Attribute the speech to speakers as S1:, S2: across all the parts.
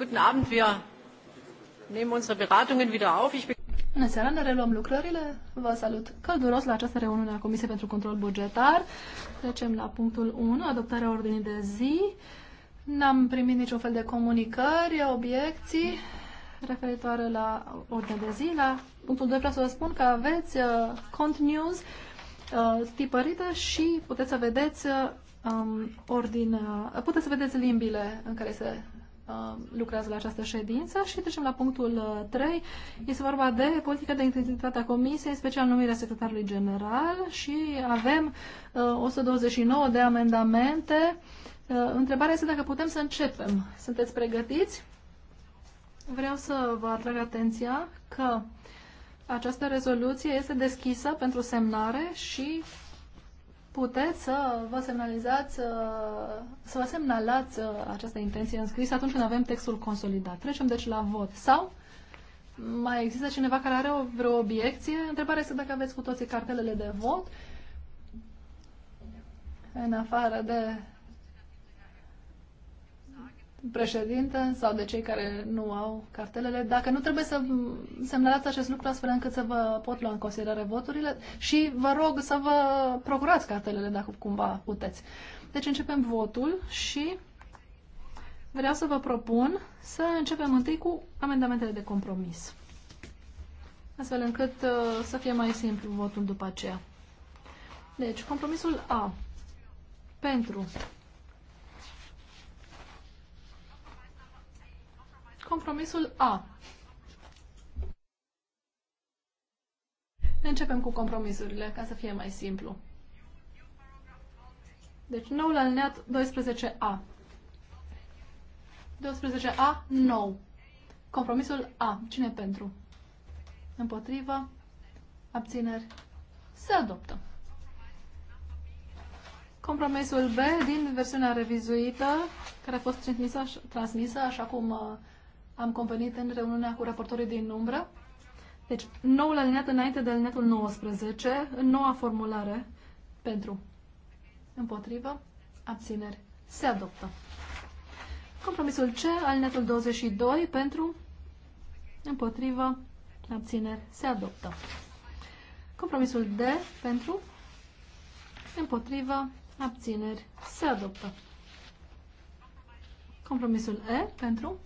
S1: Guten Abend, wir nehmen unsere Beratungen wieder auf. Ich Bună seara, ne reluăm lucrările. Vă salut călduros la această reuniune a Comisiei pentru Control Bugetar. Trecem la punctul 1, adoptarea ordinii de zi. N-am primit niciun fel de comunicări, obiecții referitoare la ordinea de zi. La punctul 2 vreau să vă spun că aveți uh, cont news uh, tipărită și puteți să vedeți uh, um, ordinea, puteți să vedeți limbile în care se Uh, lucrează la această ședință și trecem la punctul 3. Uh, este vorba de politica de integritate a Comisiei, special numirea secretarului general și avem 129 uh, de amendamente. Întrebarea este dacă putem să începem. Sunteți pregătiți? Vreau să vă atrag atenția că această rezoluție este deschisă pentru semnare și puteți să vă semnalizați, uh, să vă semnalați uh, această intenție înscrisă atunci când avem textul consolidat. Trecem deci la vot. Sau mai există cineva care are o, vreo obiecție? Întrebarea este dacă aveți cu toții cartelele de vot. În afară de președinte sau de cei care nu au cartelele, dacă nu trebuie să semnalați acest lucru astfel încât să vă pot lua în considerare voturile și vă rog să vă procurați cartelele dacă cumva puteți. Deci începem votul și vreau să vă propun să începem întâi cu amendamentele de compromis. Astfel încât uh, să fie mai simplu votul după aceea. Deci, compromisul A. Pentru compromisul A. Ne începem cu compromisurile, ca să fie mai simplu. Deci noul alineat 12A. 12A, nou. Compromisul A. Cine pentru? Împotrivă? Abțineri? Se adoptă. Compromisul B din versiunea revizuită, care a fost transmisă, transmisă așa cum uh, am convenit în reuniunea cu raportorii din umbră. Deci, noul alineat înainte de alineatul 19, în noua formulare, pentru, împotrivă, abțineri, se adoptă. Compromisul C, alineatul 22, pentru, împotrivă, abțineri, se adoptă. Compromisul D, pentru, împotrivă, abțineri, se adoptă. Compromisul E, pentru,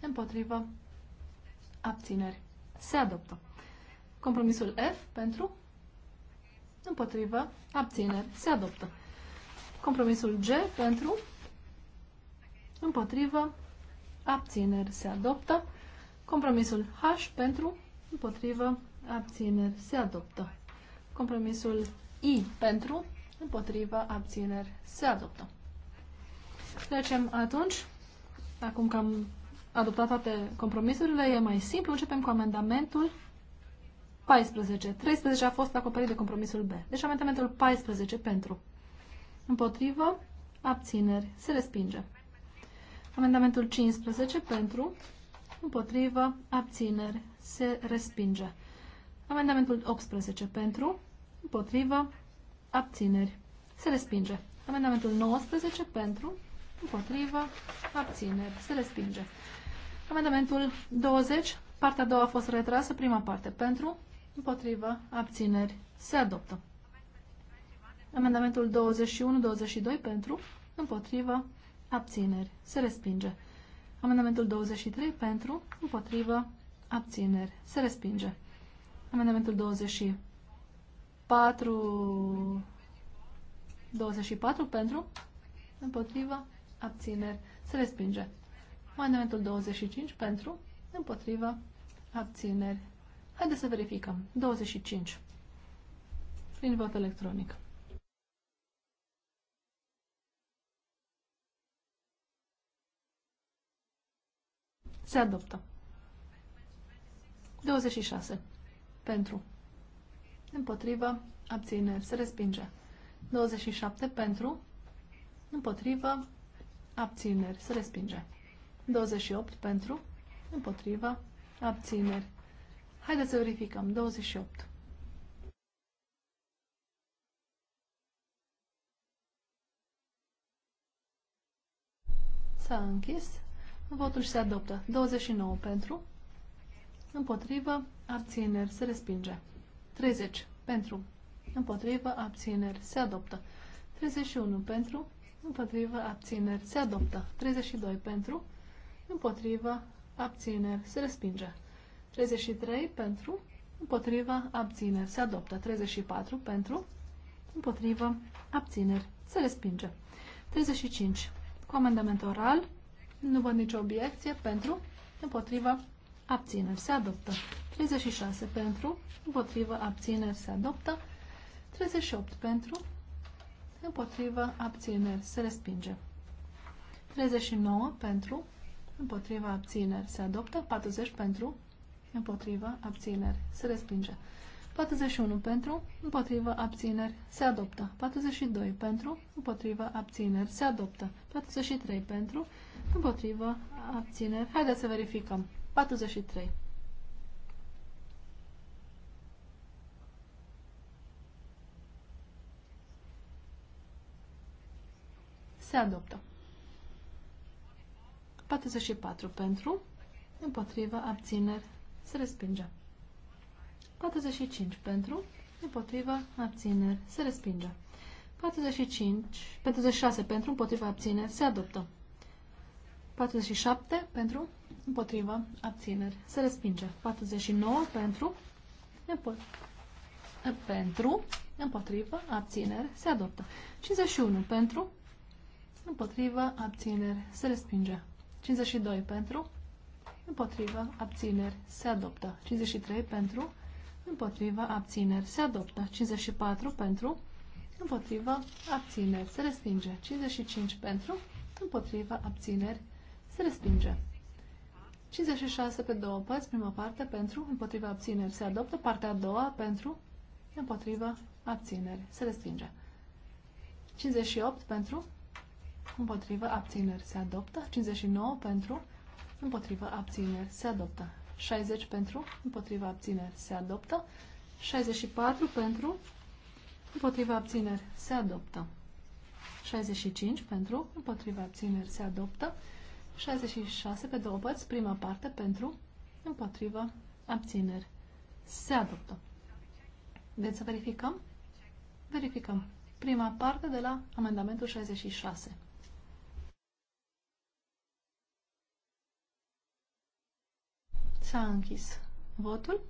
S1: împotrivă, abțineri. Se adoptă. Compromisul F pentru, împotrivă, abțineri. Se adoptă. Compromisul G pentru, împotrivă, abțineri. Se adoptă. Compromisul H pentru, împotrivă, abțineri. Se adoptă. Compromisul I pentru, împotrivă, abțineri. Se adoptă. Trecem atunci, acum că am adoptat toate compromisurile, e mai simplu. Începem cu amendamentul 14. 13 a fost acoperit de compromisul B. Deci amendamentul 14 pentru. Împotrivă, abțineri, se respinge. Amendamentul 15 pentru, împotrivă, abțineri, se respinge. Amendamentul 18 pentru, împotrivă, abțineri, se respinge. Amendamentul 19 pentru, împotrivă, abțineri, se respinge. Amendamentul 20, partea a doua a fost retrasă, prima parte pentru, împotrivă, abțineri, se adoptă. Amendamentul 21-22 pentru, împotrivă, abțineri, se respinge. Amendamentul 23 pentru, împotrivă, abțineri, se respinge. Amendamentul 24, 24 pentru, împotrivă, abțineri, se respinge. Amendamentul 25 pentru, împotrivă, abțineri. Haideți să verificăm. 25. Prin vot electronic. Se adoptă. 26. Pentru. Împotrivă, abțineri. Se respinge. 27. Pentru. Împotrivă, abțineri. Se respinge. 28 pentru, împotriva, abțineri. Haideți să verificăm. 28. S-a închis. Votul se adoptă. 29 pentru, împotriva, abțineri, se respinge. 30 pentru, împotriva, abțineri, se adoptă. 31 pentru, împotriva, abțineri, se adoptă. 32 pentru, împotriva, abțineri, se respinge. 33 pentru, împotriva, abțineri, se adoptă. 34 pentru, împotriva, abțineri, se respinge. 35. Cu amendament oral, nu văd nicio obiecție, pentru, împotriva, abțineri, se adoptă. 36 pentru, împotriva, abțineri, se adoptă. 38 pentru, împotriva, abțineri, se respinge. 39 pentru, împotriva abțineri se adoptă, 40 pentru, împotriva abțineri se respinge. 41 pentru, împotriva abțineri se adoptă. 42 pentru, împotriva abțineri se adoptă. 43 pentru, împotriva abțineri. Haideți să verificăm. 43. Se adoptă. 44 pentru, împotrivă, abțineri, se respinge. 45 pentru, împotrivă, abțineri, se respinge. 45, 46 pentru, împotrivă, abțineri, se adoptă. 47 pentru, împotrivă, abțineri, se respinge. 49 pentru, pentru, împotrivă, abțineri, se adoptă. 51 pentru, împotrivă, abțineri, se respinge. 52 pentru, împotriva, abțineri, se adoptă. 53 pentru, împotriva, abțineri, se adoptă. 54 pentru, împotriva, abțineri, se respinge. 55 pentru, împotriva, abțineri, se respinge. 56 pe două părți, prima parte pentru, împotriva, abțineri, se adoptă. Partea a doua pentru, împotriva, abțineri, se respinge. 58 pentru, împotrivă, abțineri se adoptă. 59 pentru, împotrivă, abțineri se adoptă. 60 pentru, împotrivă, abțineri se adoptă. 64 pentru, împotrivă, abțineri se adoptă. 65 pentru, împotrivă, abțineri se adoptă. 66 pe două părți, prima parte pentru, împotrivă, abțineri se adoptă. Deci să verificăm? Verificăm. Prima parte de la amendamentul 66. S-a închis votul.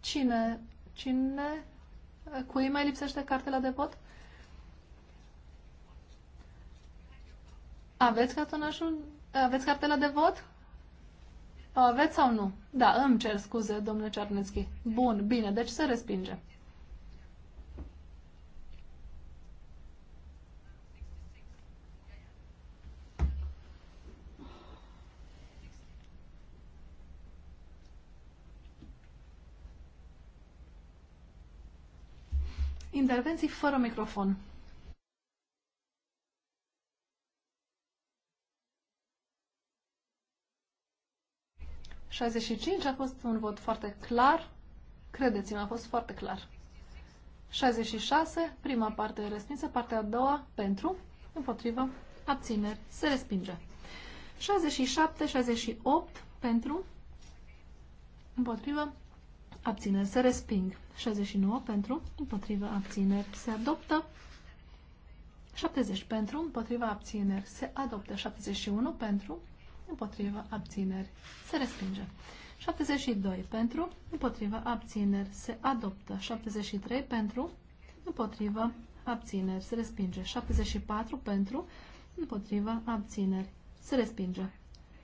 S1: Cine? Cine? Cui mai lipsește cartela de vot? Aveți cartonașul? Aveți cartela de vot? O aveți sau nu? Da, îmi cer scuze, domnule Cernețchi. Bun, bine, deci se respinge. intervenții fără microfon. ...65 a fost un vot foarte clar, credeți-mă, a fost foarte clar. 66, prima parte respinsă, partea a doua pentru, împotrivă, abțineri, se respinge. 67, 68 pentru, împotrivă, abțineri se resping. 69 pentru, împotriva abțineri se adoptă. 70 pentru, împotriva abțineri se adoptă. 71 pentru, împotriva abțineri se respinge. 72 pentru, împotriva abțineri se adoptă. 73 pentru, împotriva abțineri se respinge. 74 pentru, împotriva abțineri se respinge.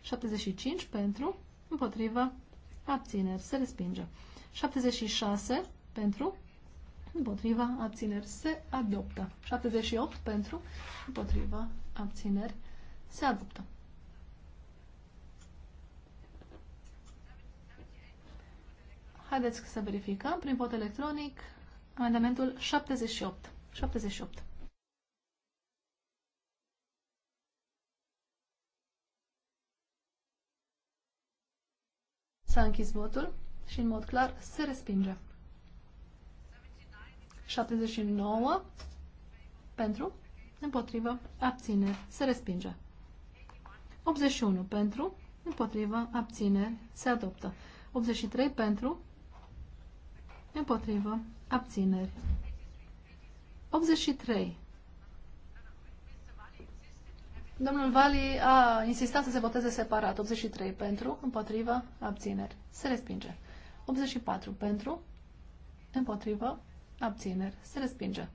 S1: 75 pentru, împotriva abțineri se respinge. 76 pentru, împotriva, abțineri, se adoptă. 78 pentru, împotriva, abțineri, se adoptă. Haideți să verificăm prin vot electronic amendamentul 78. 78. S-a închis votul și în mod clar se respinge. 79 pentru, împotrivă, abțineri, se respinge. 81 pentru, împotrivă, abțineri, se adoptă. 83 pentru, împotrivă, abțineri. 83. Domnul Vali a insistat să se voteze separat. 83 pentru, împotrivă, abțineri. Se respinge. 84 pentru, împotrivă, abțineri, se respinge.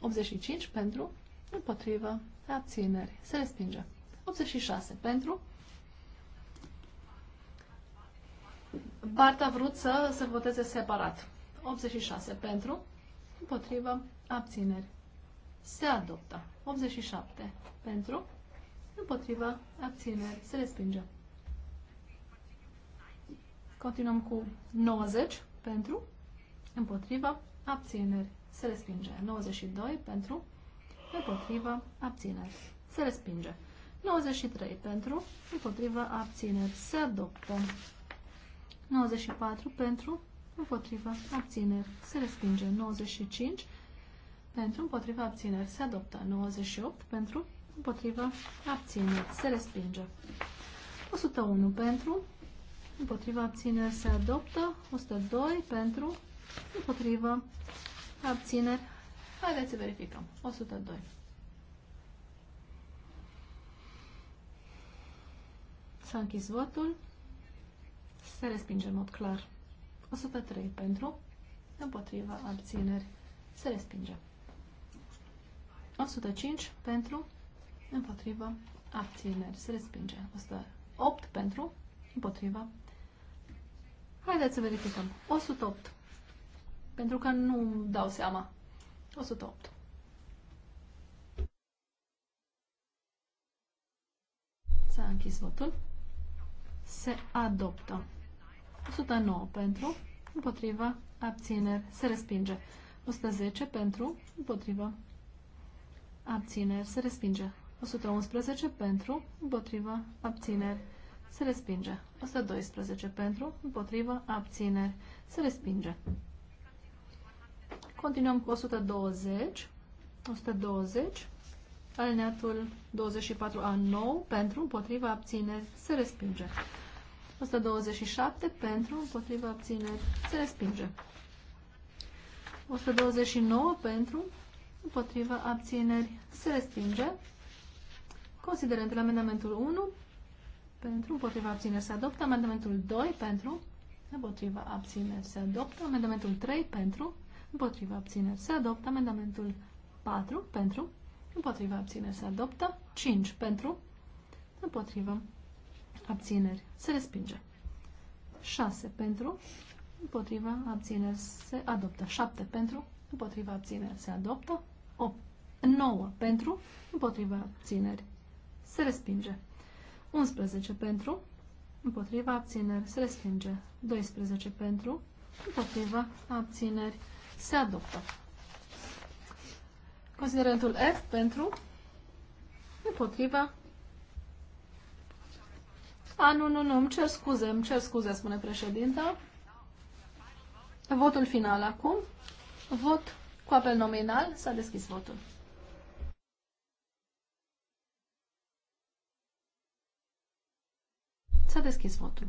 S1: 85 pentru, împotrivă, abțineri, se respinge. 86 pentru. Bart a vrut să se voteze separat. 86 pentru, împotrivă, abțineri, se adoptă. 87 pentru, împotrivă, abțineri, se respinge. Continuăm cu 90 pentru, împotriva abțineri, se respinge. 92 pentru, împotriva abțineri, se respinge. 93 pentru, împotriva abțineri, se adoptă. 94 pentru, împotriva abțineri, se respinge. 95 pentru, împotriva abțineri, se adoptă. 98 pentru, împotriva abțineri, se respinge. 101 pentru, împotriva abțineri se adoptă, 102 pentru, împotriva abțineri. Haideți să verificăm. 102. S-a închis votul. Se respinge în mod clar. 103 pentru, împotriva abțineri. Se respinge. 105 pentru, împotriva abțineri. Se respinge. 108 pentru, împotriva Haideți să verificăm. 108. Pentru că nu dau seama. 108. S-a închis votul. Se adoptă. 109 pentru, împotriva, abțineri, se respinge. 110 pentru, împotriva, abțineri, se respinge. 111 pentru, împotriva, abțineri, se respinge. 112 pentru, împotrivă, abțineri, se respinge. Continuăm cu 120. 120. Alineatul 24A 9 pentru, împotrivă, abțineri, se respinge. 127 pentru, împotrivă, abțineri, se respinge. 129 pentru, împotrivă, abțineri, se respinge. Considerând amendamentul 1 pentru, împotriva abține se adoptă. Amendamentul 2 pentru, împotriva abține se adoptă. Amendamentul 3 pentru, împotriva abține se adoptă. Amendamentul 4 pentru, împotriva abține se adoptă. 5 pentru, împotriva abțineri se respinge. 6 pentru, împotriva abțineri se adoptă. 7 pentru, împotriva abțineri se adoptă. 8, 9 pentru, împotriva abțineri se respinge. 11 pentru, împotriva abțineri se respinge. 12 pentru, împotriva abțineri se adoptă. Considerentul F pentru, împotriva a, nu, nu, nu, îmi cer scuze, îmi cer scuze, spune președinta. Votul final acum. Vot cu apel nominal. S-a deschis votul. deschis votul.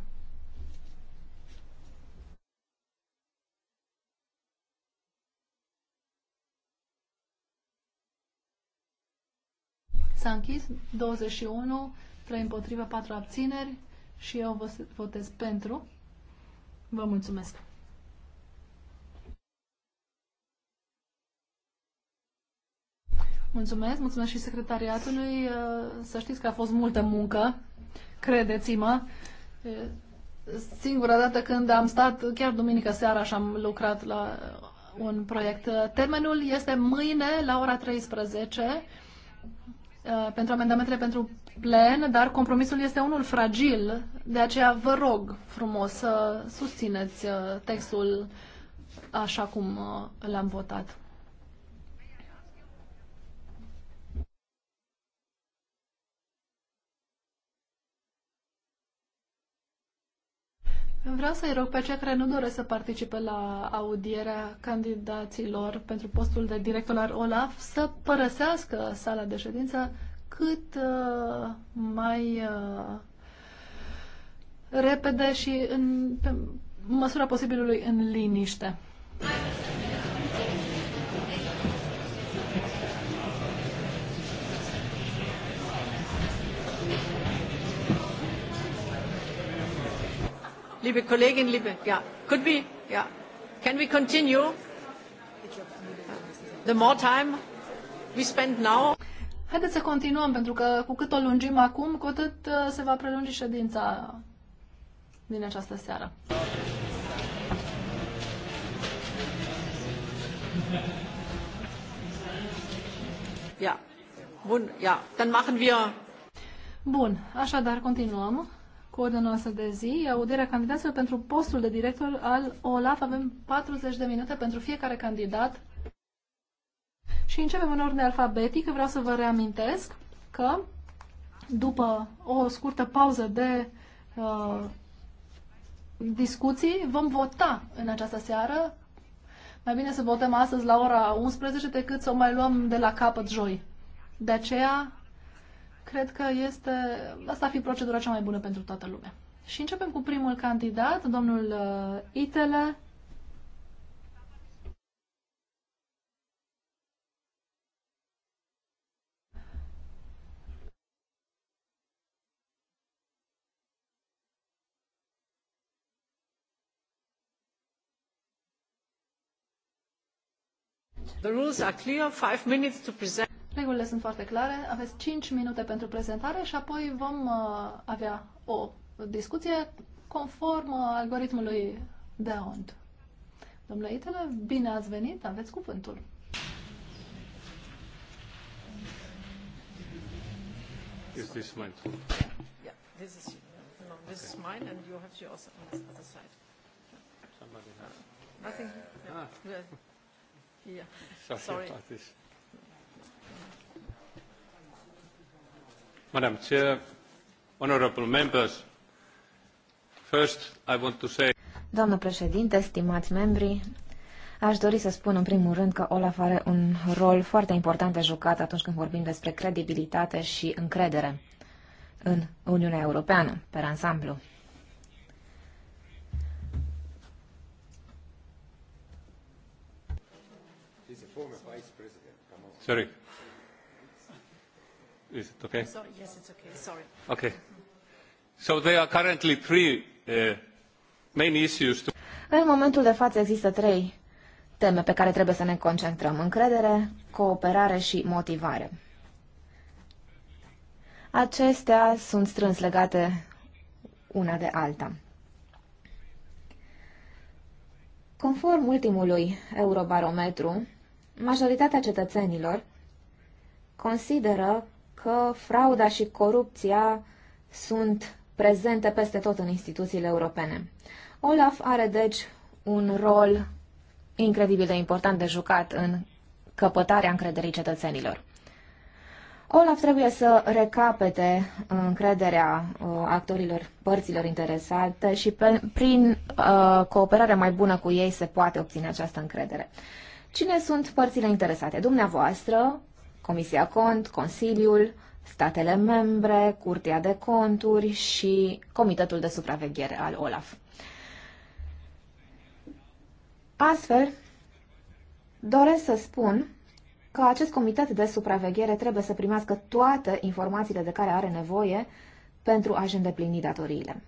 S1: S-a închis 21, 3 împotriva, 4 abțineri și eu vă votez pentru. Vă mulțumesc! Mulțumesc, mulțumesc și secretariatului. Să știți că a fost multă muncă Credeți-mă, singura dată când am stat, chiar duminică seara și am lucrat la un proiect. Termenul este mâine la ora 13 pentru amendamentele pentru plen, dar compromisul este unul fragil, de aceea vă rog frumos să susțineți textul așa cum l-am votat. Vreau să-i rog pe cei care nu doresc să participe la audierea candidaților pentru postul de director al OLAF să părăsească sala de ședință cât uh, mai uh, repede și în pe măsura posibilului în liniște.
S2: liebe Kollegin, liebe, ja, could we, ja, can we continue?
S1: The more time we spend now. Haideți să continuăm, pentru că cu cât o lungim acum, cu atât uh, se va prelungi ședința din această seară. Ja. Bun, ja, dann machen wir. Bun, așadar continuăm cu noastră de zi, audierea candidaților pentru postul de director al OLAF. Avem 40 de minute pentru fiecare candidat. Și începem în ordine alfabetică. Vreau să vă reamintesc că după o scurtă pauză de uh, discuții, vom vota în această seară. Mai bine să votăm astăzi la ora 11 decât să o mai luăm de la capăt joi. De aceea cred că este, asta ar fi procedura cea mai bună pentru toată lumea. Și începem cu primul candidat, domnul uh, Itele.
S2: The rules are clear, five minutes to present.
S1: Regulile sunt foarte clare. Aveți 5 minute pentru prezentare și apoi vom uh, avea o discuție conform uh, algoritmului DEONT. Domnule Itele, bine ați venit, aveți cuvântul.
S3: Is this mine? Yeah,
S1: this is, no, this is mine and you have yours on the other side.
S3: Somebody has. Uh,
S4: nothing.
S1: Yeah. Ah. Yeah. Sorry. Sorry. About
S3: this. Madam Chair, honorable members, first I want to say...
S5: Doamnă președinte, stimați membri, Aș dori să spun în primul rând că Olaf are un rol foarte important de jucat atunci când vorbim despre credibilitate și încredere în Uniunea Europeană, pe ansamblu.
S3: Sorry. Is it okay?
S1: Sorry, yes, it's okay. Sorry.
S3: Okay. So there are currently three uh, main issues to...
S5: În momentul de față există trei teme pe care trebuie să ne concentrăm. Încredere, cooperare și motivare. Acestea sunt strâns legate una de alta. Conform ultimului Eurobarometru, majoritatea cetățenilor consideră că frauda și corupția sunt prezente peste tot în instituțiile europene. Olaf are deci un rol incredibil de important de jucat în căpătarea încrederii cetățenilor. Olaf trebuie să recapete încrederea uh, actorilor, părților interesate și pe, prin uh, cooperare mai bună cu ei se poate obține această încredere. Cine sunt părțile interesate? Dumneavoastră, Comisia Cont, Consiliul, statele membre, Curtea de Conturi și Comitetul de Supraveghere al OLAF. Astfel, doresc să spun că acest comitet de supraveghere trebuie să primească toate informațiile de care are nevoie pentru a-și îndeplini datoriile.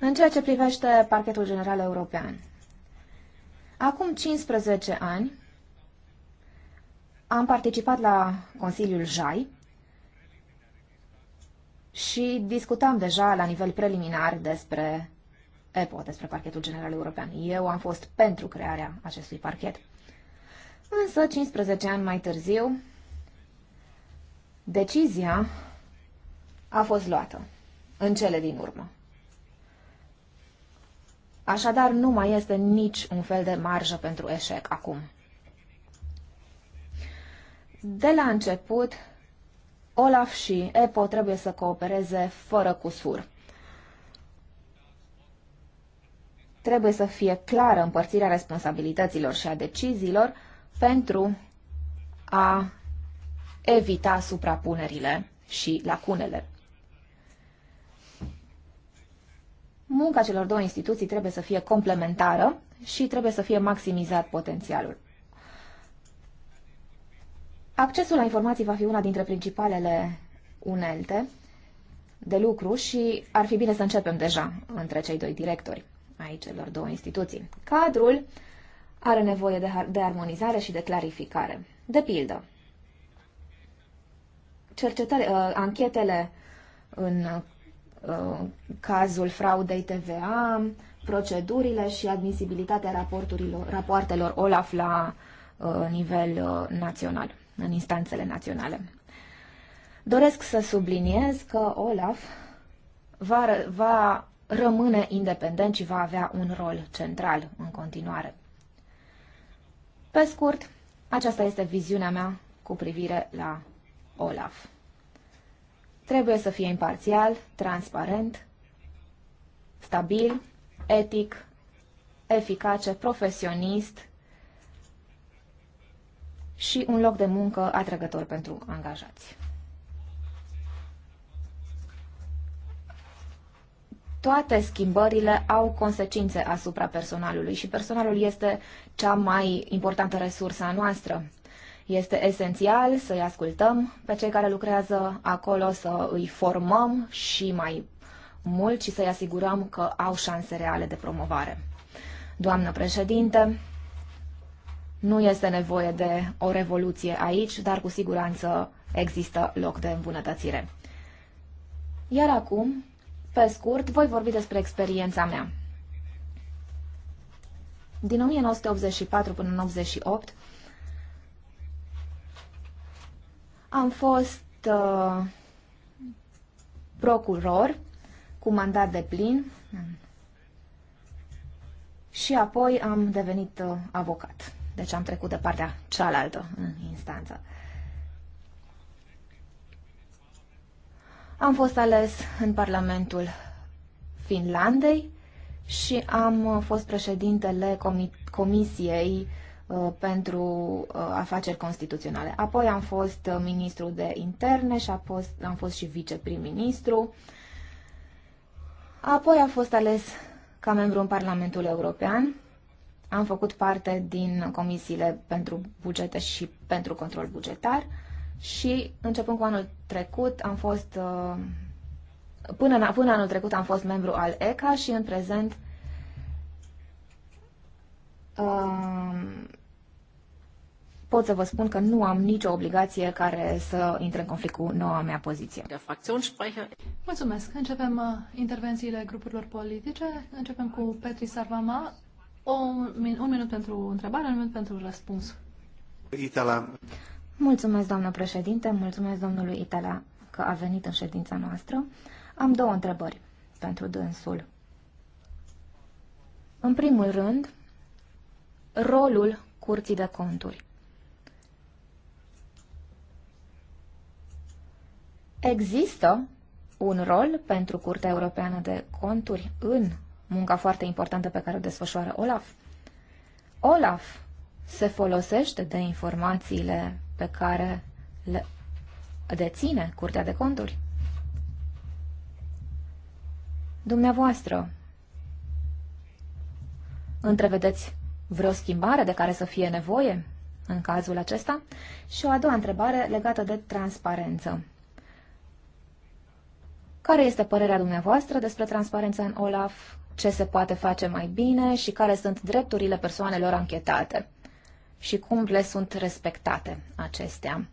S5: În ceea ce privește parchetul general european, acum 15 ani, am participat la Consiliul JAI și discutam deja la nivel preliminar despre EPO, despre parchetul general european. Eu am fost pentru crearea acestui parchet. Însă, 15 ani mai târziu, decizia a fost luată în cele din urmă. Așadar, nu mai este nici un fel de marjă pentru eșec acum. De la început, Olaf și EPO trebuie să coopereze fără cusur. Trebuie să fie clară împărțirea responsabilităților și a deciziilor pentru a evita suprapunerile și lacunele. Munca celor două instituții trebuie să fie complementară și trebuie să fie maximizat potențialul. Accesul la informații va fi una dintre principalele unelte de lucru și ar fi bine să începem deja între cei doi directori ai celor două instituții. Cadrul are nevoie de, de armonizare și de clarificare. De pildă, cercetări, uh, anchetele în uh, cazul fraudei TVA, procedurile și admisibilitatea raporturilor, rapoartelor OLAF la uh, nivel uh, național în instanțele naționale. Doresc să subliniez că OLAF va, va rămâne independent și va avea un rol central în continuare. Pe scurt, aceasta este viziunea mea cu privire la OLAF. Trebuie să fie imparțial, transparent, stabil, etic, eficace, profesionist și un loc de muncă atrăgător pentru angajați. Toate schimbările au consecințe asupra personalului și personalul este cea mai importantă resursă a noastră. Este esențial să-i ascultăm pe cei care lucrează acolo, să îi formăm și mai mult și să-i asigurăm că au șanse reale de promovare. Doamnă președinte, nu este nevoie de o revoluție aici, dar cu siguranță există loc de îmbunătățire. Iar acum, pe scurt, voi vorbi despre experiența mea. Din 1984 până în 1988, am fost uh, procuror cu mandat de plin și apoi am devenit uh, avocat. Deci am trecut de partea cealaltă în instanță. Am fost ales în Parlamentul Finlandei și am uh, fost președintele Comisiei uh, pentru uh, afaceri constituționale. Apoi am fost ministru de interne și am fost și viceprim-ministru. Apoi am fost ales ca membru în Parlamentul European am făcut parte din comisiile pentru bugete și pentru control bugetar și începând cu anul trecut am fost uh, până, până anul trecut am fost membru al ECA și în prezent uh, pot să vă spun că nu am nicio obligație care să intre în conflict cu noua mea poziție.
S1: Mulțumesc. Începem uh, intervențiile grupurilor politice. Începem cu Petri Sarvama, o,
S5: un minut pentru întrebare, un minut pentru răspuns. Itala. Mulțumesc, doamnă președinte, mulțumesc domnului Itala că a venit în ședința noastră. Am două întrebări pentru dânsul. În primul rând, rolul curții de conturi. Există un rol pentru Curtea Europeană de Conturi în munca foarte importantă pe care o desfășoară Olaf. Olaf se folosește de informațiile pe care le deține Curtea de Conturi. Dumneavoastră, întrevedeți vreo schimbare de care să fie nevoie în cazul acesta? Și o a doua întrebare legată de transparență. Care este părerea dumneavoastră despre transparența în OLAF? ce se poate face mai bine și care sunt drepturile persoanelor anchetate și cum le sunt respectate acestea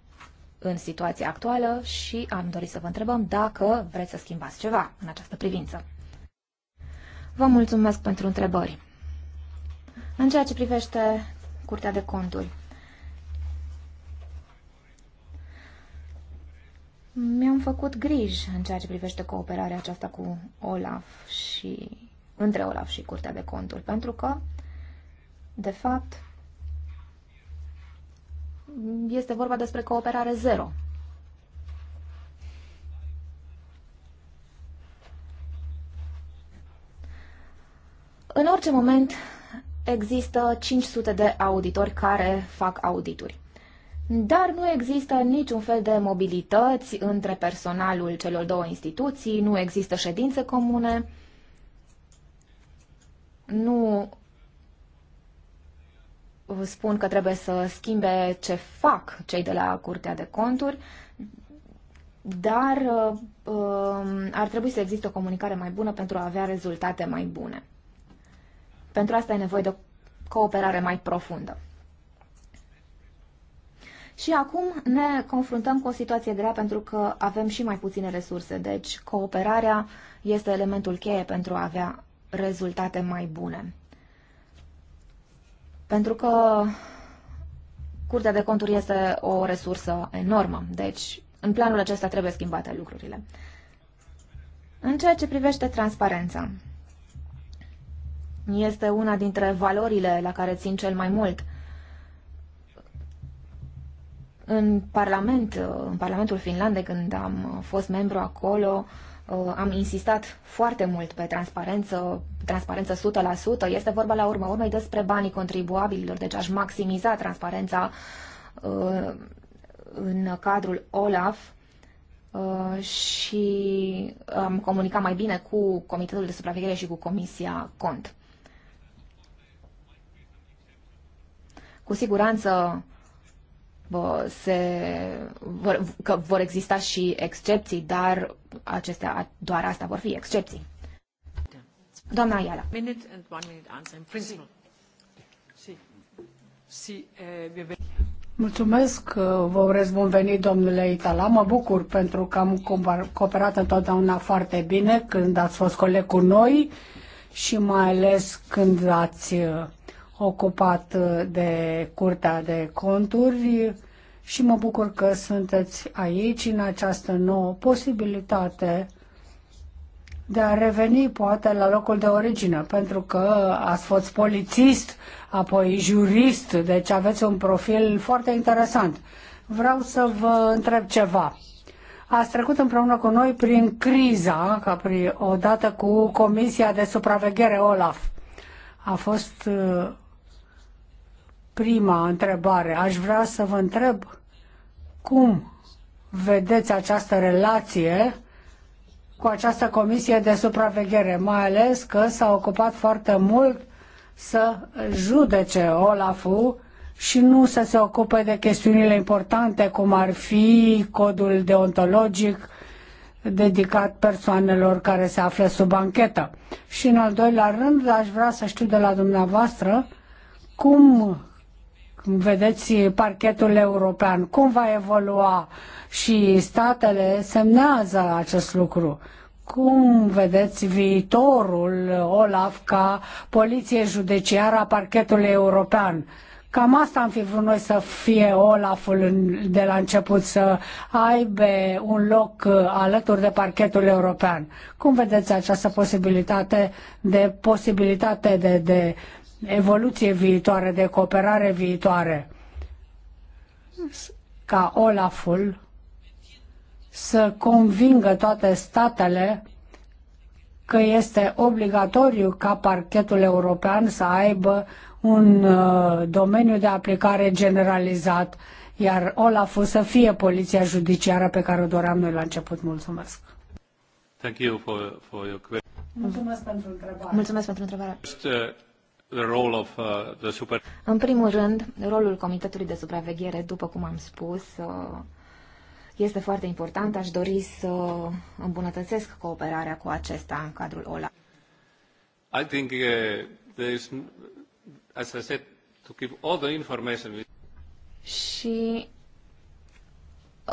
S5: în situația actuală și am dorit să vă întrebăm dacă vreți să schimbați ceva în această privință. Vă mulțumesc pentru întrebări. În ceea ce privește Curtea de Conturi, mi-am făcut griji în ceea ce privește cooperarea aceasta cu Olaf și între Olaf și Curtea de Conturi, pentru că, de fapt, este vorba despre cooperare zero. În orice moment există 500 de auditori care fac audituri. Dar nu există niciun fel de mobilități între personalul celor două instituții, nu există ședințe comune, nu spun că trebuie să schimbe ce fac cei de la Curtea de Conturi, dar uh, um, ar trebui să existe o comunicare mai bună pentru a avea rezultate mai bune. Pentru asta e nevoie de o cooperare mai profundă. Și acum ne confruntăm cu o situație grea pentru că avem și mai puține resurse, deci cooperarea este elementul cheie pentru a avea rezultate mai bune. Pentru că Curtea de conturi este o resursă enormă, deci în planul acesta trebuie schimbate lucrurile. În ceea ce privește transparența, este una dintre valorile la care țin cel mai mult. În Parlament, în Parlamentul Finlandei, când am fost membru acolo, uh, Uh, am insistat foarte mult pe transparență, transparență 100%. Este vorba la urma urmei despre banii contribuabililor, deci aș maximiza transparența uh, în cadrul OLAF uh, și am comunicat mai bine cu Comitetul de Supraveghere și cu Comisia Cont. Cu siguranță se, vor, că vor exista și excepții, dar acestea, doar asta vor fi excepții.
S2: Doamna Ayala. Eh, Mulțumesc, eh, vă urez bun venit, domnule Itala. Mă bucur pentru că am cooperat întotdeauna foarte bine când ați fost coleg cu noi și mai ales când ați eh, ocupat uh, de Curtea de Conturi și mă bucur că sunteți aici în această nouă posibilitate de a reveni poate la locul de origine, pentru că ați fost polițist, apoi jurist, deci aveți un profil foarte interesant. Vreau să vă întreb ceva. Ați trecut împreună cu noi prin criza, ca prin, odată cu Comisia de Supraveghere OLAF. A fost uh, prima întrebare. Aș vrea să vă întreb cum vedeți această relație cu această comisie de supraveghere, mai ales că s-a ocupat foarte mult să judece Olaful și nu să se ocupe de chestiunile importante, cum ar fi codul deontologic dedicat persoanelor care se află sub anchetă. Și în al doilea rând, aș vrea să știu de la dumneavoastră cum vedeți parchetul european, cum va evolua și statele semnează acest lucru. Cum vedeți viitorul Olaf ca poliție judeciară a parchetului european? Cam asta am fi vrut noi să fie Olaful de la început, să aibă un loc uh, alături de parchetul european. Cum vedeți această posibilitate de posibilitate de, de evoluție viitoare, de cooperare viitoare, ca Olaful să convingă toate statele că este obligatoriu ca parchetul european să aibă un uh, domeniu de aplicare generalizat, iar Olaf să fie poliția judiciară pe care o doream noi la început. Mulțumesc!
S3: Thank you for, for your Mulțumesc
S2: pentru
S5: întrebare. Mulțumesc pentru întrebare.
S3: Just, uh... Uh,
S5: în primul rând, rolul Comitetului de Supraveghere, după cum am spus, uh, este foarte important. Aș dori să îmbunătățesc cooperarea cu acesta în cadrul OLAF.
S3: I think uh, there is, as I said, to give all the information.
S5: Și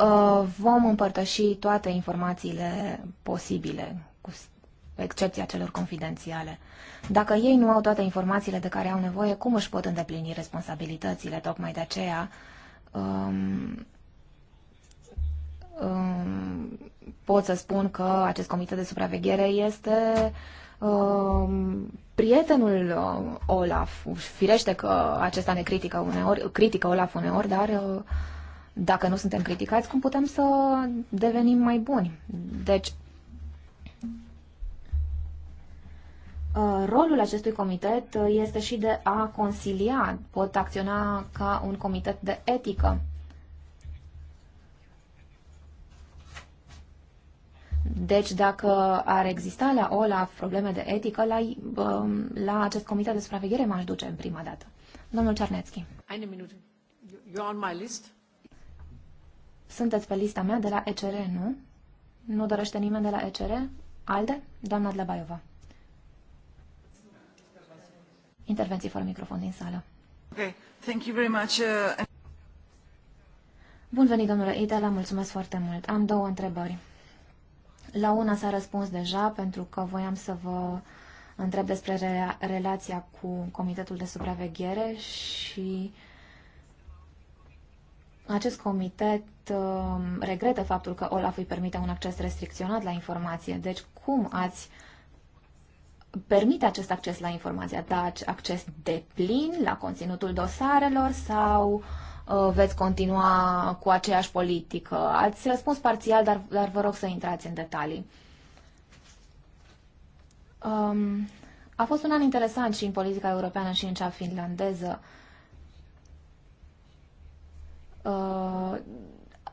S5: uh, vom împărtăși toate informațiile posibile excepția celor confidențiale. Dacă ei nu au toate informațiile de care au nevoie, cum își pot îndeplini responsabilitățile? Tocmai de aceea um, um, pot să spun că acest comitet de supraveghere este um, prietenul uh, Olaf. Firește că acesta ne critică uneori, critică Olaf uneori, dar uh, dacă nu suntem criticați, cum putem să devenim mai buni? Deci, Uh, rolul acestui comitet uh, este și de a consilia, pot acționa ca un comitet de etică. Deci, dacă ar exista la OLAF probleme de etică, la, um, la acest comitet de supraveghere m-aș duce în prima dată. Domnul Cernețchi. Sunteți pe lista mea de la ECR, nu? Nu dorește nimeni de la ECR? Alde? Doamna Dlebaiova. Intervenții fără microfon din sală. Okay. Thank you very much. Uh... Bun venit, domnule Itala, mulțumesc foarte mult. Am două întrebări. La una s-a răspuns deja, pentru că voiam să vă întreb despre re- relația cu Comitetul de Supraveghere și acest comitet uh, regretă faptul că Olaf îi permite un acces restricționat la informație. Deci, cum ați uh, permite acest acces la informația, da, acces de plin la conținutul dosarelor sau uh, veți continua cu aceeași politică? Ați răspuns parțial, dar, dar vă rog să intrați în detalii. Um, a fost un an interesant și în politica europeană și în cea finlandeză. Uh,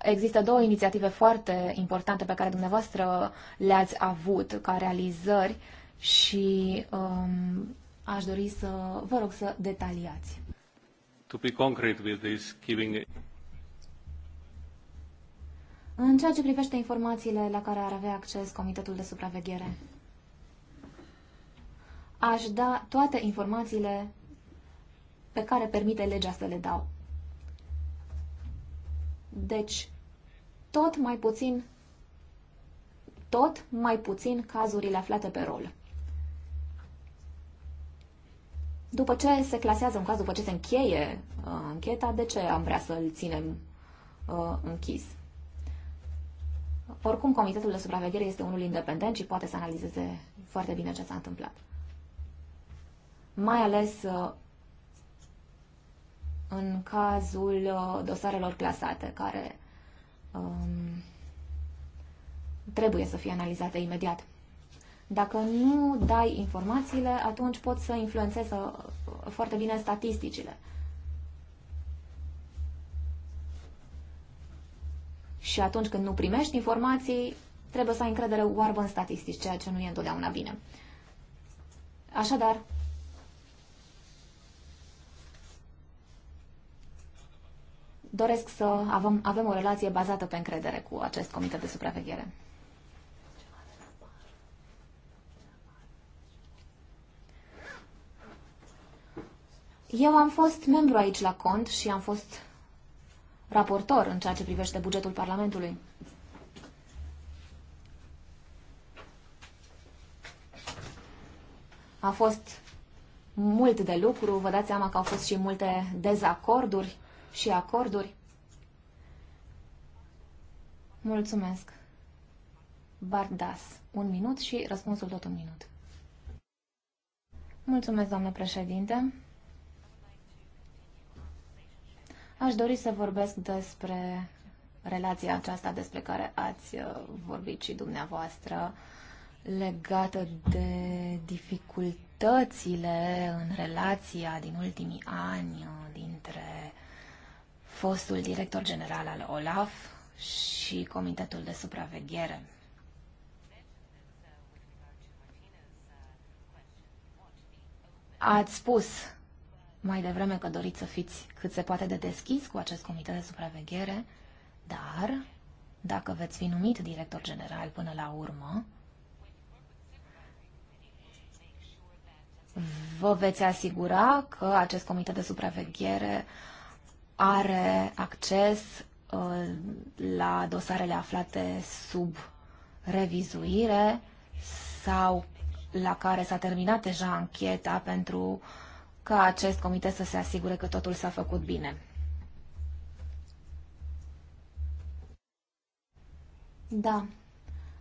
S5: există două inițiative foarte importante pe care dumneavoastră le-ați avut ca realizări. Uh, și um, aș dori să vă rog să detaliați.
S3: To be concrete with this, giving...
S5: În ceea ce privește informațiile la care ar avea acces Comitetul de Supraveghere, aș da toate informațiile pe care permite legea să le dau. Deci, tot mai puțin, tot mai puțin cazurile aflate pe rol. După ce se clasează un caz, după ce se încheie uh, încheta, de ce am vrea să-l ținem uh, închis? Oricum, Comitetul de Supraveghere este unul independent și poate să analizeze foarte bine ce s-a întâmplat. Mai ales uh, în cazul uh, dosarelor clasate, care um, trebuie să fie analizate imediat. Dacă nu dai informațiile, atunci poți să influențezi foarte bine statisticile. Și atunci când nu primești informații, trebuie să ai încredere oarbă în statistici, ceea ce nu e întotdeauna bine. Așadar, doresc să avem, avem o relație bazată pe încredere cu acest comitet de supraveghere. Eu am fost membru aici la cont și am fost raportor în ceea ce privește bugetul Parlamentului. A fost mult de lucru, vă dați seama că au fost și multe dezacorduri și acorduri. Mulțumesc. Bardas, un minut și răspunsul tot un minut. Mulțumesc, doamnă președinte. Aș dori să vorbesc despre relația aceasta despre care ați uh, vorbit și dumneavoastră legată de dificultățile în relația din ultimii ani uh, dintre fostul director general al OLAF și Comitetul de Supraveghere. Ați spus mai devreme că doriți să fiți cât se poate de deschis cu acest comitet de supraveghere, dar dacă veți fi numit director general până la urmă, vă veți asigura că acest comitet de supraveghere are acces uh, la dosarele aflate sub revizuire sau la care s-a terminat deja ancheta pentru uh, ca acest comitet să se asigure că totul s-a făcut bine. Da,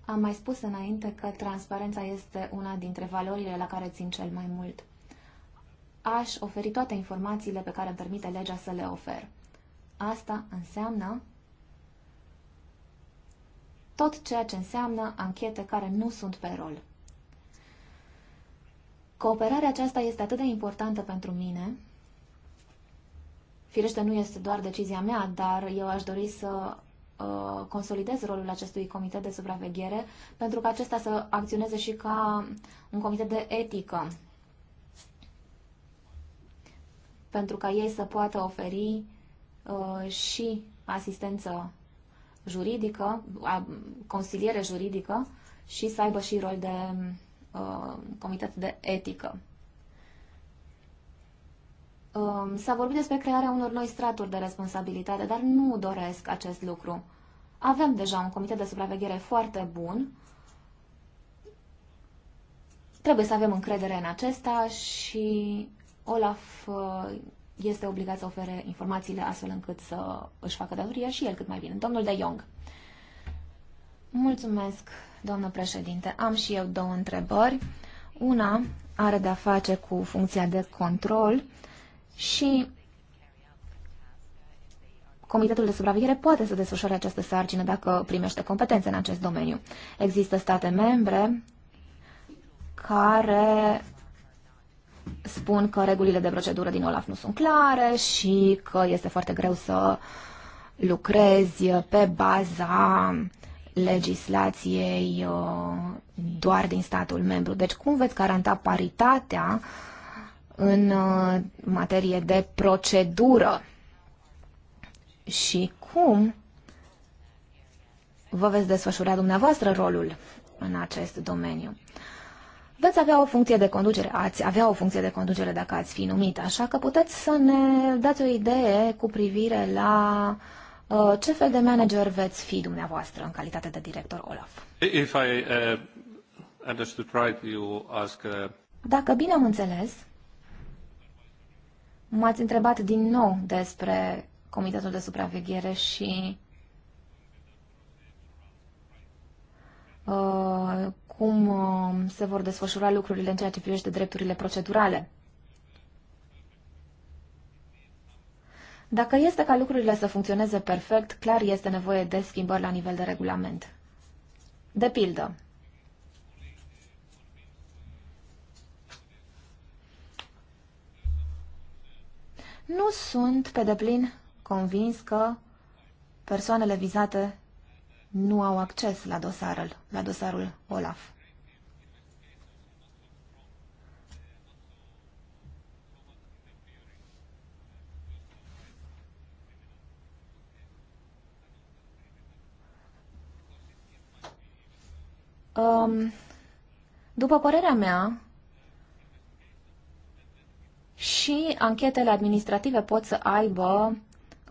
S5: am mai spus înainte că transparența este una dintre valorile la care țin cel mai mult. Aș oferi toate informațiile pe care îmi permite legea să le ofer. Asta înseamnă tot ceea ce înseamnă anchete care nu sunt pe rol. Cooperarea aceasta este atât de importantă pentru mine. Firește, nu este doar decizia mea, dar eu aș dori să uh, consolidez rolul acestui comitet de supraveghere pentru că acesta să acționeze și ca un comitet de etică pentru ca ei să poată oferi uh, și asistență juridică, consiliere juridică și să aibă și rol de Uh, comitet de etică. Um, s-a vorbit despre crearea unor noi straturi de responsabilitate, dar nu doresc acest lucru. Avem deja un comitet de supraveghere foarte bun. Trebuie să avem încredere în acesta și Olaf uh, este obligat să ofere informațiile astfel încât să își facă datoria și el cât mai bine. Domnul de Jong. Mulțumesc, doamnă președinte. Am și eu două întrebări. Una are de-a face cu funcția de control și Comitetul de supraveghere poate să desfășoare această sarcină dacă primește competențe în acest domeniu. Există state membre care spun că regulile de procedură din OLAF nu sunt clare și că este foarte greu să lucrezi pe baza legislației uh, doar din statul membru. Deci cum veți garanta paritatea în uh, materie de procedură și cum vă veți desfășura dumneavoastră rolul în acest domeniu. Veți avea o funcție de conducere, ați avea o funcție de conducere dacă ați fi numit, așa că puteți să ne dați o idee cu privire la uh, Uh, ce fel de manager veți fi dumneavoastră în calitate de director Olaf?
S3: If I, uh, understood right, you ask, uh...
S5: Dacă bine am înțeles, m-ați întrebat din nou despre Comitetul de Supraveghere și uh, cum uh, se vor desfășura lucrurile în ceea ce privește drepturile procedurale. Dacă este ca lucrurile să funcționeze perfect, clar este nevoie de schimbări la nivel de regulament. De pildă, nu sunt pe deplin convins că persoanele vizate nu au acces la dosarul, la dosarul Olaf. Um, după părerea mea, și anchetele administrative pot să aibă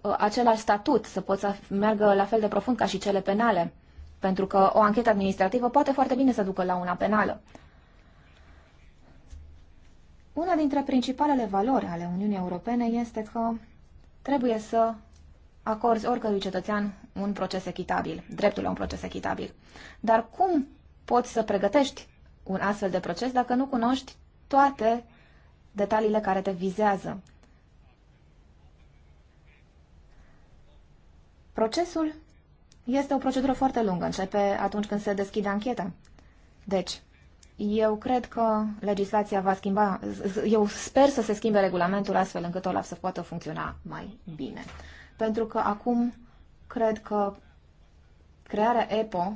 S5: uh, același statut, să pot să meargă la fel de profund ca și cele penale, pentru că o anchetă administrativă poate foarte bine să ducă la una penală. Una dintre principalele valori ale Uniunii Europene este că trebuie să acorzi oricărui cetățean un proces echitabil, dreptul la un proces echitabil. Dar cum poți să pregătești un astfel de proces dacă nu cunoști toate detaliile care te vizează. Procesul este o procedură foarte lungă, începe atunci când se deschide ancheta. Deci, eu cred că legislația va schimba, eu sper să se schimbe regulamentul astfel încât OLAF să poată funcționa mai bine. Pentru că acum cred că crearea EPO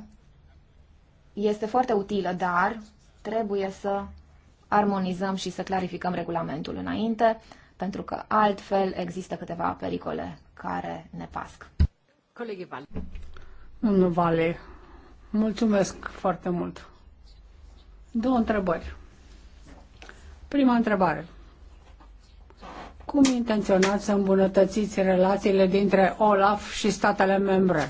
S5: este foarte utilă, dar trebuie să armonizăm și să clarificăm regulamentul înainte, pentru că altfel există câteva pericole care ne pasc. Colegii Vale. Domnul Vale, mulțumesc foarte mult.
S2: Două întrebări. Prima întrebare. Cum intenționați să îmbunătățiți relațiile dintre OLAF și statele membre?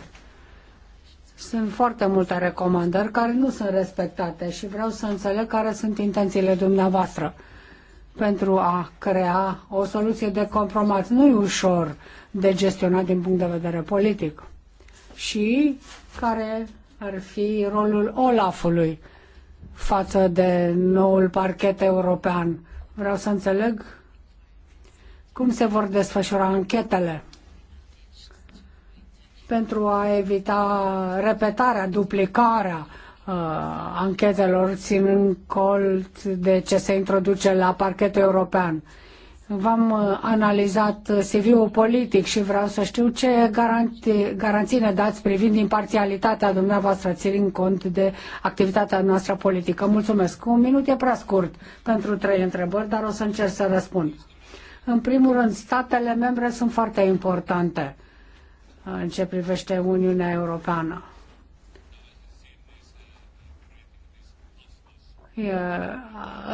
S2: Sunt foarte multe recomandări care nu sunt respectate și vreau să înțeleg care sunt intențiile dumneavoastră pentru a crea o soluție de compromis. Nu e ușor de gestionat din punct de vedere politic. Și care ar fi rolul Olafului față de noul parchet european. Vreau să înțeleg cum se vor desfășura anchetele pentru a evita repetarea, duplicarea uh, anchetelor, ținând colt de ce se introduce la parchetul european. V-am uh, analizat CV-ul politic și vreau să știu ce garanții, garanții ne dați privind imparțialitatea dumneavoastră, ținând cont de activitatea noastră politică. Mulțumesc. Un minut e prea scurt pentru trei întrebări, dar o să încerc să răspund. În primul rând, statele membre sunt foarte importante în ce privește Uniunea Europeană.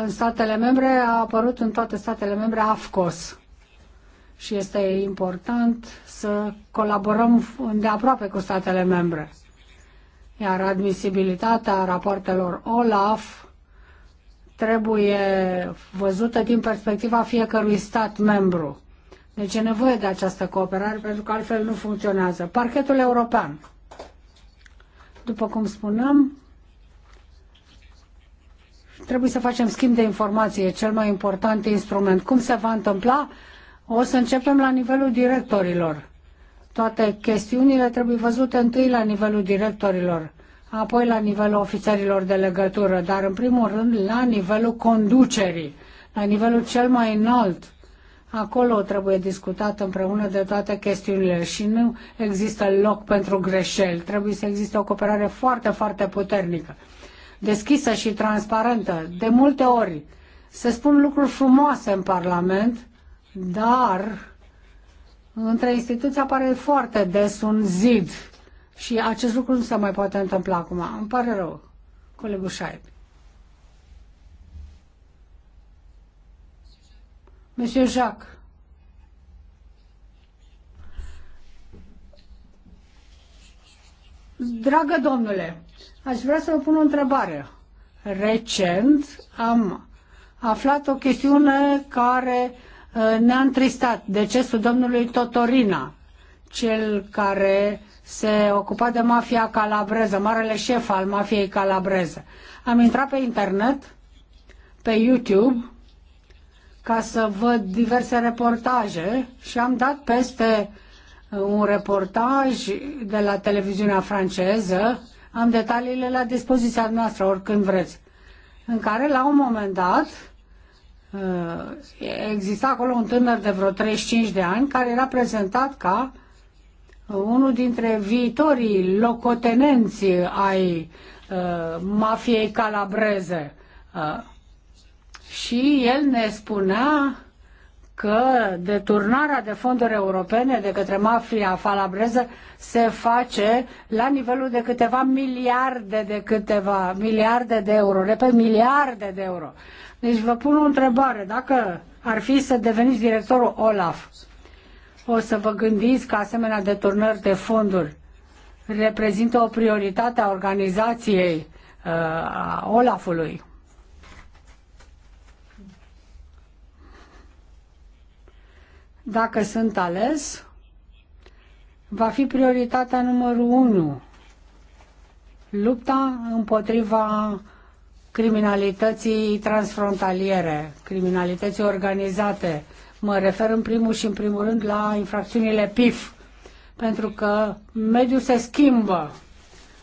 S2: În statele membre a apărut în toate statele membre AFCOS și este important să colaborăm aproape cu statele membre. Iar admisibilitatea rapoartelor OLAF trebuie văzută din perspectiva fiecărui stat membru deci e nevoie de această cooperare pentru că altfel nu funcționează. Parchetul european. După cum spuneam, trebuie să facem schimb de informații, cel mai important instrument. Cum se va întâmpla? O să începem la nivelul directorilor. Toate chestiunile trebuie văzute întâi la nivelul directorilor, apoi la nivelul ofițerilor de legătură, dar în primul rând la nivelul conducerii, la nivelul cel mai înalt Acolo trebuie discutat împreună de toate chestiunile și nu există loc pentru greșeli. Trebuie să existe o cooperare foarte, foarte puternică, deschisă și transparentă. De multe ori se spun lucruri frumoase în Parlament, dar între instituții apare foarte des un zid și acest lucru nu se mai poate întâmpla acum. Îmi pare rău, colegul Șaibi. Monsieur Jacques. Dragă domnule, aș vrea să vă pun o întrebare. Recent am aflat o chestiune care uh, ne-a întristat, decesul domnului Totorina, cel care se ocupa de mafia calabreză, marele șef al mafiei calabreză. Am intrat pe internet, pe YouTube ca să văd diverse reportaje și am dat peste uh, un reportaj de la televiziunea franceză, am detaliile la dispoziția noastră, oricând vreți, în care la un moment dat uh, exista acolo un tânăr de vreo 35 de ani care era prezentat ca uh, unul dintre viitorii locotenenții ai uh, mafiei calabreze. Uh, și el ne spunea că deturnarea de fonduri europene de către mafia falabreză se face la nivelul de câteva miliarde de câteva miliarde de euro, repet, miliarde de euro. Deci vă pun o întrebare, dacă ar fi să deveniți directorul Olaf, o să vă gândiți că asemenea deturnări de fonduri reprezintă o prioritate a organizației uh, a Olafului? dacă sunt ales, va fi prioritatea numărul 1. Lupta împotriva criminalității transfrontaliere, criminalității organizate. Mă refer în primul și în primul rând la infracțiunile PIF, pentru că mediul se schimbă.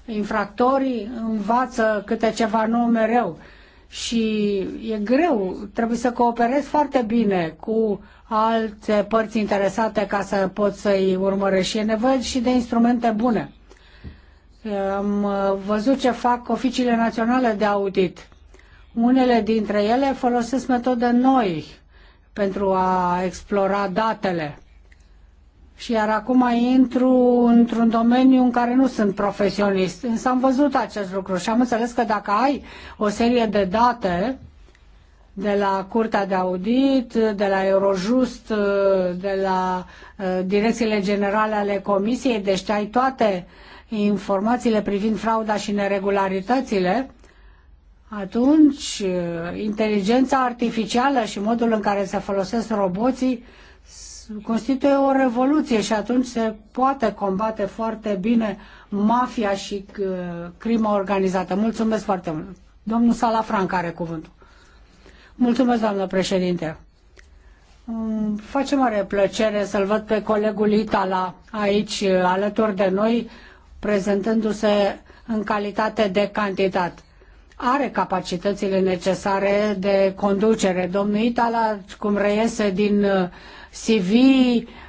S2: Infractorii învață câte ceva nou mereu și e greu, trebuie să cooperezi foarte bine cu alte părți interesate ca să poți să-i urmărești și e nevoie și de instrumente bune. Am uh, văzut ce fac oficiile naționale de audit. Unele dintre ele folosesc metode noi pentru a explora datele. Și iar acum intru într-un domeniu în care nu sunt profesionist. Însă am văzut acest lucru și am înțeles că dacă ai o serie de date de la Curtea de Audit, de la Eurojust, de la eh, direcțiile generale ale Comisiei, deci ai toate informațiile privind frauda și neregularitățile, atunci eh, inteligența artificială și modul în care se folosesc roboții constituie o revoluție și atunci se poate combate foarte bine mafia și uh, crima organizată. Mulțumesc foarte mult. Domnul Salafran are cuvântul. Mulțumesc, doamnă președinte. Îmi face mare plăcere să-l văd pe colegul Itala aici uh, alături de noi, prezentându-se în calitate de candidat are capacitățile necesare de conducere. Domnul Itala, cum reiese din uh, CV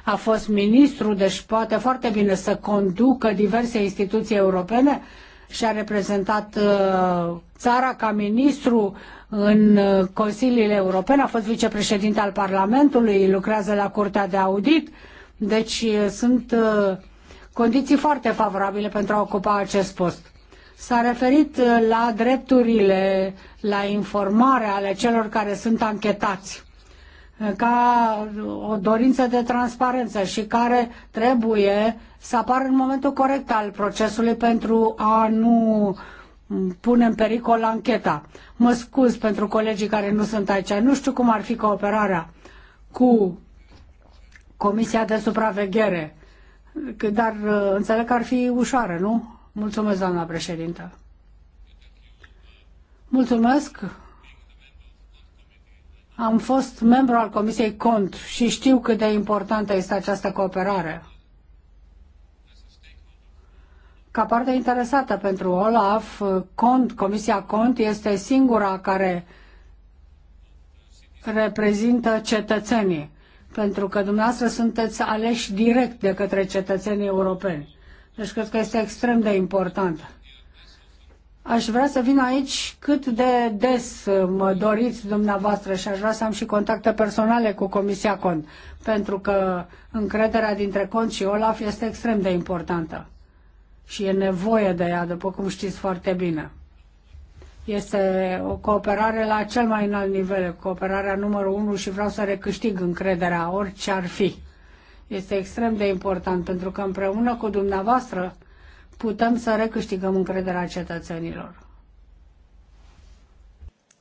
S2: a fost ministru, deci poate foarte bine să conducă diverse instituții europene și a reprezentat uh, țara ca ministru în uh, Consiliile Europene, a fost vicepreședinte al Parlamentului, lucrează la Curtea de Audit, deci uh, sunt condiții foarte favorabile pentru a ocupa acest post. S-a referit la drepturile, la informare ale celor care sunt anchetați ca o dorință de transparență și care trebuie să apară în momentul corect al procesului pentru a nu pune în pericol ancheta. Mă scuz pentru colegii care nu sunt aici. Nu știu cum ar fi cooperarea cu Comisia de Supraveghere, dar uh, înțeleg că ar fi ușoară, nu? Mulțumesc, doamna președintă. Mulțumesc. Am fost membru al Comisiei Cont și știu cât de importantă este această cooperare. Ca parte interesată pentru OLAF, Cont, Comisia Cont este singura care reprezintă cetățenii, pentru că dumneavoastră sunteți aleși direct de către cetățenii europeni. Deci cred că este extrem de important. Aș vrea să vin aici cât de des uh, mă doriți dumneavoastră și aș vrea să am și contacte personale cu Comisia Cont, pentru că încrederea dintre Cont și Olaf este extrem de importantă și e nevoie de ea, după cum știți foarte bine. Este o cooperare la cel mai înalt nivel, cooperarea numărul unu și vreau să recâștig încrederea, orice ar fi. Este extrem de important, pentru că împreună cu dumneavoastră putem să recâștigăm încrederea cetățenilor.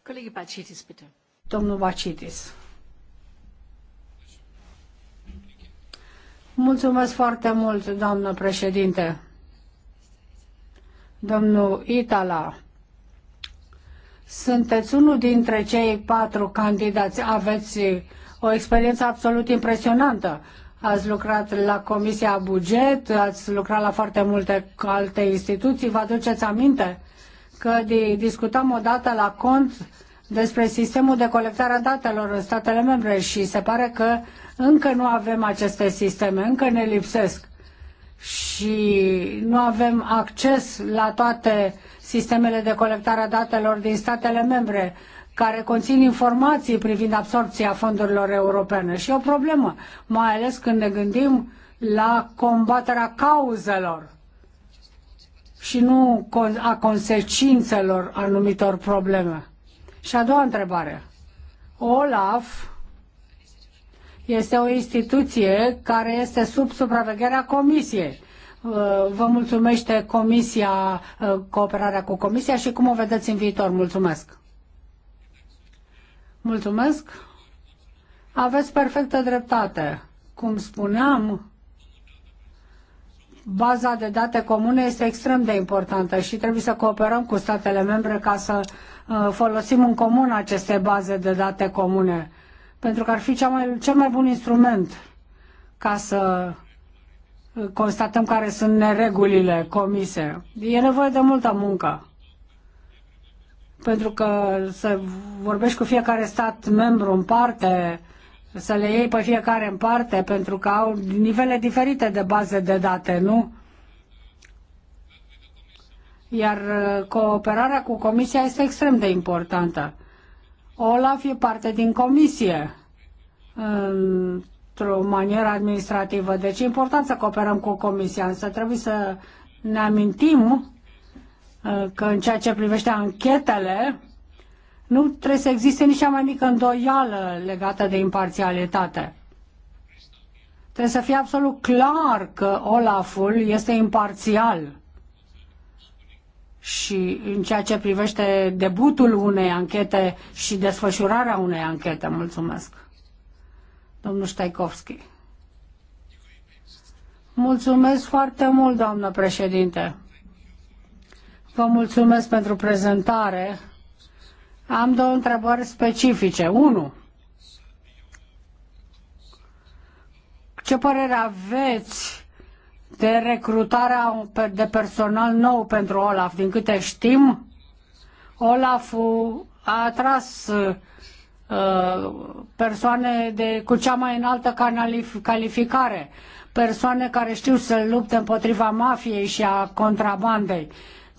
S1: Colegii Pacitis, bitte.
S2: Domnul Pacitis. Mulțumesc foarte mult, doamnă președinte. Domnul Itala, sunteți unul dintre cei patru candidați. Aveți o experiență absolut impresionantă ați lucrat la Comisia Buget, ați lucrat la foarte multe alte instituții. Vă aduceți aminte că discutam odată la cont despre sistemul de colectare a datelor în statele membre și se pare că încă nu avem aceste sisteme, încă ne lipsesc și nu avem acces la toate sistemele de colectare a datelor din statele membre care conțin informații privind absorpția fondurilor europene. Și e o problemă, mai ales când ne gândim la combaterea cauzelor și nu a consecințelor anumitor probleme. Și a doua întrebare. Olaf este o instituție care este sub supravegherea Comisiei. Uh, vă mulțumește Comisia, uh, cooperarea cu Comisia și cum o vedeți în viitor. Mulțumesc! Mulțumesc. Aveți perfectă dreptate. Cum spuneam, baza de date comune este extrem de importantă și trebuie să cooperăm cu statele membre ca să uh, folosim în comun aceste baze de date comune, pentru că ar fi cea mai, cel mai bun instrument ca să uh, constatăm care sunt neregulile comise. E nevoie de multă muncă pentru că să vorbești cu fiecare stat membru în parte, să le iei pe fiecare în parte, pentru că au nivele diferite de baze de date, nu? Iar uh, cooperarea cu Comisia este extrem de importantă. Olaf e parte din Comisie într-o manieră administrativă. Deci e important să cooperăm cu Comisia, însă trebuie să ne amintim Uh, că în ceea ce privește anchetele, nu trebuie să existe nici cea mai mică îndoială legată de imparțialitate. Trebuie să fie absolut clar că Olaful este imparțial și în ceea ce privește debutul unei anchete și desfășurarea unei anchete. Mulțumesc. Domnul Ștaikovski. Mulțumesc foarte mult, doamnă președinte. Vă mulțumesc pentru prezentare. Am două întrebări specifice. Unu. Ce părere aveți de recrutarea de personal nou pentru Olaf? Din câte știm, Olaf a atras uh, persoane de, cu cea mai înaltă calificare, persoane care știu să lupte împotriva mafiei și a contrabandei.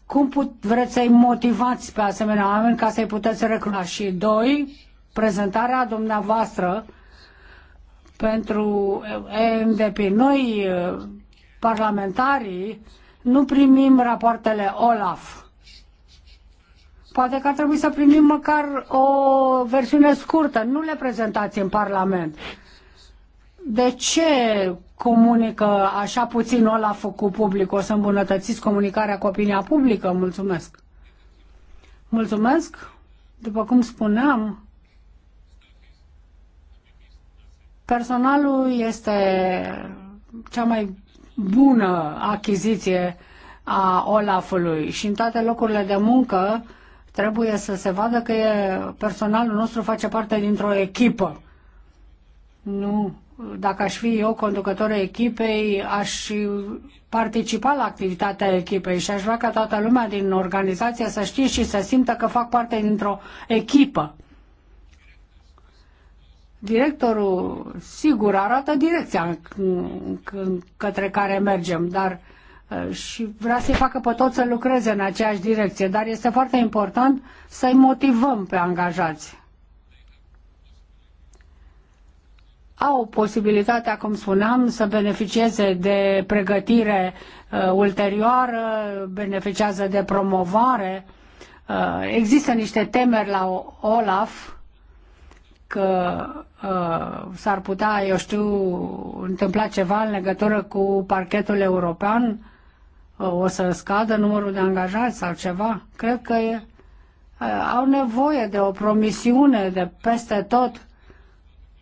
S2: Cum put, vreți să-i motivați pe asemenea oameni ca să-i puteți recunoaște? Și doi, prezentarea dumneavoastră pentru EMDP. Noi, parlamentarii, nu primim rapoartele OLAF. Poate că ar trebui să primim măcar o versiune scurtă. Nu le prezentați în Parlament. De ce comunică așa puțin Olaf cu public. O să îmbunătățiți comunicarea cu opinia publică? Mulțumesc! Mulțumesc! După cum spuneam, personalul este cea mai bună achiziție a Olafului și în toate locurile de muncă trebuie să se vadă că e, personalul nostru face parte dintr-o echipă. Nu dacă aș fi eu conducătorul echipei, aș participa la activitatea echipei și aș vrea ca toată lumea din organizație să știe și să simtă că fac parte dintr-o echipă. Directorul, sigur, arată direcția către care mergem, dar uh, și vrea să-i facă pe toți să lucreze în aceeași direcție, dar este foarte important să-i motivăm pe angajați au posibilitatea, cum spuneam, să beneficieze de pregătire uh, ulterioară, beneficiază de promovare. Uh, există niște temeri la OLAF că uh, s-ar putea, eu știu, întâmpla ceva în legătură cu parchetul european, uh, o să scadă numărul de angajați sau ceva. Cred că e, uh, au nevoie de o promisiune de peste tot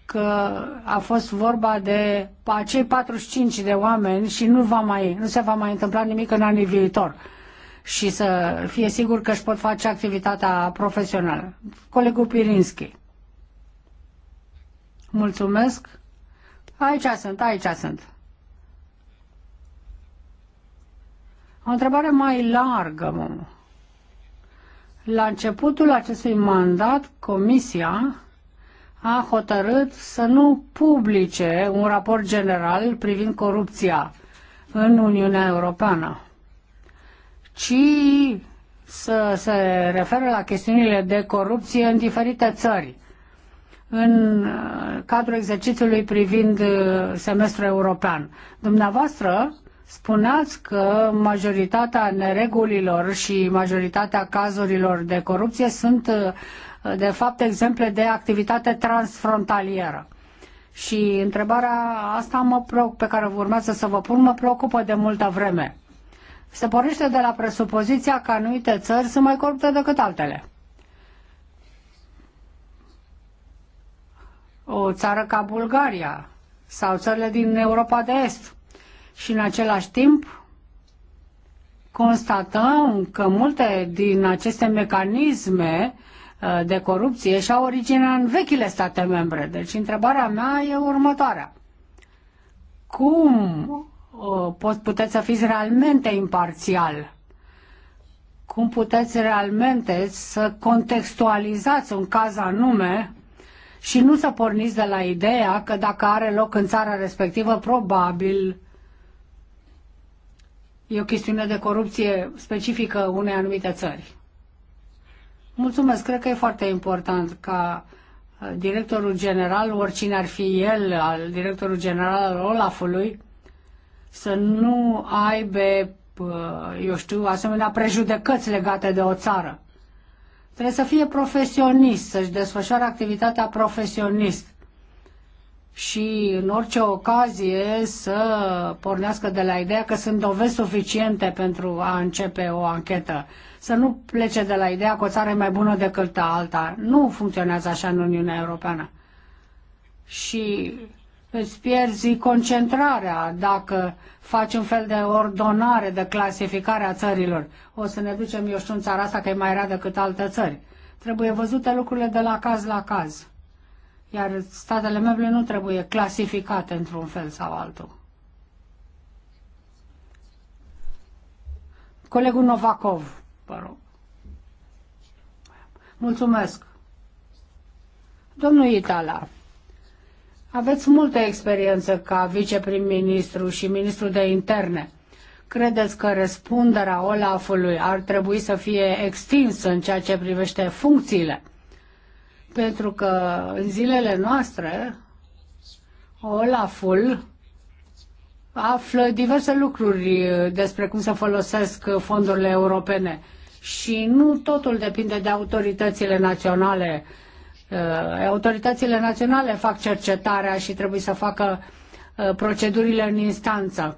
S2: că a fost vorba de acei 45 de oameni și nu, va mai, nu se va mai întâmpla nimic în anii viitor și să fie sigur că își pot face activitatea profesională. Colegul Pirinski. Mulțumesc. Aici sunt, aici sunt. O întrebare mai largă, mă. La începutul acestui mandat, Comisia a hotărât să nu publice un raport general privind corupția în Uniunea Europeană, ci să se referă la chestiunile de corupție în diferite țări. În uh, cadrul exercițiului privind uh, semestrul european. Dumneavoastră spuneați că majoritatea neregulilor și majoritatea cazurilor de corupție sunt uh, de fapt, exemple de activitate transfrontalieră. Și întrebarea asta mă preocup, pe care urmează să vă pun mă preocupă de multă vreme. Se pornește de la presupoziția că anumite țări sunt mai corupte decât altele. O țară ca Bulgaria sau țările din Europa de Est. Și în același timp constatăm că multe din aceste mecanisme uh, Uh, de corupție și au origine în vechile state membre. Deci întrebarea mea e următoarea. Cum uh, pot, puteți să fiți realmente imparțial? Cum puteți realmente să contextualizați un caz anume și nu să porniți de la ideea că dacă are loc în țara respectivă, probabil e o chestiune de corupție specifică unei anumite țări. Mulțumesc, cred că e foarte important ca uh, directorul general, oricine ar fi el, al directorul general al Olafului, să nu aibă, uh, eu știu, asemenea prejudecăți legate de o țară. Trebuie să fie profesionist, să-și desfășoare activitatea profesionist și în orice ocazie să pornească de la ideea că sunt dovezi suficiente pentru a începe o anchetă. Să nu plece de la ideea că o țară e mai bună decât alta. Nu funcționează așa în Uniunea Europeană. Și îți pierzi concentrarea dacă faci un fel de ordonare, de clasificare a țărilor. O să ne ducem, eu știu, în țara asta că e mai rea decât alte țări. Trebuie văzute lucrurile de la caz la caz iar statele membre nu trebuie clasificate într-un fel sau altul. Colegul Novakov, vă rog. Mulțumesc. Domnul Itala, aveți multă experiență ca viceprim-ministru și ministru de interne. Credeți că răspunderea Olafului ar trebui să fie extinsă în ceea ce privește funcțiile? pentru că în zilele noastre Olaful află diverse lucruri despre cum să folosesc fondurile europene și nu totul depinde de autoritățile naționale. Eh, autoritățile naționale fac cercetarea și trebuie să facă eh, procedurile în instanță.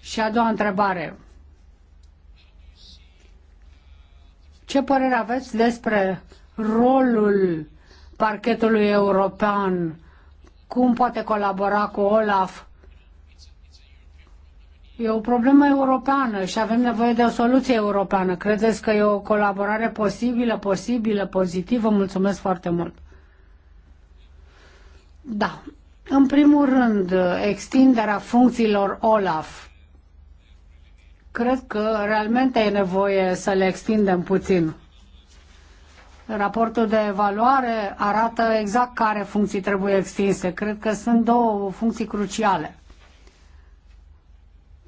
S2: Și a doua întrebare. Ce părere aveți despre rolul parchetului european, cum poate colabora cu OLAF. E o problemă europeană și avem nevoie de o soluție europeană. Credeți că e o colaborare posibilă, posibilă, pozitivă? Mulțumesc foarte mult. Da. În primul rând, extinderea funcțiilor OLAF. Cred că realmente e nevoie să le extindem puțin. Raportul de evaluare arată exact care funcții trebuie extinse. Cred că sunt două funcții cruciale.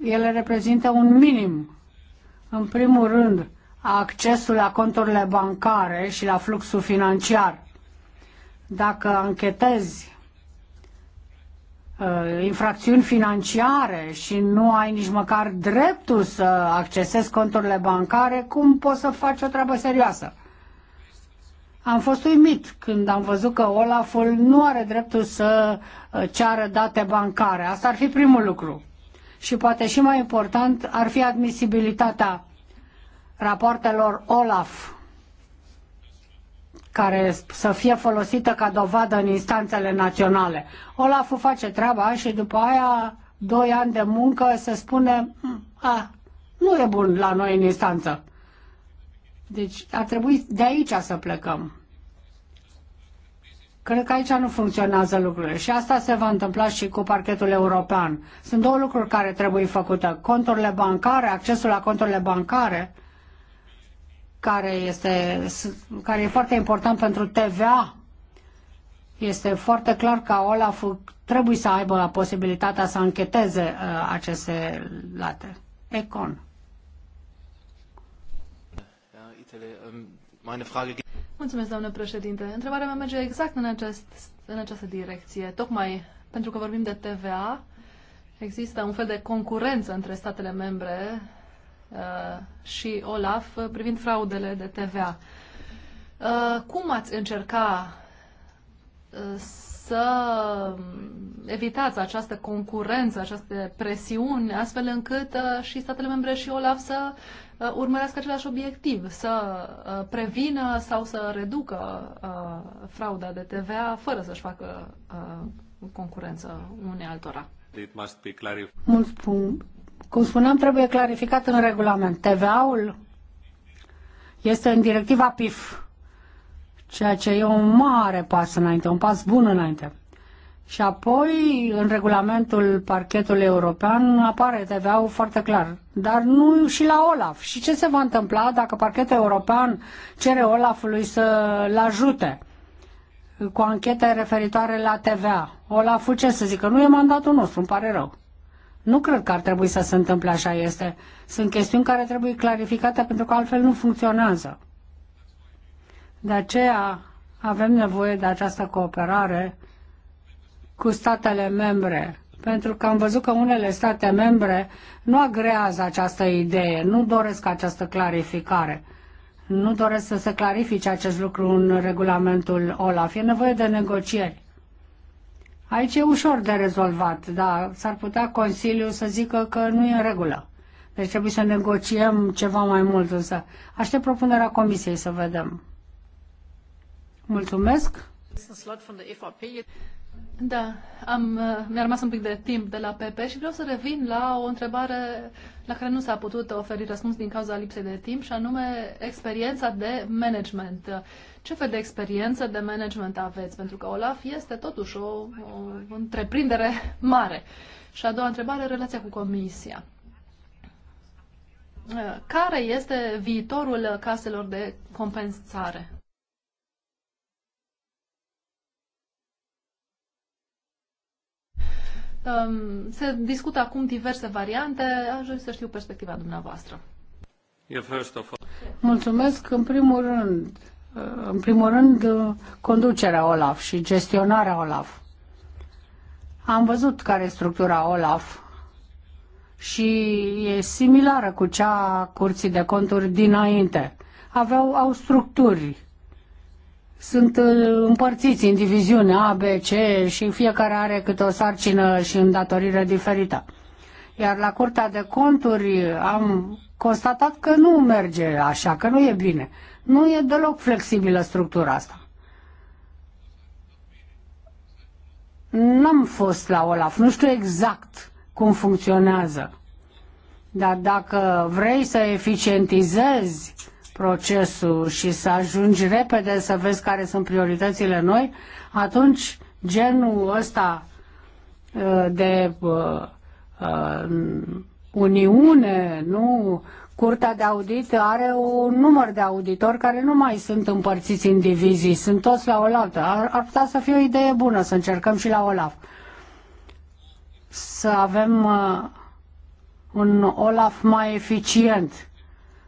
S2: Ele reprezintă un minim. În primul rând, accesul la conturile bancare și la fluxul financiar. Dacă anchetezi uh, infracțiuni financiare și nu ai nici măcar dreptul să accesezi conturile bancare, cum poți să faci o treabă serioasă? Am fost uimit când am văzut că Olaful nu are dreptul să uh, ceară date bancare. Asta ar fi primul lucru. Și poate și mai important ar fi admisibilitatea rapoartelor Olaf care să fie folosită ca dovadă în instanțele naționale. Olaful face treaba și după aia doi ani de muncă se spune mm, a, nu e bun la noi în instanță. Deci ar trebui de aici să plecăm. Cred că aici nu funcționează lucrurile și asta se va întâmpla și cu parchetul european. Sunt două lucruri care trebuie făcute. Conturile bancare, accesul la conturile bancare, care este, care e foarte important pentru TVA. Este foarte clar că Olaf trebuie să aibă posibilitatea să încheteze uh, aceste late. Econ.
S4: Um,
S1: Mulțumesc, doamnă președinte. Întrebarea mea merge exact în, acest, în această direcție. Tocmai pentru că vorbim de TVA, există un fel de concurență între statele membre uh, și OLAF privind fraudele de TVA. Uh, cum ați încerca uh, să um, evitați această concurență, această presiuni, astfel încât uh, și statele membre și OLAF să Uh, urmăresc același obiectiv, să uh, prevină sau să reducă uh, frauda de TVA fără să-și facă concurență unei altora.
S3: It must be
S2: Cum spuneam, trebuie clarificat în regulament. TVA-ul este în directiva PIF, ceea ce e un mare pas înainte, un pas bun înainte. Și apoi, în regulamentul parchetului european, apare TVA-ul foarte clar. Dar nu și la Olaf. Și ce se va întâmpla dacă parchetul european cere Olafului să-l ajute cu anchete referitoare la TVA? Olaful ce să zică? Nu e mandatul nostru, îmi pare rău. Nu cred că ar trebui să se întâmple așa este. Sunt chestiuni care trebuie clarificate pentru că altfel nu funcționează. De aceea avem nevoie de această cooperare cu statele membre, pentru că am văzut că unele state membre nu agrează această idee, nu doresc această clarificare. Nu doresc să se clarifice acest lucru în regulamentul OLAF. E nevoie de negocieri. Aici e ușor de rezolvat, dar s-ar putea Consiliul să zică că nu e în regulă. Deci trebuie să negociem ceva mai mult, însă aștept propunerea Comisiei să vedem. Mulțumesc!
S1: Da, am, uh, mi-a rămas un pic de timp de la PP și vreau să revin la o întrebare la care nu s-a putut oferi răspuns din cauza lipsei de timp și anume experiența de management. Ce fel de experiență de management aveți? Pentru că OLAF este totuși o, o întreprindere mare. Și a doua întrebare, relația cu Comisia. Uh, care este viitorul caselor de compensare? Um, se discută acum diverse variante. Aș vrea să știu perspectiva dumneavoastră.
S2: Mulțumesc. În primul rând, uh, în primul rând, uh, conducerea OLAF și gestionarea OLAF. Am văzut care e structura OLAF și e similară cu cea a Curții de Conturi dinainte. Aveau, au structuri sunt uh, împărțiți în diviziune A, B, C și fiecare are câte o sarcină și îndatorire diferită. Iar la Curtea de Conturi am constatat că nu merge așa, că nu e bine. Nu e deloc flexibilă structura asta. N-am fost la Olaf, nu știu exact cum funcționează. Dar dacă vrei să eficientizezi procesul și să ajungi repede să vezi care sunt prioritățile noi, atunci genul ăsta uh, de uh, uh, uniune, nu? Curtea de audit are un număr de auditori care nu mai sunt împărțiți în divizii, sunt toți la OLAF. Ar, ar putea să fie o idee bună să încercăm și la OLAF. Să avem uh, un OLAF mai eficient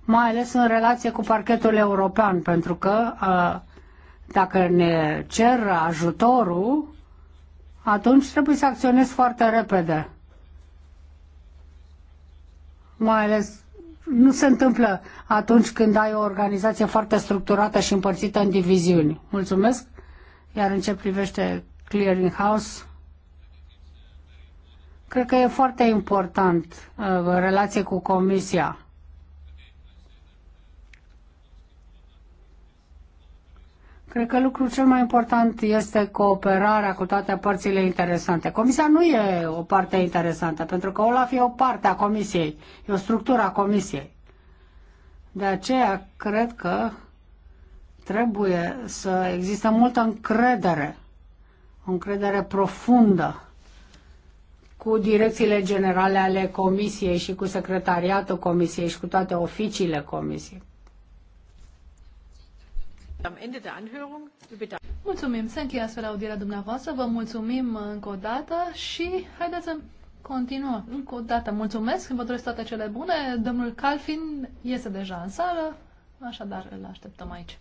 S2: mai ales în relație cu parchetul european, pentru că dacă ne cer ajutorul, atunci trebuie să acționez foarte repede. Mai ales nu se întâmplă atunci când ai o organizație foarte structurată și împărțită în diviziuni. Mulțumesc. Iar în ce privește Clearing House, cred că e foarte important în relație cu Comisia Cred că lucrul cel mai important este cooperarea cu toate părțile interesante. Comisia nu e o parte interesantă, pentru că OLAF e o parte a Comisiei, e o structură a Comisiei. De aceea, cred că trebuie să există multă încredere, o încredere profundă cu direcțiile generale ale Comisiei și cu secretariatul Comisiei și cu toate oficiile Comisiei.
S1: Mulțumim, se încheie astfel audierea dumneavoastră, vă mulțumim încă o dată și haideți să continuăm. Încă o dată mulțumesc, vă doresc toate cele bune, domnul Calfin iese deja în sală, așadar îl așteptăm aici.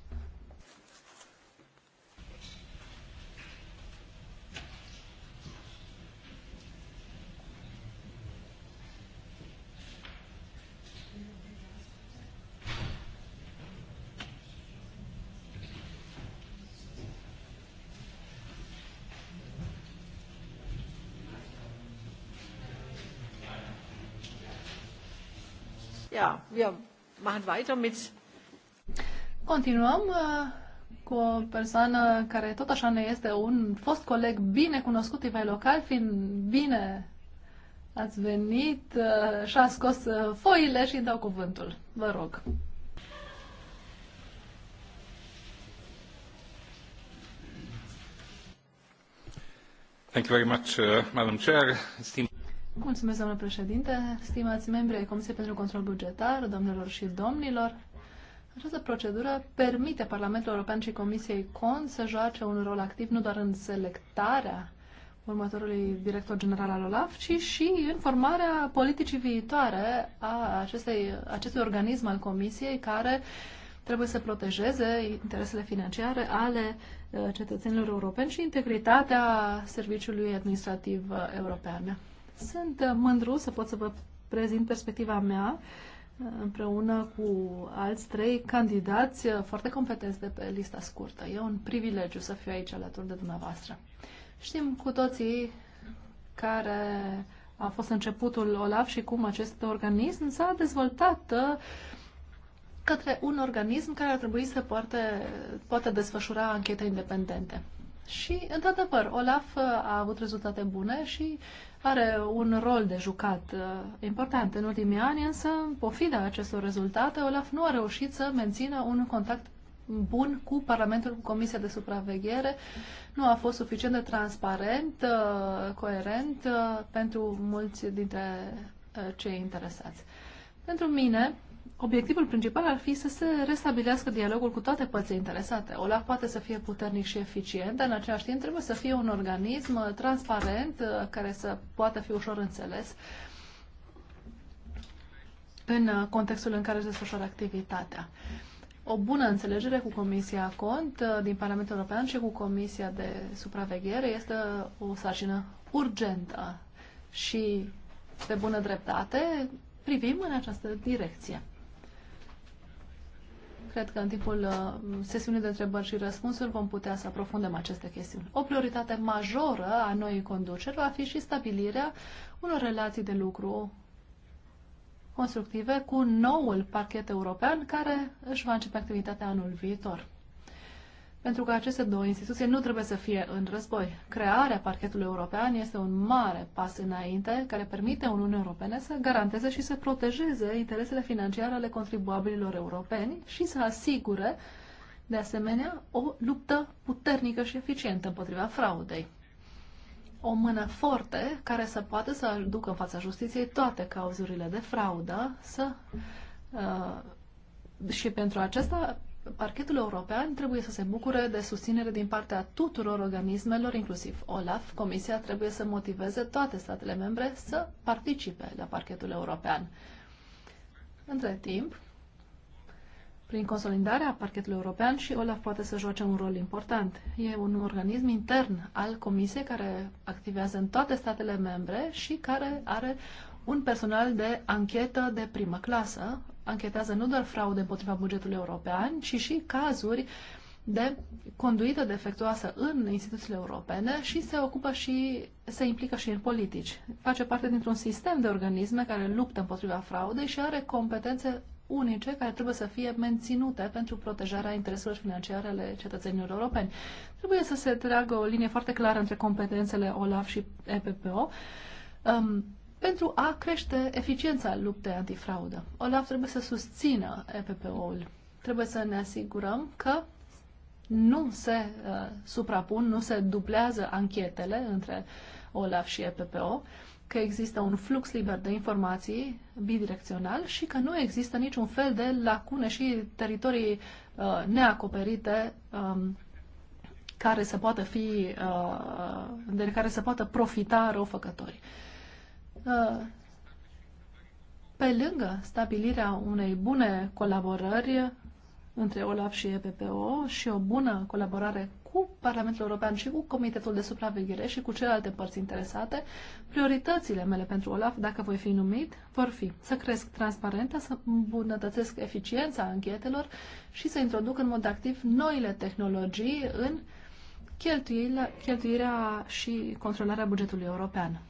S2: Ja, wir machen weiter mit
S1: Continuăm uh, cu o persoană care tot așa ne este un fost coleg bine cunoscut, Ivai Local, fiind bine ați venit uh, și a scos uh, foile și dau cuvântul. Vă rog.
S3: Thank you very much, uh, Madam Chair.
S1: Esteemed Mulțumesc, Domnule președinte, stimați membri ai Comisiei pentru Control Bugetar, domnilor și domnilor. Această procedură permite Parlamentul European și Comisiei CON să joace un rol activ nu doar în selectarea următorului director general al OLAF, ci și în formarea politicii viitoare a acestei, acestui organism al Comisiei care trebuie să protejeze interesele financiare ale uh, cetățenilor europeni și integritatea serviciului administrativ uh, european. Sunt uh, mândru să pot să vă prezint perspectiva mea uh, împreună cu alți trei candidați uh, foarte competenți de pe lista scurtă. E un privilegiu să fiu aici alături de dumneavoastră. Știm cu toții care a fost începutul OLAF și cum acest organism s-a dezvoltat către un organism care ar trebui să poarte, poată desfășura anchete independente. Și, într-adevăr, OLAF a avut rezultate bune și are un rol de jucat uh, important. În ultimii ani, însă, în pofida acestor rezultate, Olaf nu a reușit să mențină un contact bun cu Parlamentul, cu Comisia de Supraveghere. Nu a fost suficient de transparent, uh, coerent uh, pentru mulți dintre uh, cei interesați. Pentru mine, obiectivul principal ar fi să se restabilească dialogul cu toate părțile interesate. OLAF poate să fie puternic și eficient, dar în același timp trebuie să fie un organism uh, transparent uh, care să poată fi ușor înțeles în uh, contextul în care își desfășoară activitatea. O bună înțelegere cu Comisia Cont din Parlamentul European și cu Comisia de Supraveghere este o sarcină urgentă și, pe bună dreptate, privim în această direcție cred că în timpul uh, sesiunii de întrebări și răspunsuri vom putea să aprofundăm aceste chestiuni. O prioritate majoră a noii conduceri va fi și stabilirea unor relații de lucru constructive cu noul parchet european care își va începe activitatea anul viitor pentru că aceste două instituții nu trebuie să fie în război. Crearea parchetului european este un mare pas înainte care permite Uniunii Europene să garanteze și să protejeze interesele financiare ale contribuabililor europeni și să asigure, de asemenea, o luptă puternică și eficientă împotriva fraudei. O mână forte care să poată să aducă în fața justiției toate cauzurile de fraudă, să uh, și pentru aceasta parchetul european trebuie să se bucure de susținere din partea tuturor organismelor, inclusiv OLAF. Comisia trebuie să motiveze toate statele membre să participe la parchetul european. Între timp, prin consolidarea parchetului european și OLAF poate să joace un rol important. E un organism intern al Comisiei care activează în toate statele membre și care are un personal de anchetă de primă clasă, anchetează nu doar fraude împotriva bugetului european, ci și cazuri de conduită defectuoasă în instituțiile europene și se ocupă și se implică și în politici. Face parte dintr-un sistem de organisme care luptă împotriva fraudei și are competențe unice care trebuie să fie menținute pentru protejarea intereselor financiare ale cetățenilor europeni. Trebuie să se tragă o linie foarte clară între competențele OLAF și EPPO. Um, pentru a crește eficiența luptei antifraudă. OLAF trebuie să susțină EPPO-ul. Trebuie să ne asigurăm că nu se uh, suprapun, nu se dublează anchetele între OLAF și EPPO, că există un flux liber de informații bidirecțional și că nu există niciun fel de lacune și teritorii uh, neacoperite um, care să poată fi, uh, de care să poată profita răufăcătorii. Uh, pe lângă stabilirea unei bune colaborări între OLAF și EPPO și o bună colaborare cu Parlamentul European și cu Comitetul de Supraveghere și cu celelalte părți interesate, prioritățile mele pentru OLAF, dacă voi fi numit, vor fi să cresc transparența, să îmbunătățesc eficiența anchetelor și să introduc în mod activ noile tehnologii în cheltuirea și controlarea bugetului european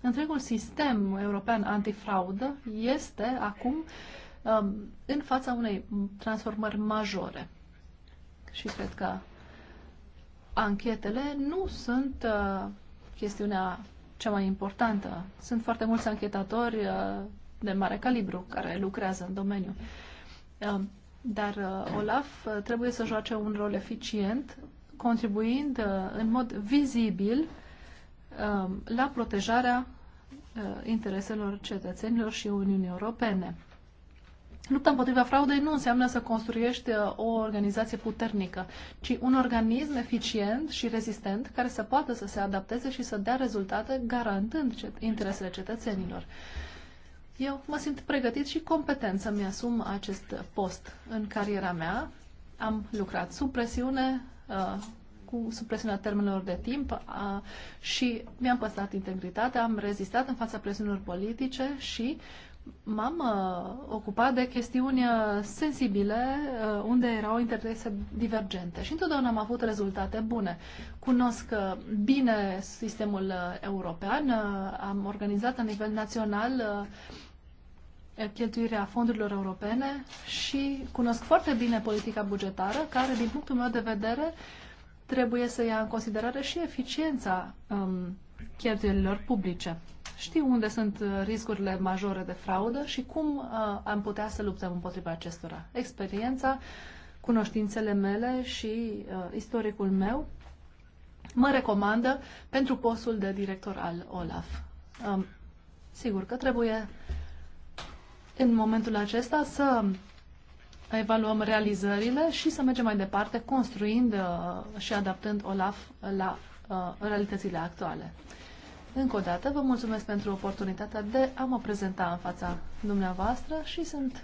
S1: întregul sistem european antifraudă este acum um, în fața unei transformări majore. Și cred că anchetele nu sunt uh, chestiunea cea mai importantă. Sunt foarte mulți anchetatori uh, de mare calibru care lucrează în domeniu. Uh, dar uh, Olaf uh, trebuie să joace un rol eficient, contribuind uh, în mod vizibil uh, Um, la protejarea uh, intereselor cetățenilor și Uniunii Europene. Lupta împotriva fraudei nu înseamnă să construiești uh, o organizație puternică, ci un organism eficient și rezistent care să poată să se adapteze și să dea rezultate garantând interesele cetățenilor. Eu mă simt pregătit și competent să-mi asum acest post în cariera mea. Am lucrat sub presiune, uh, cu supresiunea termenelor de timp a, și mi-am păstrat integritatea, am rezistat în fața presiunilor politice și m-am uh, ocupat de chestiuni uh, sensibile uh, unde erau interese divergente și întotdeauna am avut rezultate bune. Cunosc uh, bine sistemul uh, european, uh, am organizat la nivel național uh, cheltuirea fondurilor europene și cunosc foarte bine politica bugetară, care, din punctul meu de vedere, trebuie să ia în considerare și eficiența um, cheltuielilor publice. Știu unde sunt uh, riscurile majore de fraudă și cum uh, am putea să luptăm împotriva acestora. Experiența, cunoștințele mele și uh, istoricul meu mă recomandă pentru postul de director al OLAF. Um, sigur că trebuie în momentul acesta să evaluăm realizările și să mergem mai departe, construind uh, și adaptând OLAF la uh, realitățile actuale. Încă o dată, vă mulțumesc pentru oportunitatea de a mă prezenta în fața dumneavoastră și sunt uh,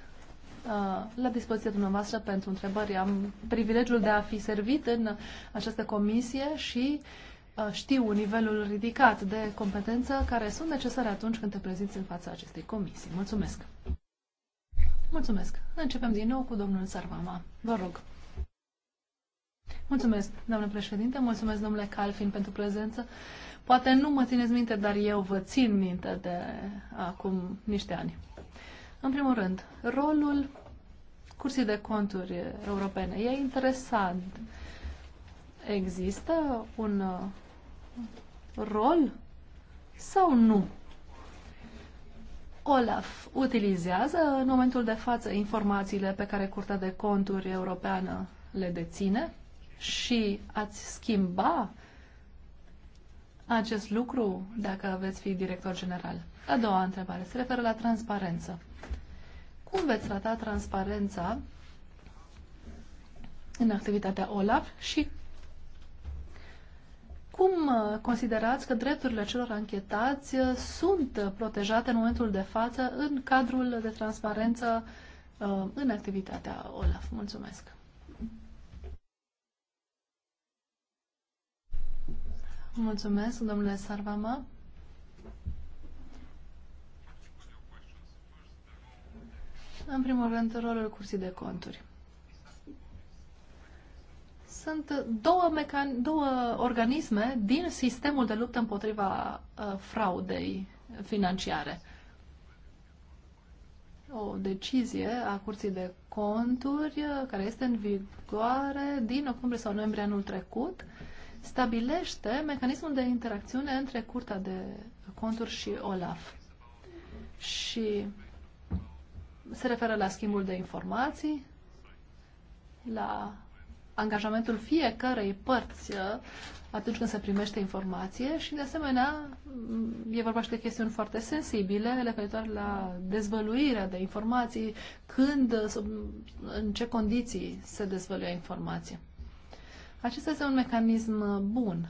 S1: la dispoziția dumneavoastră pentru întrebări. Am privilegiul de a fi servit în această comisie și știu nivelul ridicat de competență care sunt necesare atunci când te prezinți în fața acestei comisii. Mulțumesc! Mulțumesc. Începem din nou cu domnul Sarvama. Vă rog. Mulțumesc, doamnă președinte, mulțumesc, domnule Calfin, pentru prezență. Poate nu mă țineți minte, dar eu vă țin minte de acum niște ani. În primul rând, rolul cursii de Conturi Europene e interesant. Există un uh, rol sau nu Olaf utilizează în momentul de față informațiile pe care Curtea de Conturi Europeană le deține și ați schimba acest lucru dacă veți fi director general? A doua întrebare se referă la transparență. Cum veți trata transparența în activitatea OLAF și cum uh, considerați că drepturile celor anchetați uh, sunt protejate în momentul de față în cadrul de transparență uh, în activitatea OLAF? Mulțumesc! Mulțumesc, domnule Sarvama. În primul rând, rolul cursii de conturi sunt două, mecan- două organisme din sistemul de luptă împotriva uh, fraudei financiare. O decizie a Curții de Conturi, uh, care este în vigoare din octombrie sau noiembrie anul trecut, stabilește mecanismul de interacțiune între Curtea de Conturi și OLAF. Și se referă la schimbul de informații, la angajamentul fiecărei părți uh, atunci când se primește informație și, de asemenea, mm, e vorba și de chestiuni foarte sensibile referitoare la dezvăluirea de informații, când, uh, sub, în ce condiții se dezvăluie informație. Acesta este un mecanism uh, bun,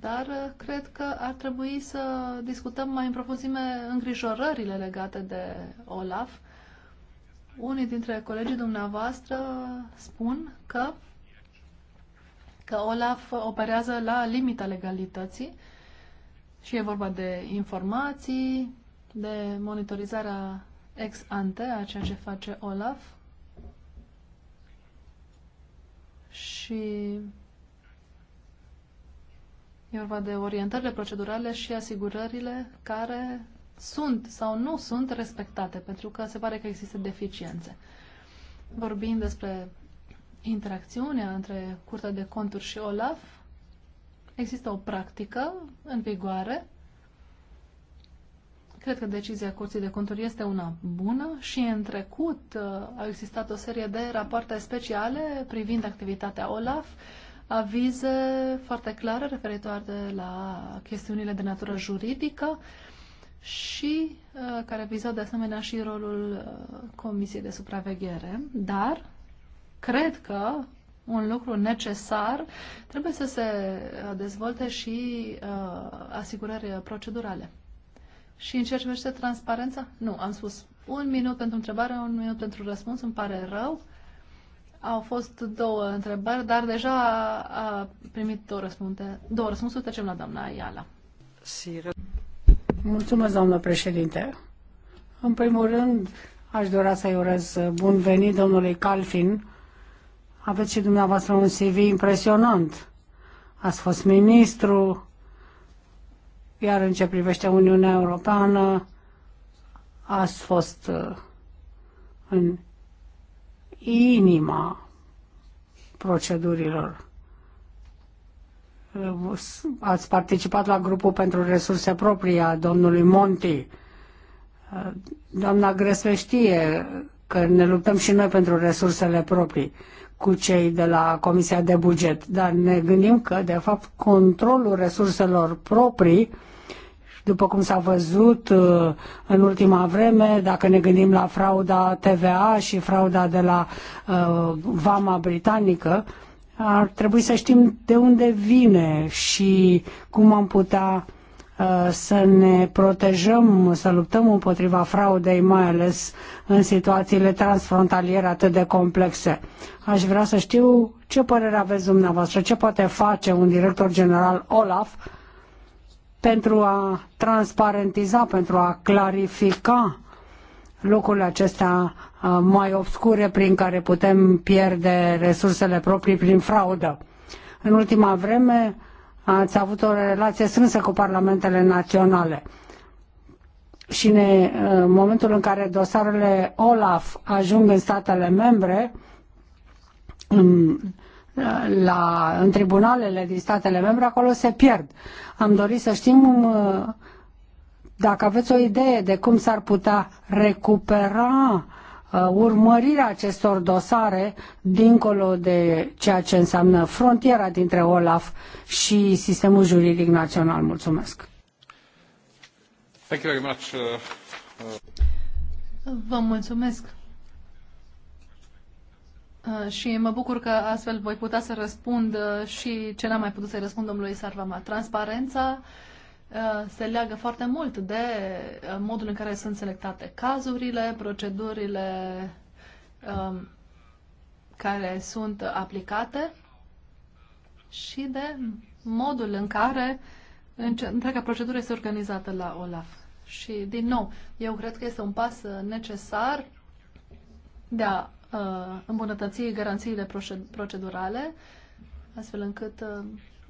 S1: dar cred că ar trebui să discutăm mai în profunzime îngrijorările legate de OLAF. Unii dintre colegii dumneavoastră spun că că Olaf operează la limita legalității și e vorba de informații, de monitorizarea ex ante a ceea ce face Olaf și e vorba de orientările procedurale și asigurările care sunt sau nu sunt respectate, pentru că se pare că există deficiențe. Vorbim despre interacțiunea între Curtea de Conturi și OLAF. Există o practică în vigoare. Cred că decizia Curții de Conturi este una bună și în trecut uh, au existat o serie de rapoarte speciale privind activitatea OLAF, avize foarte clare referitoare la chestiunile de natură juridică și uh, care vizau de asemenea și rolul uh, Comisiei de Supraveghere, dar cred că un lucru necesar, trebuie să se uh, dezvolte și uh, asigurări procedurale. Și în ceea ce privește transparența? Nu, am spus un minut pentru întrebare, un minut pentru răspuns, îmi pare rău. Au fost două întrebări, dar deja a primit două, răspunde, două răspunsuri. Trecem la doamna Iala.
S2: Mulțumesc, doamnă președinte. În primul rând, aș dori să-i urez bun venit domnului Calfin, aveți și dumneavoastră un CV impresionant. Ați fost ministru, iar în ce privește Uniunea Europeană, ați fost uh, în inima procedurilor. Uh, ați participat la grupul pentru resurse proprii a domnului Monti. Uh, doamna Gresle știe că ne luptăm și noi pentru resursele proprii cu cei de la Comisia de Buget, dar ne gândim că, de fapt, controlul resurselor proprii, după cum s-a văzut uh, în ultima vreme, dacă ne gândim la frauda TVA și frauda de la uh, Vama Britanică, ar trebui să știm de unde vine și cum am putea uh, Uh, să ne protejăm, să luptăm împotriva fraudei, mai ales în situațiile transfrontaliere atât de complexe. Aș vrea să știu ce părere aveți dumneavoastră, ce poate face un director general Olaf pentru a transparentiza, pentru a clarifica lucrurile acestea uh, mai obscure prin care putem pierde resursele proprii prin fraudă. În ultima vreme, ați avut o relație strânsă cu parlamentele naționale și ne, în momentul în care dosarele OLAF ajung în statele membre, în, la, în tribunalele din statele membre, acolo se pierd. Am dorit să știm uh, dacă aveți o idee de cum s-ar putea recupera Uh, urmărirea acestor dosare dincolo de ceea ce înseamnă frontiera dintre OLAF și sistemul juridic național. Mulțumesc!
S3: Thank you very much. Uh,
S1: uh. Vă mulțumesc! Și mă bucur că astfel voi putea să răspund și ce n-am mai putut să-i răspund domnului Sarvama. Transparența Uh, se leagă foarte mult de uh, modul în care sunt selectate cazurile, procedurile um, care sunt aplicate și de modul în care întreaga procedură este organizată la OLAF. Și, din nou, eu cred că este un pas uh, necesar de a uh, îmbunătăți garanțiile procedurale, astfel încât uh,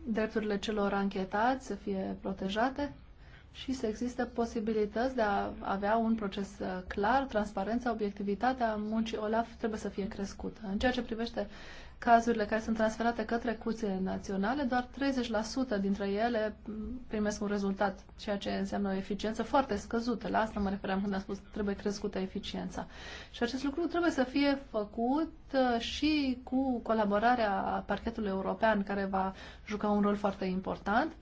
S1: drepturile celor anchetați să fie protejate și să existe posibilități de a avea un proces uh, clar, transparența, obiectivitatea muncii OLAF trebuie să fie crescută. În ceea ce privește cazurile care sunt transferate către curțile naționale, doar 30% dintre ele primesc un rezultat, ceea ce înseamnă o eficiență foarte scăzută. La asta mă refeream când am spus trebuie crescută eficiența. Și acest lucru trebuie să fie făcut uh, și cu colaborarea parchetului european, care va juca un rol foarte important.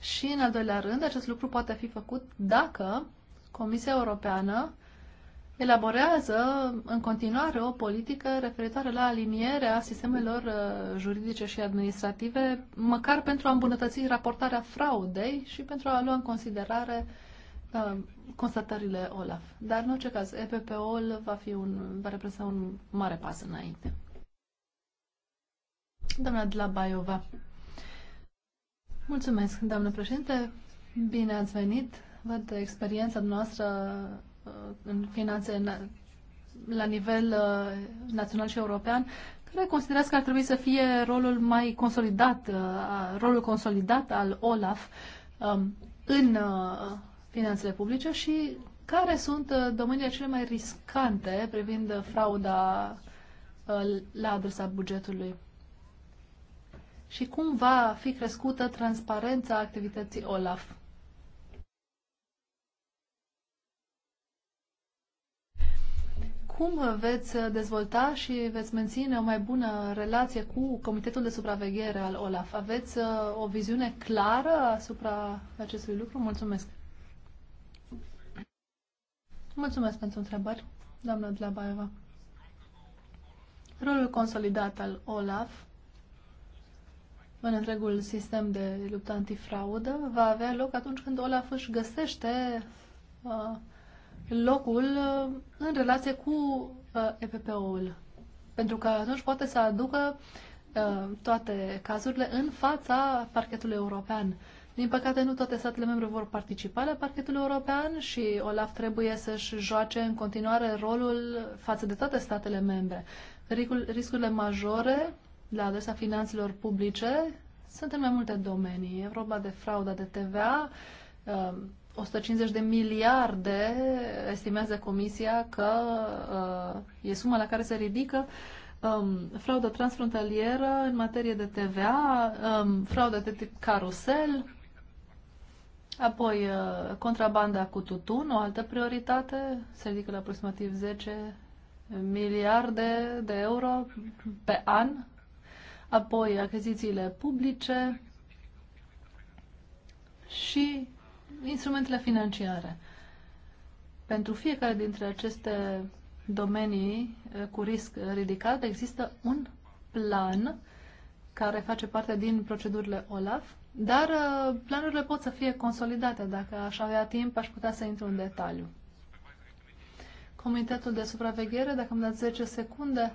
S1: Și, în al doilea rând, acest lucru poate fi făcut dacă Comisia Europeană elaborează în continuare o politică referitoare la alinierea sistemelor uh, juridice și administrative, măcar pentru a îmbunătăți raportarea fraudei și pentru a lua în considerare uh, constatările OLAF. Dar, în orice caz, EPPO-ul va, fi un, va reprezenta un mare pas înainte. Doamna de la Baiova. Mulțumesc, doamnă președinte. Bine ați venit. Văd experiența noastră Uh, în finanțe la nivel uh, național și european, care considerați că ar trebui să fie rolul mai consolidat, uh, rolul consolidat al OLAF um, în finanțele publice și care sunt domeniile cele mai riscante privind frauda la adresa bugetului? Și cum va fi crescută transparența activității OLAF? cum veți dezvolta și veți menține o mai bună relație cu Comitetul de Supraveghere al OLAF? Aveți uh, o viziune clară asupra acestui lucru? Mulțumesc! Mulțumesc pentru întrebări, doamna Dlabaeva. Rolul consolidat al OLAF în întregul sistem de luptă antifraudă va avea loc atunci când OLAF își găsește uh, locul uh, în relație cu uh, EPP-ul. Pentru că atunci poate să aducă uh, toate cazurile în fața parchetului european. Din păcate, nu toate statele membre vor participa la parchetul european și OLAF trebuie să-și joace în continuare rolul față de toate statele membre. Riscurile majore la adresa finanțelor publice sunt în mai multe domenii. E vorba de frauda de TVA, 150 de miliarde estimează Comisia că uh, e suma la care se ridică um, fraudă transfrontalieră în materie de TVA, um, fraudă de tip carusel, apoi uh, contrabanda cu tutun, o altă prioritate, se ridică la aproximativ 10 miliarde de euro pe an, apoi achizițiile publice și instrumentele financiare. Pentru fiecare dintre aceste domenii eh, cu risc ridicat există un plan care face parte din procedurile OLAF, dar eh, planurile pot să fie consolidate. Dacă aș avea timp, aș putea să intru în detaliu. Comitetul de supraveghere, dacă îmi dați 10 secunde,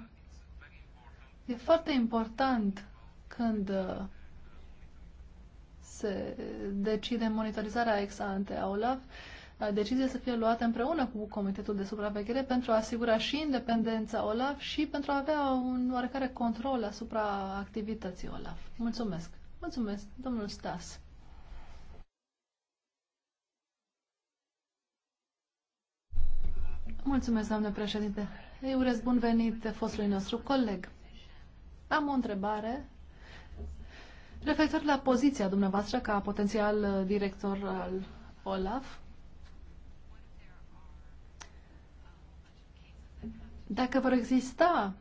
S1: e foarte important când eh, se decide monitorizarea ex ante a OLAF, decizie să fie luată împreună cu Comitetul de Supraveghere pentru a asigura și independența OLAF și pentru a avea un oarecare control asupra activității OLAF. Mulțumesc! Mulțumesc, domnul Stas! Mulțumesc, doamne președinte! Îi urez bun venit fostului nostru coleg. Am o întrebare Referitor la poziția dumneavoastră ca potențial uh, director al OLAF, dacă vor exista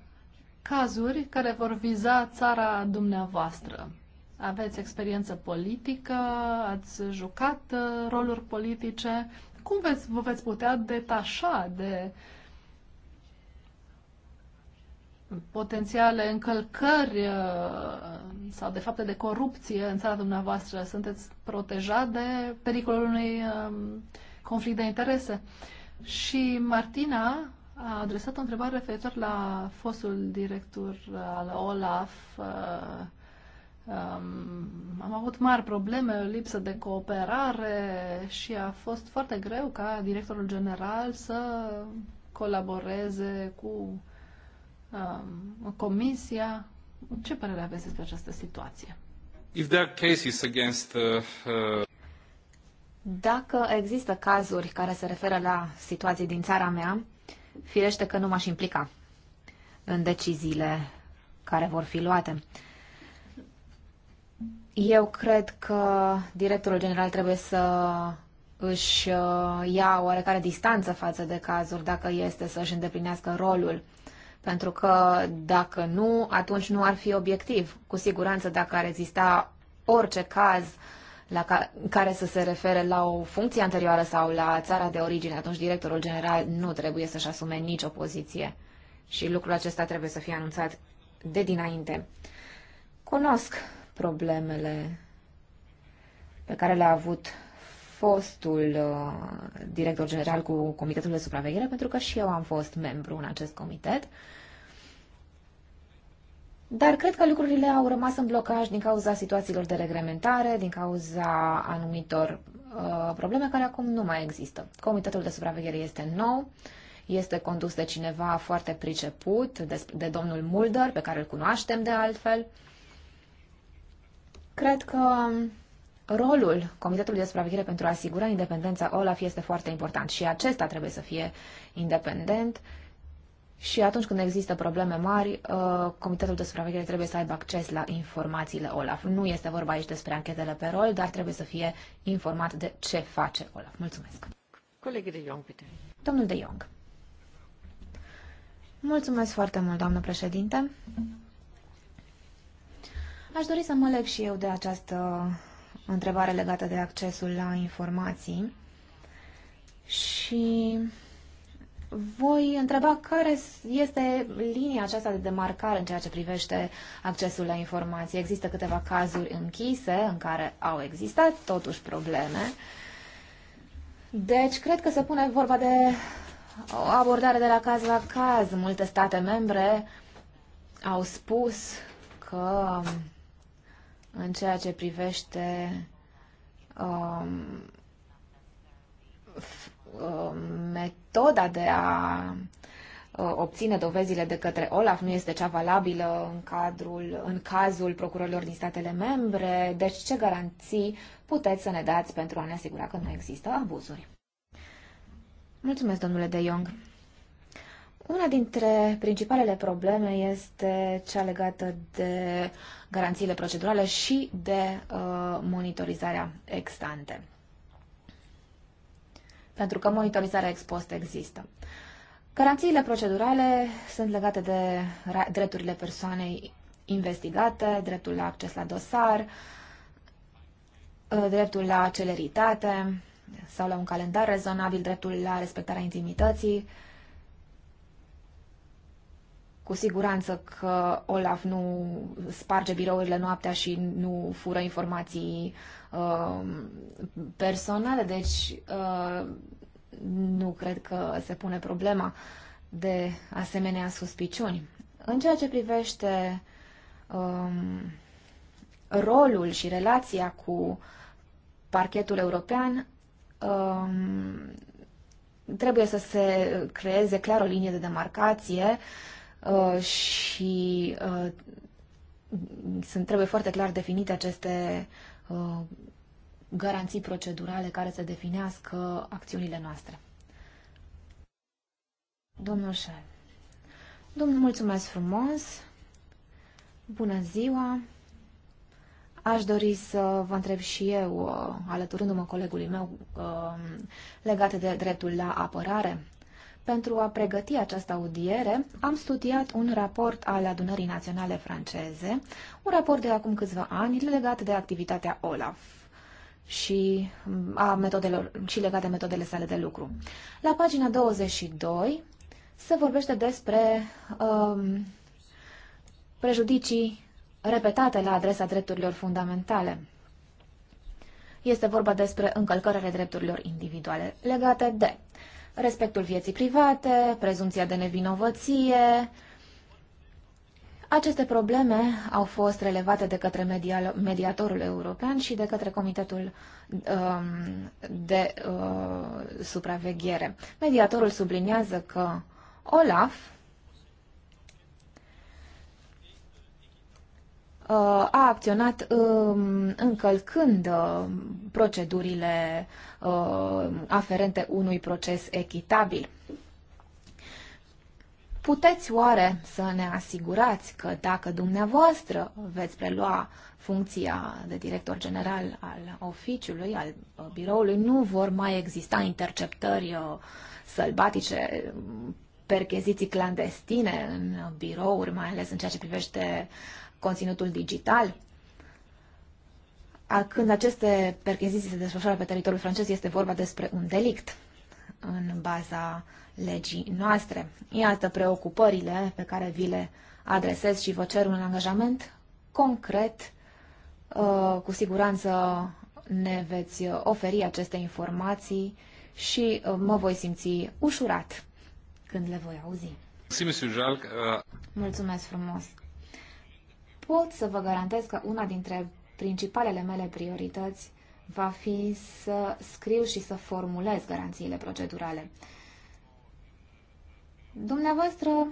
S1: cazuri care vor viza țara dumneavoastră, aveți experiență politică, ați jucat uh, roluri politice, cum veți, vă veți putea detașa de uh, potențiale încălcări uh, sau de fapte de corupție în țara dumneavoastră? Sunteți protejat de pericolul unui um, conflict de interese? Și Martina a adresat o întrebare referitor la fostul director al OLAF. Uh, um, am avut mari probleme, o lipsă de cooperare și a fost foarte greu ca directorul general să colaboreze cu uh, Um, comisia. Ce părere aveți
S5: despre această situație?
S3: If there are cases against, uh, uh...
S5: Dacă există cazuri care se referă la situații din țara mea, firește că nu m-aș implica în deciziile care vor fi luate. Eu cred că directorul general trebuie să își uh, ia oarecare distanță față de cazuri dacă este să își îndeplinească rolul. Pentru că dacă nu, atunci nu ar fi obiectiv. Cu siguranță dacă ar exista orice caz la ca, care să se refere la o funcție anterioară sau la țara de origine, atunci directorul general nu trebuie să-și asume nicio poziție. Și lucrul acesta trebuie să fie anunțat de dinainte. Cunosc problemele pe care le-a avut fostul uh, director general cu Comitetul de Supraveghere, pentru că și eu am fost membru în acest comitet. Dar cred că lucrurile au rămas în blocaj din cauza situațiilor de reglementare, din cauza anumitor uh, probleme care acum nu mai există. Comitetul de supraveghere este nou, este condus de cineva foarte priceput, de, de domnul Mulder, pe care îl cunoaștem de altfel. Cred că Rolul Comitetului de Supraveghere pentru a asigura independența OLAF este foarte important și acesta trebuie să fie independent și atunci când există probleme mari, uh, Comitetul de Supraveghere trebuie să aibă acces la informațiile OLAF. Nu este vorba aici despre anchetele pe rol, dar trebuie să fie informat de ce face OLAF. Mulțumesc! Colegii de Young, Peter. Domnul de Young. Mulțumesc foarte mult, doamnă președinte. Aș dori să mă leg și eu de această întrebare legată de accesul la informații și voi întreba care este linia aceasta de demarcare în ceea ce privește accesul la informații. Există câteva cazuri închise în care au existat totuși probleme. Deci, cred că se pune vorba de o abordare de la caz la caz. Multe state membre au spus că în ceea ce privește um, um, metoda de a uh, obține dovezile de către Olaf nu este cea valabilă în, cadrul, în cazul procurorilor din statele membre, deci ce garanții puteți să ne dați pentru a ne asigura că nu există abuzuri? Mulțumesc, domnule De Jong. Una dintre principalele probleme este cea legată de garanțiile procedurale și de uh, monitorizarea extante. Pentru că monitorizarea ex-post există. Garanțiile procedurale sunt legate de drepturile persoanei investigate, dreptul la acces la dosar, uh, dreptul la celeritate sau la un calendar rezonabil, dreptul la respectarea intimității, uh, cu siguranță că Olaf nu sparge birourile noaptea și nu fură informații uh, personale, deci uh, nu cred că se pune problema de asemenea suspiciuni. În ceea ce privește um, rolul și relația cu parchetul european, um, trebuie să se creeze clar o linie de demarcație uh, uh, și uh, sunt, trebuie foarte clar definite aceste uh, garanții procedurale care să definească acțiunile noastre. Domnul Șel. Domnul, mulțumesc frumos. Bună ziua. Aș dori să vă întreb și eu, uh, alăturându-mă colegului meu, uh, legat de dreptul la apărare. Pentru a pregăti această audiere, am studiat un raport al Adunării Naționale Franceze, un raport de acum câțiva ani legat de activitatea OLAF și, mm, a metodelor, și legat de metodele sale de lucru. La pagina 22 se vorbește despre um, prejudicii repetate la adresa drepturilor fundamentale. Este vorba despre încălcările drepturilor individuale legate de respectul vieții private, prezumția de nevinovăție. Aceste probleme au fost relevate de către medial, mediatorul european și de către Comitetul um, de uh, Supraveghere. Mediatorul subliniază că Olaf a acționat um, încălcând um, procedurile um, aferente unui proces echitabil. Puteți oare să ne asigurați că dacă dumneavoastră veți prelua funcția de director general al oficiului, al uh, biroului, nu vor mai exista interceptări uh, sălbatice, percheziții clandestine în birouri, mai ales în ceea ce privește uh, conținutul digital. Când aceste percheziții se desfășoară pe teritoriul francez, este vorba despre un delict în baza legii noastre. Iată preocupările pe care vi le adresez și vă cer un angajament concret. Uh, cu siguranță ne veți oferi aceste informații și uh, mă voi simți ușurat când le voi auzi.
S3: Uh,
S5: Mulțumesc frumos! pot să vă garantez că una dintre principalele mele priorități va fi să scriu și să formulez garanțiile procedurale. Dumneavoastră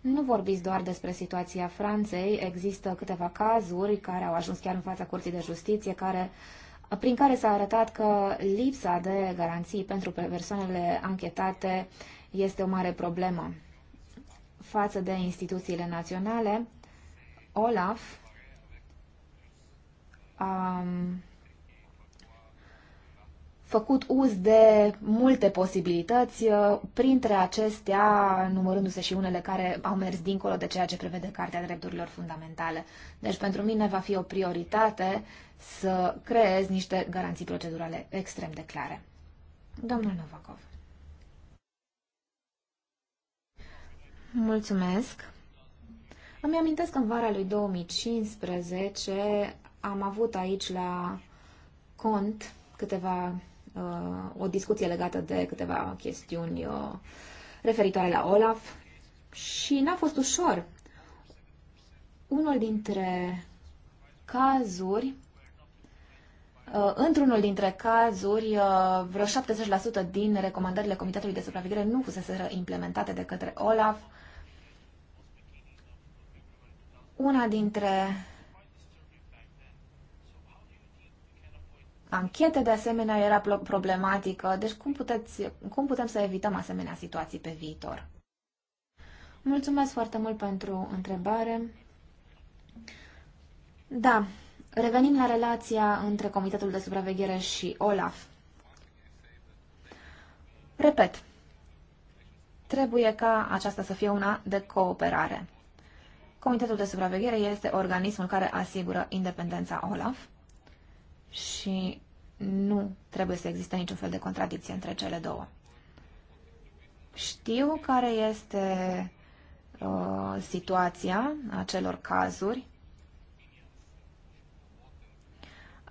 S5: nu vorbiți doar despre situația Franței, există câteva cazuri care au ajuns chiar în fața Curții de Justiție, care, prin care s-a arătat că lipsa de garanții pentru persoanele anchetate este o mare problemă față de instituțiile naționale Olaf a făcut uz de multe posibilități, uh, printre acestea numărându-se și unele care au mers dincolo de ceea ce prevede Cartea Drepturilor Fundamentale. Deci pentru mine va fi o prioritate să creez niște garanții procedurale extrem de clare. Domnul Novakov. Mulțumesc. Îmi amintesc că în vara lui 2015 am avut aici la cont câteva, uh, o discuție legată de câteva chestiuni uh, referitoare la Olaf și n-a fost ușor. Unul dintre cazuri uh, Într-unul dintre cazuri, uh, vreo 70% din recomandările Comitetului de Supraveghere nu fusese implementate de către OLAF una dintre anchete, de asemenea, era problematică. Deci cum, puteți, cum putem să evităm asemenea situații pe viitor? Mulțumesc foarte mult pentru întrebare. Da, revenim la relația între Comitetul de Supraveghere și OLAF. Repet, trebuie ca aceasta să fie una de cooperare. Comitetul de supraveghere este organismul care asigură independența OLAF și nu trebuie să existe niciun fel de contradicție între cele două. Știu care este uh, situația acelor cazuri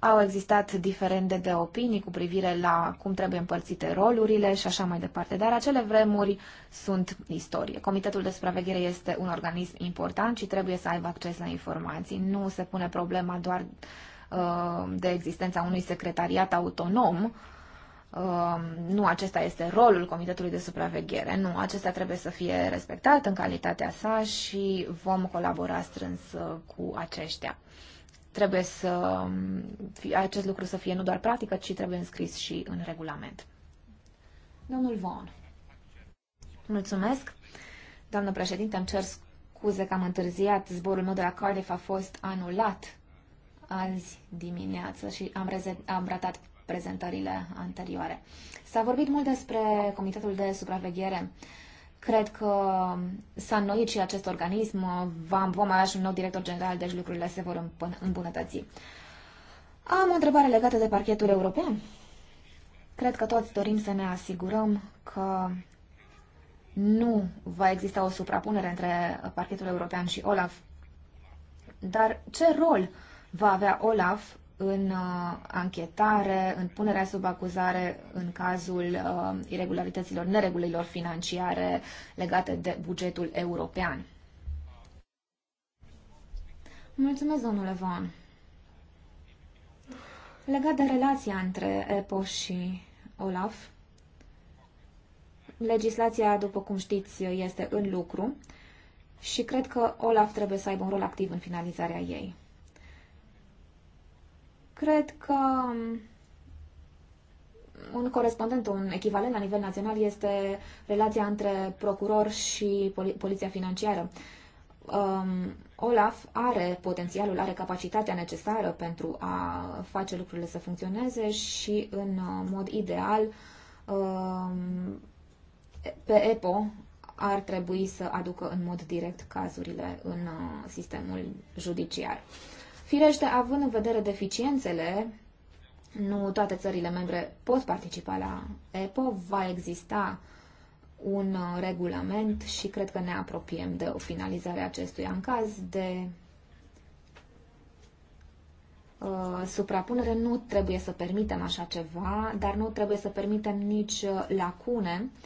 S5: Au existat diferende de opinii cu privire la cum trebuie împărțite rolurile și așa mai departe, dar acele vremuri sunt istorie. Comitetul de supraveghere este un organism important și trebuie să aibă acces la informații. Nu se pune problema doar uh, de existența unui secretariat autonom. Uh, nu acesta este rolul Comitetului de Supraveghere, nu, acesta trebuie să fie respectat în calitatea sa și vom colabora strâns uh, cu aceștia trebuie să fie, acest lucru să fie nu doar practică, ci trebuie înscris și în regulament. Domnul Von. Mulțumesc. Doamnă președinte, îmi cer scuze că am întârziat. Zborul meu de la Cardiff a fost anulat azi dimineață și am, am ratat prezentările anterioare. S-a vorbit mult despre Comitetul de Supraveghere uh, Cred că s-a înnoit și acest organism, vom avea și un nou director general, deci lucrurile se vor îmbunătăți. Am o întrebare legată de parchetul european. Cred că toți dorim să ne asigurăm că nu va exista o suprapunere între parchetul european și OLAF. Dar ce rol va avea OLAF în uh, anchetare, în punerea sub acuzare în cazul uh, irregularităților, neregulilor financiare legate de bugetul european. Mulțumesc, domnule Von. Legat de relația între EPO și OLAF, legislația, după cum știți, este în lucru și cred că OLAF trebuie să aibă un rol activ în finalizarea ei. Cred că un corespondent, un echivalent la nivel național este relația între procuror și poli- poliția financiară. Um, Olaf are potențialul, are capacitatea necesară pentru a face lucrurile să funcționeze și în mod ideal um, pe EPO ar trebui să aducă în mod direct cazurile în uh, sistemul judiciar. Firește, având în vedere deficiențele, nu toate țările membre pot participa la EPO, va exista un uh, regulament și cred că ne apropiem de o finalizare a acestuia în caz de uh, suprapunere. Nu trebuie să permitem așa ceva, dar nu trebuie să permitem nici uh, lacune uh,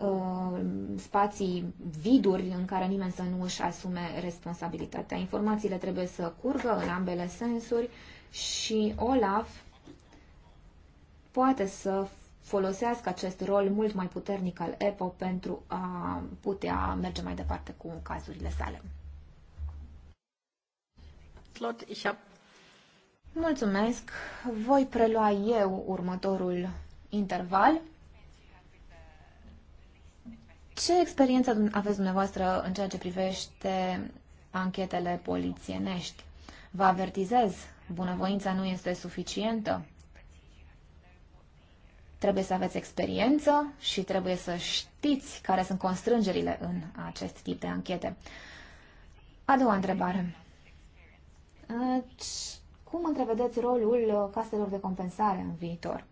S5: Uh, spații viduri în care nimeni să nu își asume responsabilitatea. Informațiile trebuie să curgă în ambele sensuri și Olaf poate să folosească acest rol mult mai puternic al EPO pentru a putea merge mai departe cu cazurile sale. Mulțumesc. Voi prelua eu următorul interval. Ce experiență aveți dumneavoastră în ceea ce privește anchetele polițienești? Vă avertizez, bunăvoința nu este suficientă. Trebuie să aveți experiență și trebuie să știți care sunt constrângerile în acest tip de anchete. A doua întrebare. Cum întrevedeți rolul caselor de compensare în viitor?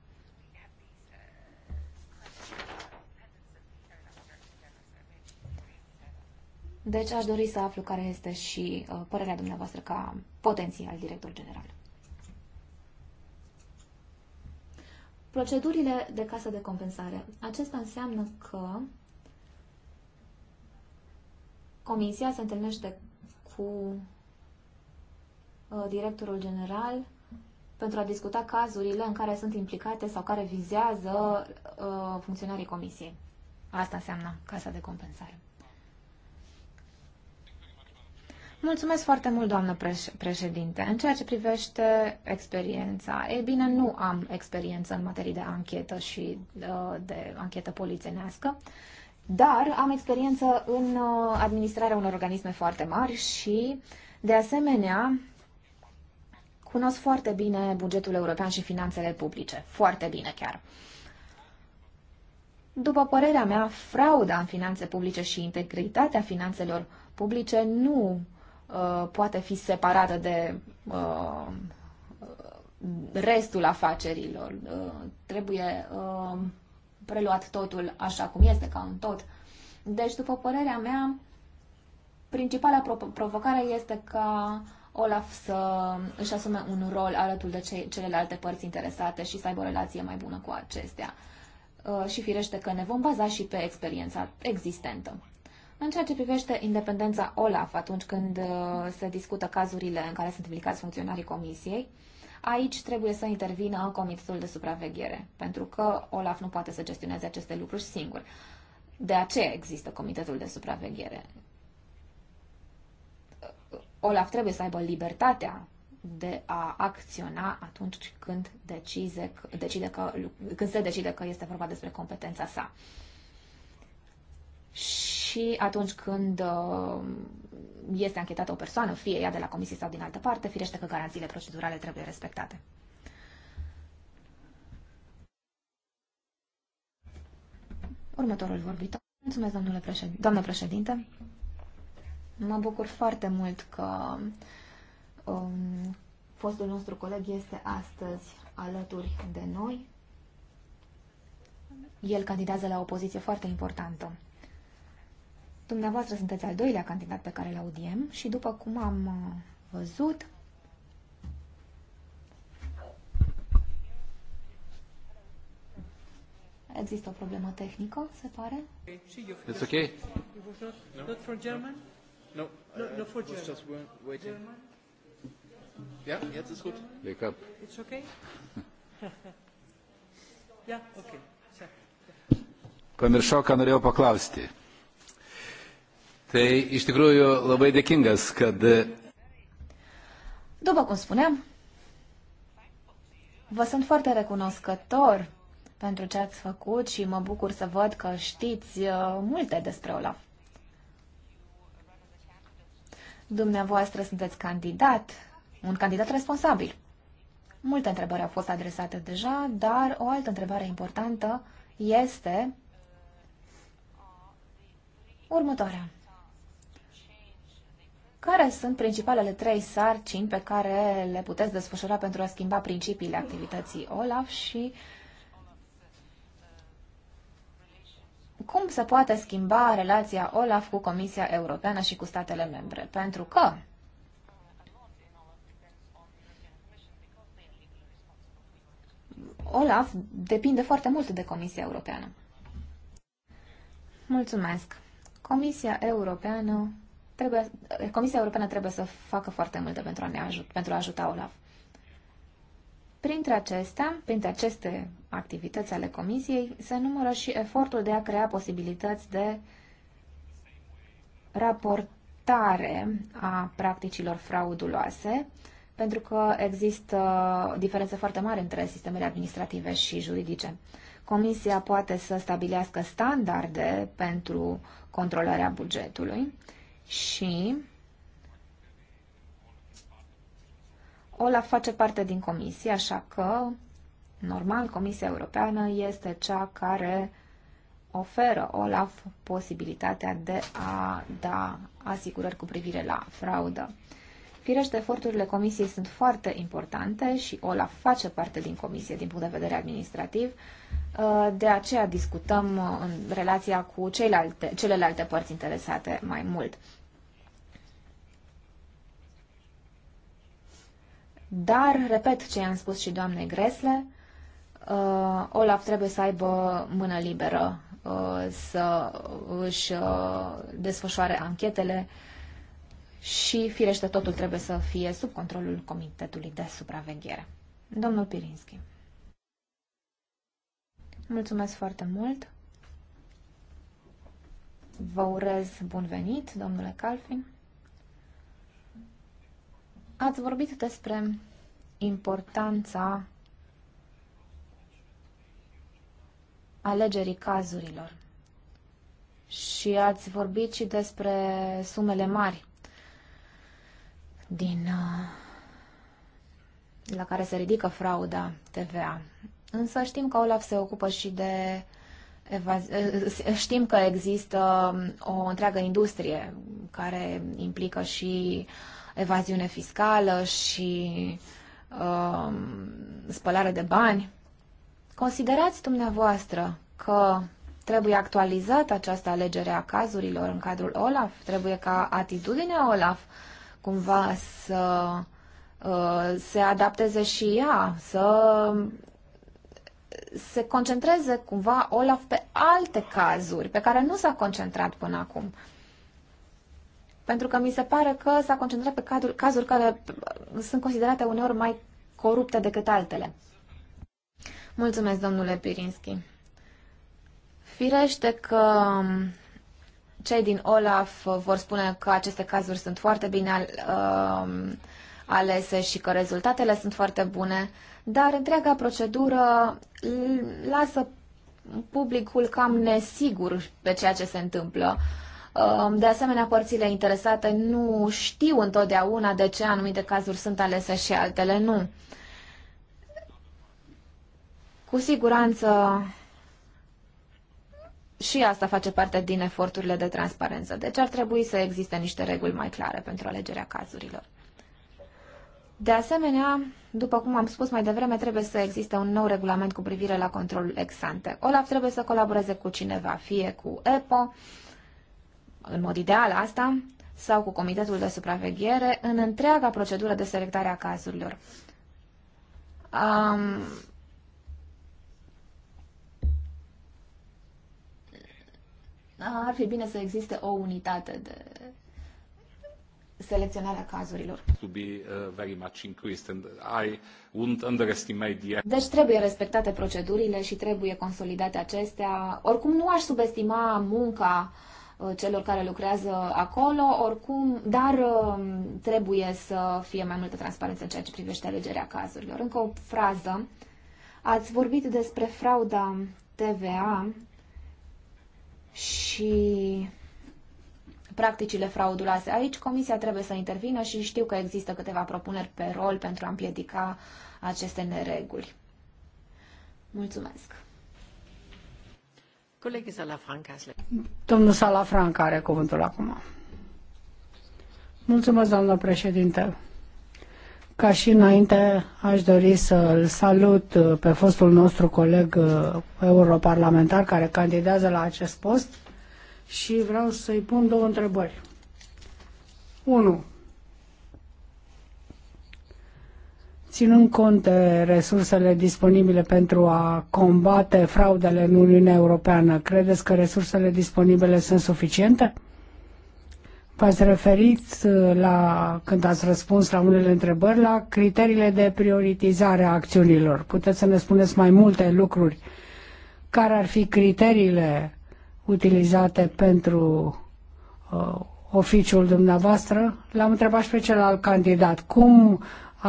S5: Deci aș dori să aflu care este și uh, părerea dumneavoastră ca potențial director general. Procedurile de casă de compensare. Acesta înseamnă că comisia se întâlnește cu uh, directorul general pentru a discuta cazurile în care sunt implicate sau care vizează uh, funcționarii comisiei. Asta înseamnă casa de compensare. Mulțumesc foarte mult, doamnă președinte. În ceea ce privește experiența, e bine, nu am experiență în materie de anchetă și uh, de anchetă polițenească, dar am experiență în uh, administrarea unor organisme foarte mari și, de asemenea, cunosc foarte bine bugetul european și finanțele publice. Foarte bine chiar. După părerea mea, frauda în finanțe publice și integritatea finanțelor publice nu Uh, poate fi separată de uh, restul afacerilor. Uh, trebuie preluat totul așa cum este, ca un tot. Deci, după părerea mea, principala provocare este ca Olaf să își asume un rol alături de celelalte părți interesate și să aibă o relație mai bună cu acestea. și firește că ne vom baza și pe experiența existentă. În ceea ce privește independența OLAF atunci când uh, se discută cazurile în care sunt implicați funcționarii comisiei, aici trebuie să intervină comitetul de supraveghere, pentru că OLAF nu poate să gestioneze aceste lucruri singur. De aceea există comitetul de supraveghere. Uh, OLAF trebuie să aibă libertatea de a acționa atunci când, decize, decide că, când se decide că este vorba despre competența sa. Și și atunci când uh, este anchetată o persoană, fie ea de la comisie sau din altă parte, firește că garanțiile procedurale trebuie respectate. Următorul vorbitor. Mulțumesc, domnule președinte. Doamnă președinte, mă bucur foarte mult că um, fostul nostru coleg este astăzi alături de noi. El candidează la o poziție foarte importantă. Dumneavoastră sunteți al doilea candidat pe care îl audiem și după cum am uh, văzut, Există o problemă tehnică, se pare?
S3: It's
S5: okay.
S4: No. Not for German? No. No, no for German. Just waiting. German? Yeah, jetzt ist gut. Wake up.
S3: It's okay? yeah, okay. Pamiršau, ką norėjau paklausti. Tai iš tikrųjų labai dėkingas, kad.
S5: După cum spuneam, vă sunt foarte recunoscător pentru ce ați făcut și mă bucur să văd că știți multe despre Olaf. Dumneavoastră sunteți candidat, un candidat responsabil. Multe întrebări au fost adresate deja, dar o altă întrebare importantă este următoarea. Care sunt principalele trei sarcini pe care le puteți desfășura pentru a schimba principiile activității OLAF și cum se poate schimba relația OLAF cu Comisia Europeană și cu statele membre? Pentru că OLAF depinde foarte mult de Comisia Europeană. Mulțumesc. Comisia Europeană trebuie, Comisia Europeană trebuie să facă foarte multe pentru a, ne ajut, pentru a ajuta OLAF. Printre acestea, printre aceste activități ale Comisiei, se numără și efortul de a crea posibilități de raportare a practicilor frauduloase, pentru că există diferențe foarte mari între sistemele administrative și juridice. Comisia poate să stabilească standarde pentru controlarea bugetului și Olaf face parte din comisie, așa că, normal, Comisia Europeană este cea care oferă Olaf posibilitatea de a da asigurări cu privire la fraudă. Firește, eforturile comisiei sunt foarte importante și OLAF face parte din comisie din punct de vedere administrativ, de aceea discutăm în relația cu celelalte, celelalte părți interesate mai mult. Dar, repet ce i-am spus și doamnei Gresle, uh, Olaf trebuie să aibă mână liberă uh, să își uh, desfășoare anchetele și, firește, totul trebuie să fie sub controlul Comitetului de Supraveghere. Domnul Pirinski. Mulțumesc foarte mult. Vă urez bun venit, domnule Calfin. Ați vorbit despre importanța alegerii cazurilor și ați vorbit și despre sumele mari din uh, la care se ridică frauda TVA. Însă știm că Olaf se ocupă și de uh, uh, Știm că există um, o întreagă industrie care implică și evaziune fiscală și uh, spălare de bani. Considerați dumneavoastră că trebuie actualizată această alegere a cazurilor în cadrul OLAF? Trebuie ca atitudinea OLAF cumva să uh, se adapteze și ea, să se concentreze cumva Olaf pe alte cazuri pe care nu s-a concentrat până acum. Pentru că mi se pare că s-a concentrat pe cadru, cazuri care uh, sunt considerate uneori mai corupte decât altele. Mulțumesc, domnule Pirinski. Firește că um, cei din Olaf vor spune că aceste cazuri sunt foarte bine um, alese și că rezultatele sunt foarte bune, dar întreaga procedură lasă publicul cam nesigur pe ceea ce se întâmplă. Uh, Um, de asemenea, părțile interesate nu știu întotdeauna de ce anumite cazuri sunt alese și altele nu. Cu siguranță și asta face parte din eforturile de transparență. Deci ar trebui să existe niște reguli mai clare pentru alegerea cazurilor. De asemenea, după cum am spus mai devreme, trebuie să existe un nou regulament cu privire la controlul ex ante. Olaf trebuie să colaboreze cu cineva, fie cu EPO, în mod ideal asta, sau cu Comitetul de Supraveghere, în întreaga procedură de selectare a cazurilor. Um, ar fi bine să existe o unitate de selecționarea cazurilor.
S3: To be, uh, very much increased and I wouldn't underestimate the...
S5: Deci trebuie respectate procedurile și trebuie consolidate acestea. Oricum nu aș subestima munca uh, Uh, celor care lucrează acolo, oricum, dar um, trebuie să fie mai multă transparență în ceea ce privește alegerea cazurilor. Încă o frază. Ați vorbit despre frauda TVA și practicile frauduloase. Aici comisia trebuie să intervină și știu că există câteva propuneri pe rol pentru a împiedica aceste nereguli. Mulțumesc!
S2: Colegii Salafranca.
S5: Domnul Salafranca are
S2: cuvântul acum. Mulțumesc, doamnă președinte. Ca și înainte, aș dori să-l salut uh, pe fostul nostru coleg uh, europarlamentar care candidează la acest post și vreau să-i pun două întrebări. 1. ținând cont de resursele disponibile pentru a combate fraudele în Uniunea Europeană, credeți că resursele disponibile sunt suficiente? V-ați referit uh, la, când ați răspuns la unele întrebări, la criteriile de prioritizare a acțiunilor. Puteți să ne spuneți mai multe lucruri. Care ar fi criteriile utilizate pentru uh, oficiul dumneavoastră? L-am întrebat și pe celălalt candidat. Cum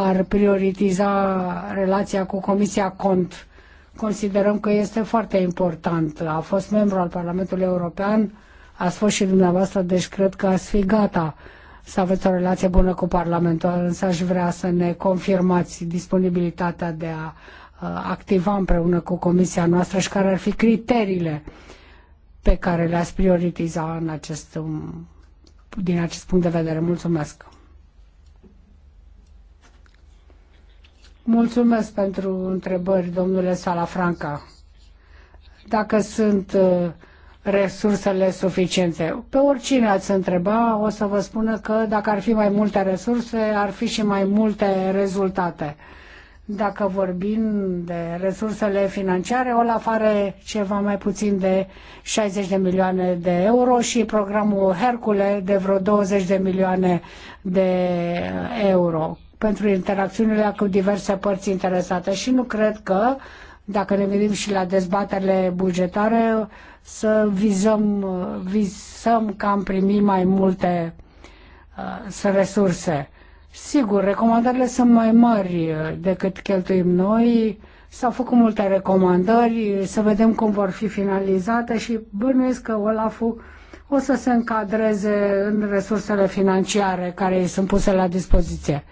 S2: ar prioritiza relația cu Comisia Cont. Considerăm că este foarte important. A fost membru al Parlamentului European, ați fost și dumneavoastră, deci cred că ați fi gata să aveți o relație bună cu Parlamentul, însă aș vrea să ne confirmați disponibilitatea de a uh, activa împreună cu comisia noastră și care ar fi criteriile pe care le-ați prioritiza în acest, um, din acest punct de vedere. Mulțumesc! Mulțumesc pentru întrebări, domnule Salafranca. Dacă sunt uh, resursele suficiente. Pe oricine ați întreba, o să vă spună că dacă ar fi mai multe resurse, ar fi și mai multe rezultate. Dacă vorbim de resursele financiare, la fare ceva mai puțin de 60 de milioane de euro și programul Hercule de vreo 20 de milioane de euro pentru interacțiunile cu diverse părți interesate și nu cred că, dacă ne gândim și la dezbaterile bugetare, să vizăm, visăm că am primit mai multe uh, resurse. Sigur, recomandările sunt mai mari uh, decât cheltuim noi. S-au făcut multe recomandări, să vedem cum vor fi finalizate și bănuiesc că Olaful o să se încadreze în resursele financiare care îi sunt puse la dispoziție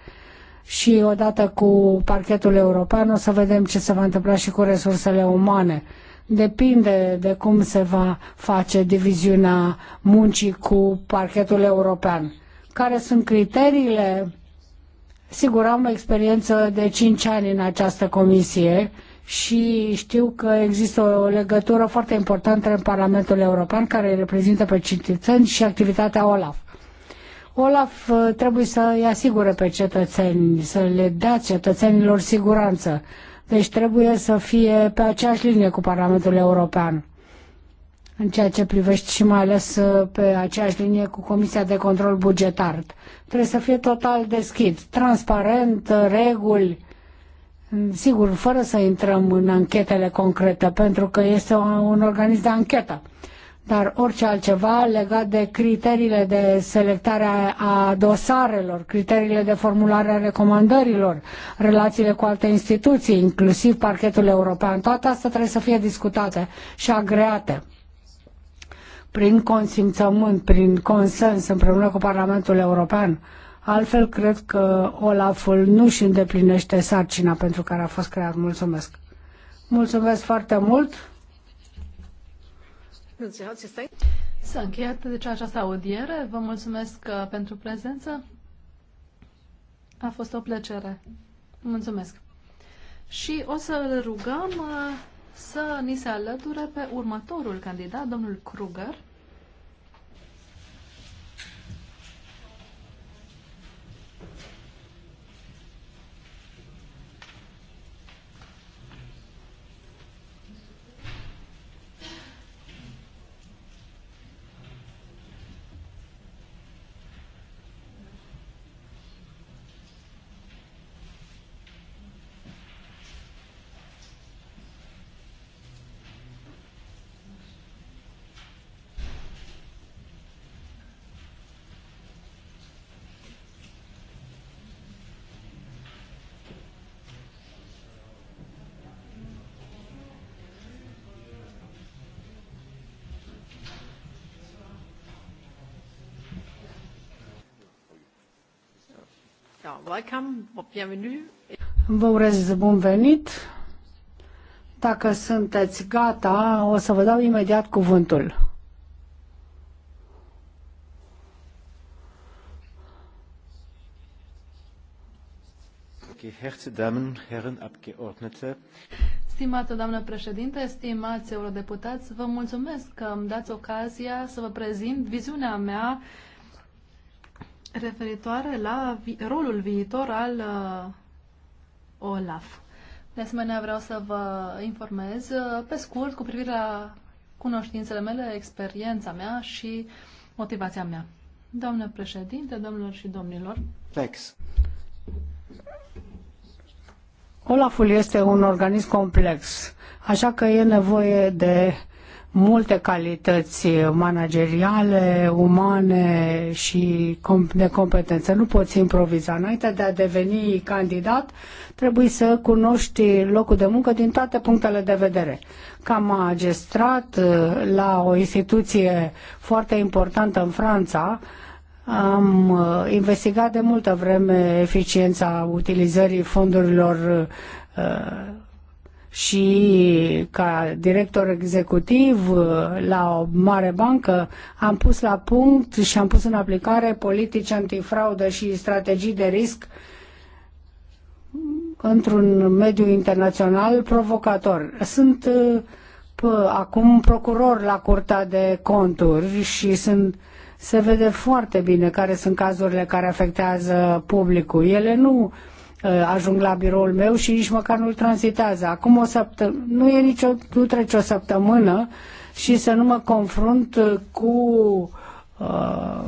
S2: și odată cu parchetul european o să vedem ce se va întâmpla și cu resursele umane. Depinde de cum se va face diviziunea muncii cu parchetul european. Care sunt criteriile? Sigur, am o experiență de 5 ani în această comisie și știu că există o legătură foarte importantă în Parlamentul European care reprezintă pe cetățeni și activitatea OLAF. Olaf uh, trebuie să îi asigure pe cetățeni, să le dea cetățenilor siguranță. Deci trebuie să fie pe aceeași linie cu Parlamentul European în ceea ce privește și mai ales uh, pe aceeași linie cu Comisia de Control Bugetar. Trebuie să fie total deschis, transparent, uh, reguli, mm, sigur, fără să intrăm în anchetele concrete, pentru că este un organism de anchetă dar orice altceva legat de criteriile de selectare a dosarelor, criteriile de formulare a recomandărilor, relațiile cu alte instituții, inclusiv parchetul european, toate astea trebuie să fie discutate și agreate prin consimțământ, prin consens împreună cu Parlamentul European. Altfel, cred că Olaful nu își îndeplinește sarcina pentru care a fost creat. Mulțumesc! Mulțumesc foarte mult!
S1: S-a încheiat deci această audiere. Vă mulțumesc uh, pentru prezență. A fost o plăcere. Mulțumesc. Și o să îl rugăm uh, să ni se alăture pe următorul candidat, domnul Kruger.
S2: Vă urez bun venit. Dacă sunteți gata, o să vă dau imediat cuvântul.
S4: Geehrte Damen, Herren Abgeordnete.
S1: Stimată doamnă președinte, stimați eurodeputați, vă mulțumesc că îmi dați ocazia să vă prezint viziunea mea referitoare la vi rolul viitor al uh, OLAF. De asemenea, vreau să vă informez uh, pe scurt cu privire la cunoștințele mele, experiența mea și motivația mea. Doamnă președinte, domnilor și domnilor.
S4: Flex.
S2: Olaful este un organism complex, așa că e nevoie de multe calități manageriale, umane și de competență. Nu poți improviza. Înainte de a deveni candidat, trebuie să cunoști locul de muncă din toate punctele de vedere. Ca magistrat uh, la o instituție foarte importantă în Franța, am uh, investigat de multă vreme eficiența utilizării fondurilor uh, și ca director executiv uh, la o mare bancă am pus la punct și am pus în aplicare politici antifraudă și strategii de risc într-un mediu internațional provocator. Sunt uh, acum procuror la Curtea de Conturi și sunt, se vede foarte bine care sunt cazurile care afectează publicul. Ele nu uh, Uh, ajung la biroul meu și nici măcar nu-l tranzitează. Acum o săptămână, nu, e nicio, nu trece o săptămână și să nu mă confrunt uh, cu uh,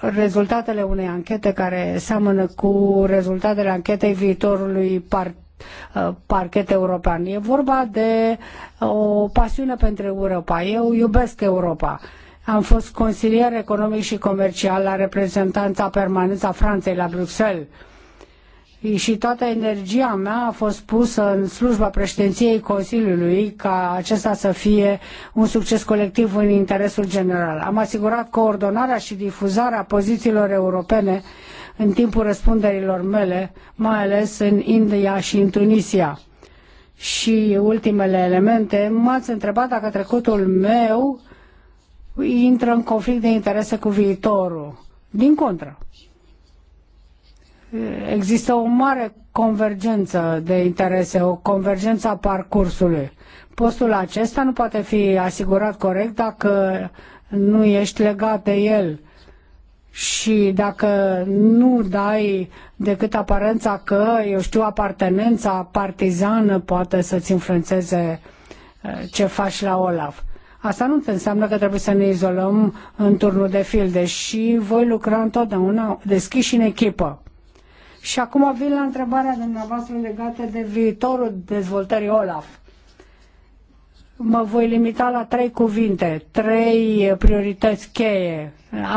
S2: rezultatele unei anchete care seamănă cu rezultatele anchetei viitorului part uh, parchet european. E vorba de o pasiune pentru Europa. Eu iubesc Europa. Am fost consilier economic și comercial la reprezentanța permanentă a Franței la Bruxelles și toată energia mea a fost pusă în slujba președinției Consiliului ca acesta să fie un succes colectiv în interesul general. Am asigurat coordonarea și difuzarea pozițiilor europene în timpul răspunderilor mele, mai ales în India și în Tunisia. Și ultimele elemente, m-ați întrebat dacă trecutul meu intră în conflict de interese cu viitorul. Din contră există o mare convergență de interese, o convergență a parcursului. Postul acesta nu poate fi asigurat corect dacă nu ești legat de el și dacă nu dai decât aparența că, eu știu, apartenența partizană poate să-ți influențeze eh, ce faci la Olaf. Asta nu înseamnă că trebuie să ne izolăm în turnul de filde deși voi lucra întotdeauna deschis și în echipă. Și acum vin la întrebarea dumneavoastră legată de viitorul dezvoltării OLAF. Mă voi limita la trei cuvinte, trei priorități cheie,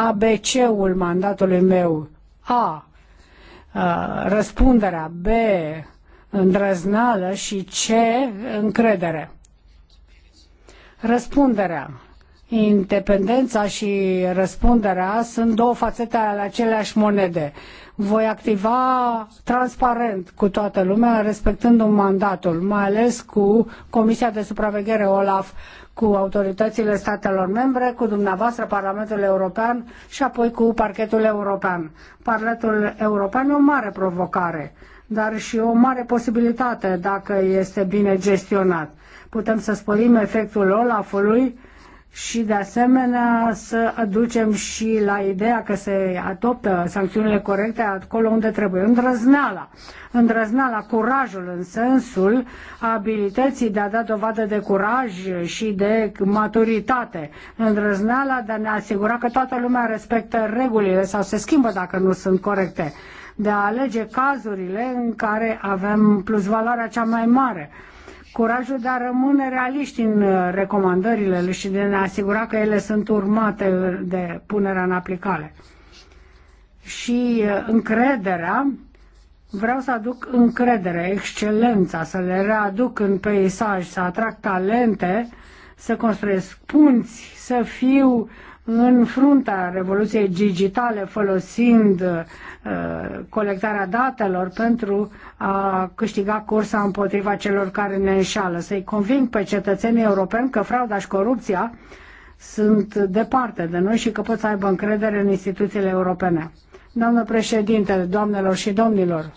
S2: ABC-ul mandatului meu, A, uh, răspunderea, B, îndrăznală și C, încredere. Răspunderea. Independența și răspunderea sunt două fațete ale aceleași monede voi activa transparent cu toată lumea, respectând un mandatul, mai ales cu Comisia de Supraveghere OLAF, cu autoritățile statelor membre, cu dumneavoastră Parlamentul European și apoi cu parchetul european. Parlamentul European e o mare provocare, dar și o mare posibilitate dacă este bine gestionat. Putem să spălim efectul Olafului și de asemenea să aducem și la ideea că se adoptă sancțiunile corecte acolo unde trebuie. Îndrăzneala. Îndrăzneala, curajul în sensul abilității de a da dovadă de curaj și de maturitate. Îndrăzneala de a ne asigura că toată lumea respectă regulile sau se schimbă dacă nu sunt corecte. De a alege cazurile în care avem plusvaloarea cea mai mare curajul de a rămâne realiști în uh, recomandările și de a ne asigura că ele sunt urmate uh, de punerea în aplicare. Și uh, încrederea, vreau să aduc încredere, excelența, să le readuc în peisaj, să atrag talente, să construiesc punți, să fiu în frunta revoluției digitale folosind uh, colectarea datelor pentru a câștiga cursa împotriva celor care ne înșală. Să-i conving pe cetățenii europeni că frauda și corupția sunt departe de noi și că pot să aibă încredere în instituțiile europene. Doamnă președinte, doamnelor și domnilor,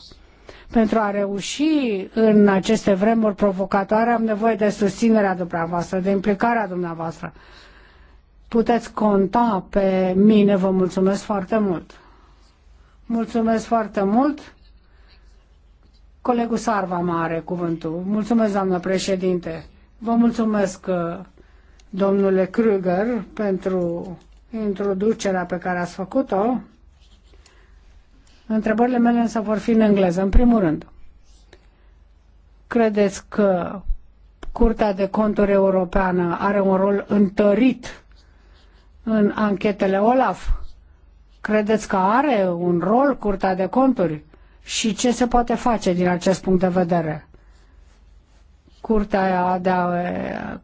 S2: pentru a reuși în aceste vremuri provocatoare am nevoie de susținerea dumneavoastră, de implicarea dumneavoastră puteți conta pe mine, vă mulțumesc foarte mult. Mulțumesc foarte mult. Colegul Sarva mare cuvântul. Mulțumesc, doamnă președinte. Vă mulțumesc, uh, domnule Krüger, pentru introducerea pe care ați făcut-o. Întrebările mele însă vor fi în engleză. În primul rând, credeți că Curtea de Conturi Europeană are un rol întărit în anchetele OLAF? Credeți că are un rol Curtea de Conturi? Și ce se poate face din acest punct de vedere? Curtea de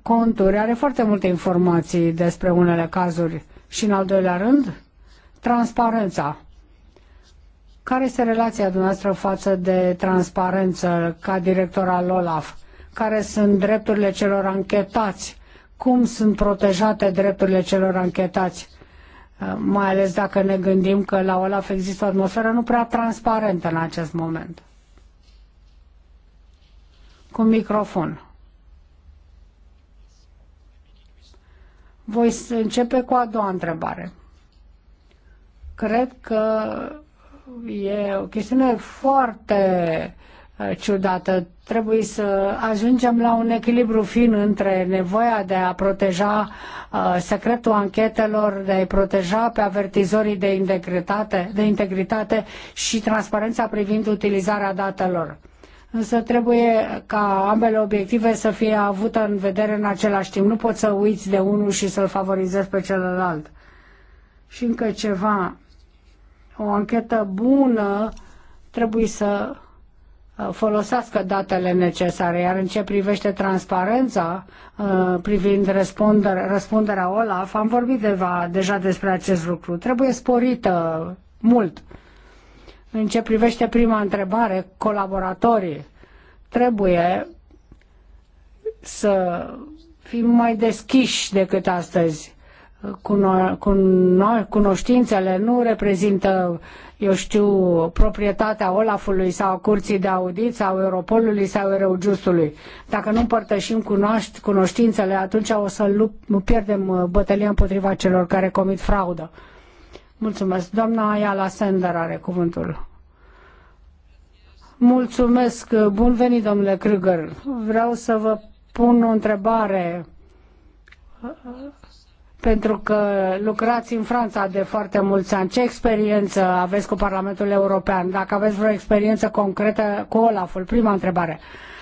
S2: Conturi are foarte multe informații despre unele cazuri. Și în al doilea rând, transparența. Care este relația dumneavoastră față de transparență ca director al OLAF? Care sunt drepturile celor anchetați? cum sunt protejate drepturile celor anchetați, uh, mai ales dacă ne gândim că la OLAF există o atmosferă nu prea transparentă în acest moment. Cu microfon. Voi începe cu a doua întrebare. Cred că e o chestiune foarte Uh, ciudată. Trebuie să ajungem la un echilibru fin între nevoia de a proteja uh, secretul anchetelor, de a-i proteja pe avertizorii de integritate, de integritate și transparența privind utilizarea datelor. Însă trebuie ca ambele obiective să fie avute în vedere în același timp. Nu poți să uiți de unul și să-l favorizezi pe celălalt. Și încă ceva. O anchetă bună trebuie să Uh, folosească datele necesare. Iar în ce privește transparența, uh, privind răspundere, răspunderea OLAF, am vorbit deva, deja despre acest lucru. Trebuie sporită mult. În ce privește prima întrebare, colaboratorii trebuie să fim mai deschiși decât astăzi cuno- cuno- cunoștințele nu reprezintă, eu știu, proprietatea Olafului sau a Curții de Audit sau Europolului sau Eurojustului. Dacă nu împărtășim cunoaș- cunoștințele, atunci o să lup- pierdem uh, bătălia împotriva celor care comit fraudă. Mulțumesc. Doamna Ayala Sender are cuvântul. Mulțumesc. Bun venit, domnule Krüger. Vreau să vă pun o întrebare pentru că lucrați în Franța de foarte mulți ani. Ce experiență aveți cu Parlamentul European? Dacă aveți vreo experiență concretă cu Olaful? Prima întrebare.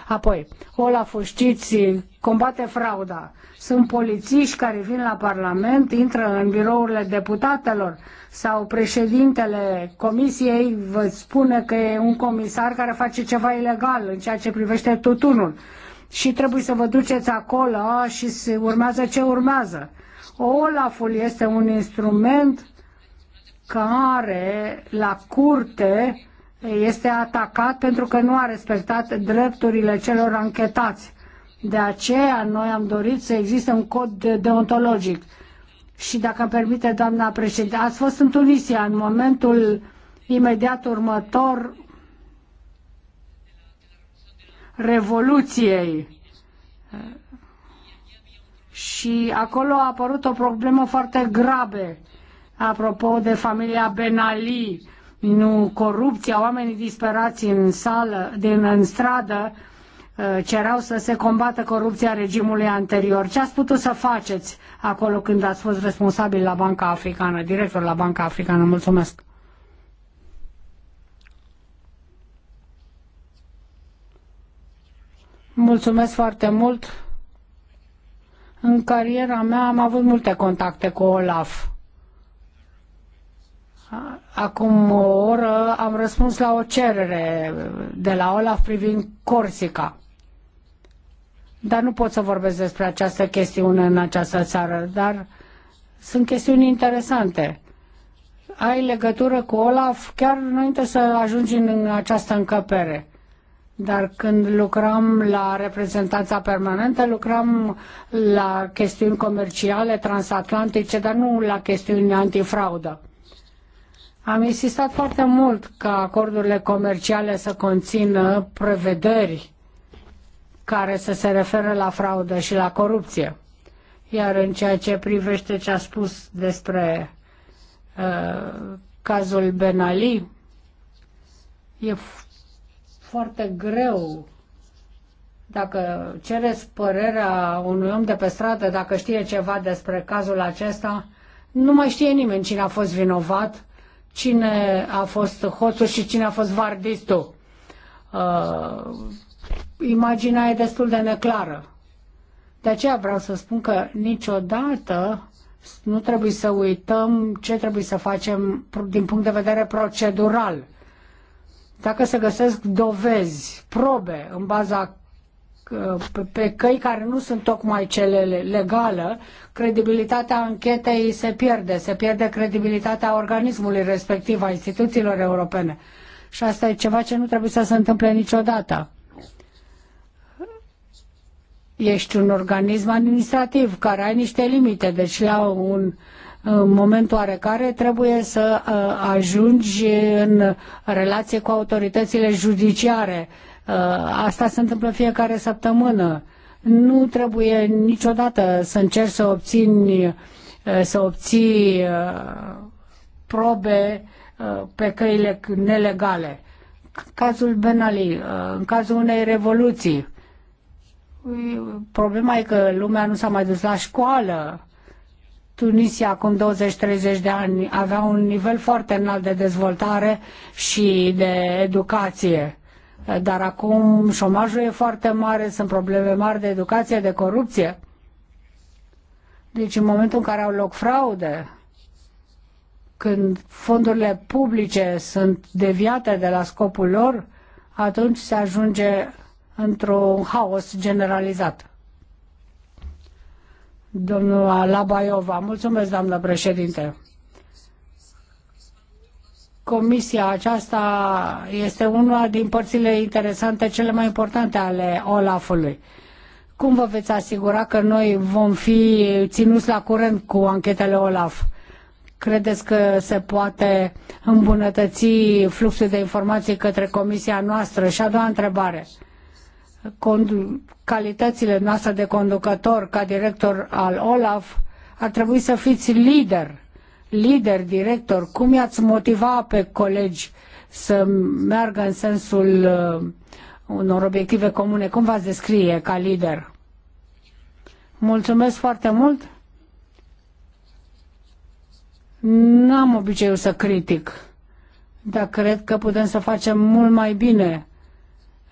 S2: Apoi, Olaful, știți, combate frauda. Sunt polițiști care vin la Parlament, intră în birourile deputatelor sau președintele comisiei vă spune că e un comisar care face ceva ilegal în ceea ce privește tutunul și trebuie să vă duceți acolo și urmează ce urmează Olaful este un instrument care la curte este atacat pentru că nu a respectat drepturile celor anchetați. De aceea noi am dorit să existe un cod deontologic. Și dacă îmi permite, doamna președinte, ați fost în Tunisia în momentul imediat următor revoluției și acolo a apărut o problemă foarte grave apropo de familia Ben Ali, nu corupția, oamenii disperați în sală, din, în stradă, uh, cereau să se combată corupția regimului anterior. Ce ați putut să faceți acolo când ați fost responsabil la Banca Africană, director la Banca Africană? Mulțumesc! Mulțumesc foarte mult! În cariera mea am avut multe contacte cu Olaf. Acum o oră am răspuns la o cerere de la Olaf privind Corsica. Dar nu pot să vorbesc despre această chestiune în această țară, dar sunt chestiuni interesante. Ai legătură cu Olaf chiar înainte să ajungi în această încăpere. Dar când lucram la reprezentanța permanentă, lucram la chestiuni comerciale, transatlantice, dar nu la chestiuni antifraudă. Am insistat foarte mult ca acordurile comerciale să conțină prevederi care să se referă la fraudă și la corupție. Iar în ceea ce privește ce a spus despre uh, cazul Ben Ali, e foarte greu dacă cereți părerea unui om de pe stradă, dacă știe ceva despre cazul acesta, nu mai știe nimeni cine a fost vinovat, cine a fost hoțul și cine a fost vardistul. Uh, imaginea e destul de neclară. De aceea vreau să spun că niciodată nu trebuie să uităm ce trebuie să facem din punct de vedere procedural dacă se găsesc dovezi, probe în baza uh, pe căi care nu sunt tocmai cele legale, credibilitatea anchetei se pierde, se pierde credibilitatea organismului respectiv, a instituțiilor europene. Și asta e ceva ce nu trebuie să se întâmple niciodată. Ești un organism administrativ care ai niște limite, deci la un uh, în momentul oarecare trebuie să uh, ajungi în relație cu autoritățile judiciare. Uh, asta se întâmplă fiecare săptămână. Nu trebuie niciodată să încerci să obții, uh, să obții probe pe căile nelegale. Cazul Ben Ali, în cazul unei revoluții, problema e că lumea nu s-a mai dus la școală Tunisia acum 20-30 de ani avea un nivel foarte înalt de dezvoltare și de educație. Dar acum șomajul e foarte mare, sunt probleme mari de educație, de corupție. Deci în momentul în care au loc fraude, când fondurile publice sunt deviate de la scopul lor, atunci se ajunge într-un haos generalizat. Domnul Labaiova, mulțumesc, doamnă președinte. Comisia aceasta este una din părțile interesante, cele mai importante ale Olafului. Cum vă veți asigura că noi vom fi ținuți la curent cu anchetele Olaf? Credeți că se poate îmbunătăți fluxul de informații către comisia noastră? Și a doua întrebare calitățile noastre de conducător ca director al OLAF, ar trebui să fiți lider, lider, director. Cum i-ați motiva pe colegi să meargă în sensul uh, unor obiective comune? Cum v-ați descrie ca lider? Mulțumesc foarte mult! N-am obiceiul să critic, dar cred că putem să facem mult mai bine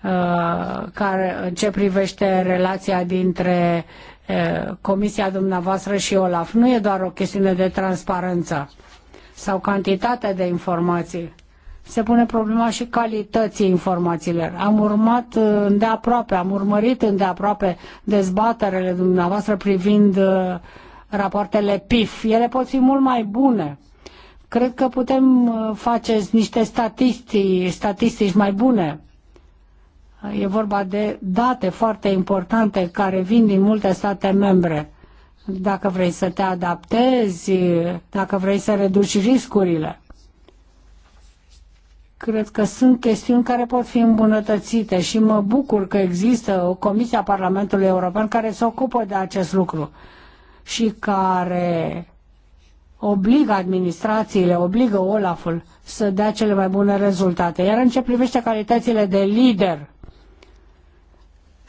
S2: Uh, care, în ce privește relația dintre uh, comisia dumneavoastră și OLAF. Nu e doar o chestiune de transparență sau cantitate de informații. Se pune problema și calității informațiilor. Am urmat uh, îndeaproape, am urmărit îndeaproape dezbaterele dumneavoastră privind rapoartele PIF. Ele pot fi mult mai bune. Cred că putem face niște statistici, statistici mai bune E vorba de date foarte importante care vin din multe state membre. Dacă vrei să te adaptezi, dacă vrei să reduci riscurile. Cred că sunt chestiuni care pot fi îmbunătățite și mă bucur că există o comisie a Parlamentului European care se ocupă de acest lucru și care obligă administrațiile, obligă Olaful să dea cele mai bune rezultate. Iar în ce privește calitățile de lider,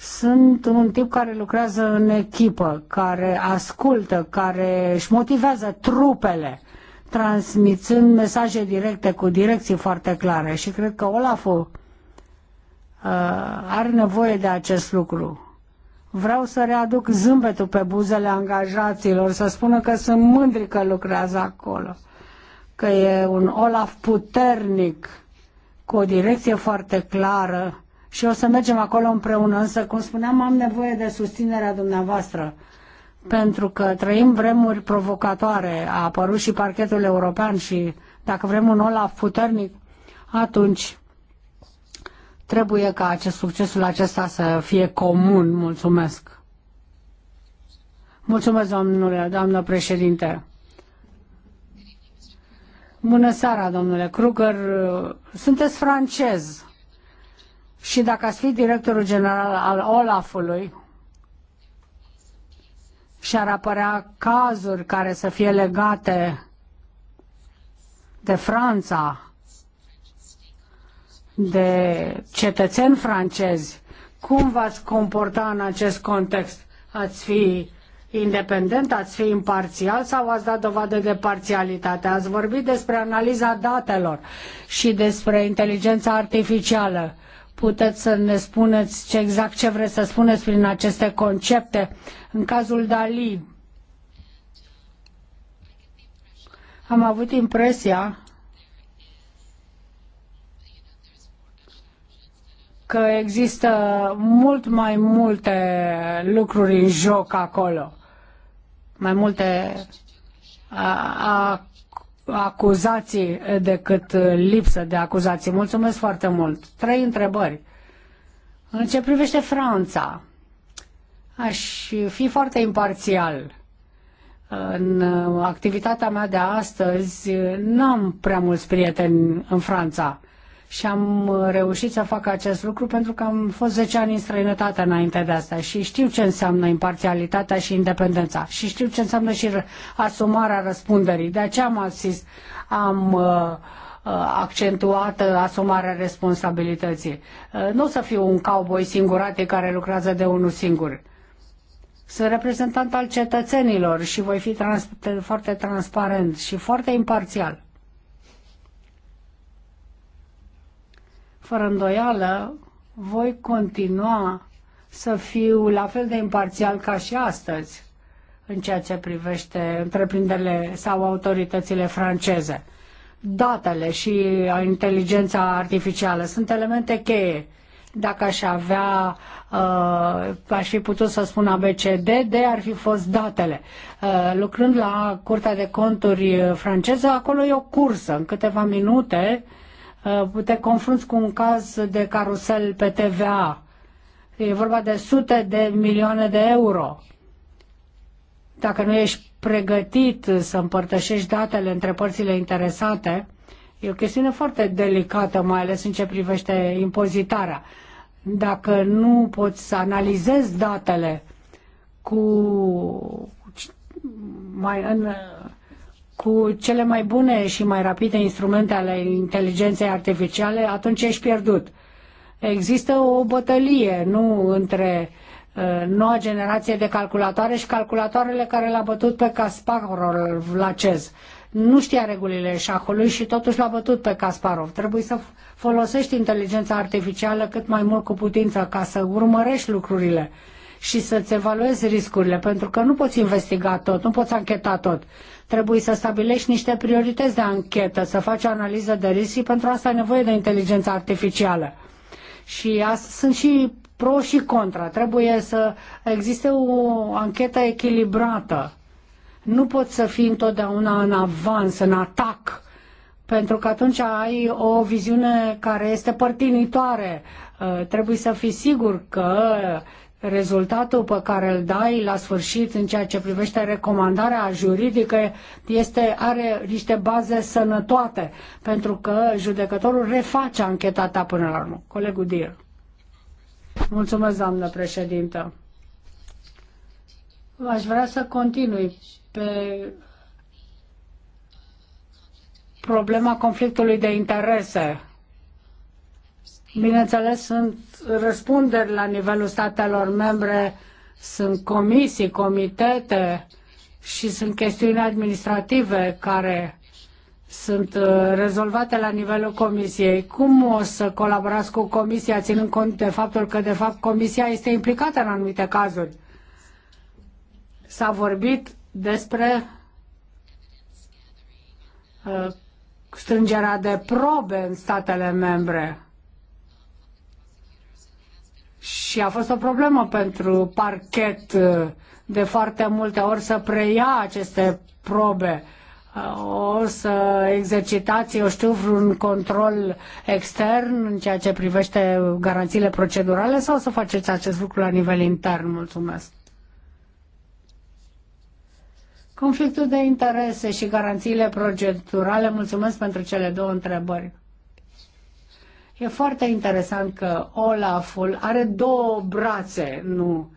S2: sunt un tip care lucrează în echipă, care ascultă, care își motivează trupele, transmițând mesaje directe cu direcții foarte clare. Și cred că Olaf uh, are nevoie de acest lucru. Vreau să readuc zâmbetul pe buzele angajaților, să spună că sunt mândri că lucrează acolo, că e un Olaf puternic, cu o direcție foarte clară și o să mergem acolo împreună, însă, cum spuneam, am nevoie de susținerea dumneavoastră pentru că trăim vremuri provocatoare. A apărut și parchetul european și dacă vrem un Olaf puternic, atunci trebuie ca acest succesul acesta să fie comun. Mulțumesc. Mulțumesc, domnule, doamnă președinte. Bună seara, domnule Kruger. Sunteți francez și dacă ați fi directorul general al Olafului și ar apărea cazuri care să fie legate de Franța, de cetățeni francezi, cum v-ați comporta în acest context? Ați fi independent, ați fi imparțial sau ați dat dovadă de parțialitate? Ați vorbit despre analiza datelor și despre inteligența artificială. Puteți să ne spuneți ce exact ce vreți să spuneți prin aceste concepte. În cazul Dali, am avut impresia că există mult mai multe lucruri în joc acolo, mai multe a, a, acuzații decât lipsă de acuzații. Mulțumesc foarte mult. Trei întrebări. În ce privește Franța, aș fi foarte imparțial. În activitatea mea de astăzi n-am prea mulți prieteni în Franța și am uh, reușit să fac acest lucru pentru că am fost 10 ani în străinătate înainte de asta și știu ce înseamnă imparțialitatea și independența și știu ce înseamnă și asumarea răspunderii. De aceea am zis, am uh, uh, accentuată asumarea responsabilității. Nu o să fiu un cowboy singurat care lucrează de unul singur. Sunt reprezentant al cetățenilor și voi fi trans- foarte transparent și foarte imparțial. Fără îndoială, voi continua să fiu la fel de imparțial ca și astăzi în ceea ce privește întreprinderile sau autoritățile franceze. Datele și inteligența artificială sunt elemente cheie. Dacă aș avea, uh, aș fi putut să spun ABCD, de ar fi fost datele. Uh, lucrând la Curtea de Conturi franceză, acolo e o cursă. În câteva minute uh, Uh, te confrunți cu un caz de carusel pe TVA. E vorba de sute de milioane de euro. Dacă nu ești pregătit să împărtășești datele între părțile interesate, e o chestiune foarte delicată, mai ales în ce privește impozitarea. Dacă nu poți să analizezi datele cu mai în, cu cele mai bune și mai rapide instrumente ale inteligenței artificiale, atunci ești pierdut. Există o bătălie, nu între uh, noua generație de calculatoare și calculatoarele care l-a bătut pe Kasparov la CEZ. Nu știa regulile șahului și totuși l-a bătut pe Kasparov. Trebuie să folosești inteligența artificială cât mai mult cu putință ca să urmărești lucrurile și să-ți evaluezi riscurile, pentru că nu poți investiga tot, nu poți ancheta tot. Trebuie să stabilești niște priorități de anchetă, să faci o analiză de risc și pentru asta ai nevoie de inteligență artificială. Și sunt și pro și contra. Trebuie să existe o anchetă echilibrată. Nu poți să fii întotdeauna în avans, în atac, pentru că atunci ai o viziune care este părtinitoare. Uh, trebuie să fii sigur că rezultatul pe care îl dai la sfârșit în ceea ce privește recomandarea juridică este, are niște baze sănătoate, pentru că judecătorul reface ancheta ta până la urmă. Colegul Dir. Mulțumesc, doamnă președintă. Aș vrea să continui pe problema conflictului de interese Bineînțeles, sunt răspunderi la nivelul statelor membre, sunt comisii, comitete și sunt chestiuni administrative care sunt uh, rezolvate la nivelul comisiei. Cum o să colaborați cu comisia, ținând cont de faptul că, de fapt, comisia este implicată în anumite cazuri? S-a vorbit despre uh, strângerea de probe în statele membre și a fost o problemă pentru parchet uh, de foarte multe ori să preia aceste probe. Uh, o să exercitați, eu știu, vreun control extern în ceea ce privește garanțiile procedurale sau să faceți acest lucru la nivel intern? Mulțumesc. Conflictul de interese și garanțiile procedurale, mulțumesc pentru cele două întrebări. E foarte interesant că Olaful are două brațe, nu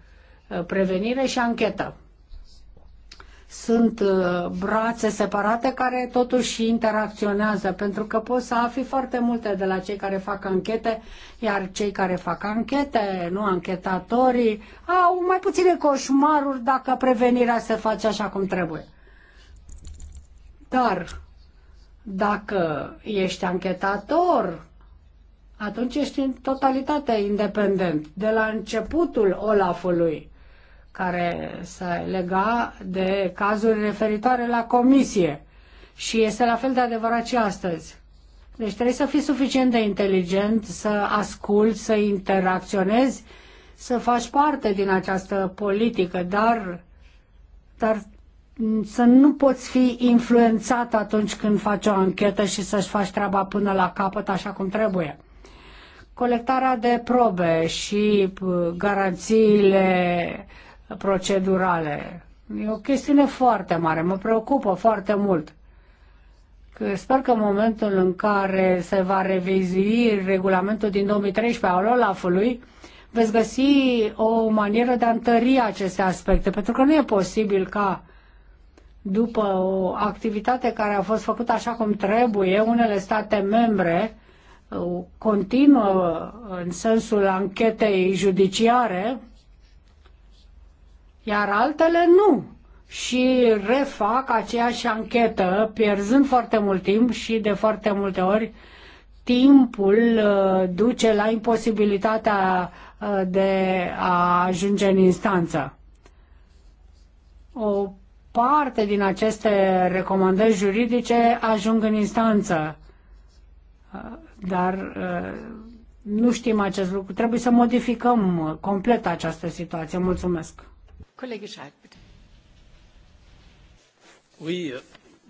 S2: uh, prevenire și anchetă. Sunt uh, brațe separate care totuși interacționează, pentru că poți să afli foarte multe de la cei care fac anchete, iar cei care fac anchete, nu anchetatorii, au mai puține coșmaruri dacă prevenirea se face așa cum trebuie. Dar dacă ești anchetator, atunci ești în totalitate independent. De la începutul Olafului, care se lega de cazuri referitoare la comisie. Și este la fel de adevărat și astăzi. Deci trebuie să fii suficient de inteligent, să asculți, să interacționezi, să faci parte din această politică, dar, dar să nu poți fi influențat atunci când faci o anchetă și să-și faci treaba până la capăt așa cum trebuie colectarea de probe și uh, garanțiile procedurale. E o chestiune foarte mare, mă preocupă foarte mult. Sper că în momentul în care se va revizui regulamentul din 2013 al Olafului, veți găsi o manieră de a întări aceste aspecte, pentru că nu e posibil ca după o activitate care a fost făcută așa cum trebuie, unele state membre Uh, continuă în sensul anchetei judiciare, iar altele nu. Și refac aceeași anchetă, pierzând foarte mult timp și de foarte multe ori timpul uh, duce la imposibilitatea uh, de a ajunge în instanță. O parte din aceste recomandări juridice ajung în instanță dar uh, nu știm acest lucru. Trebuie să modificăm uh, complet această situație. Mulțumesc. Colegii Schalk,
S5: Oui, euh,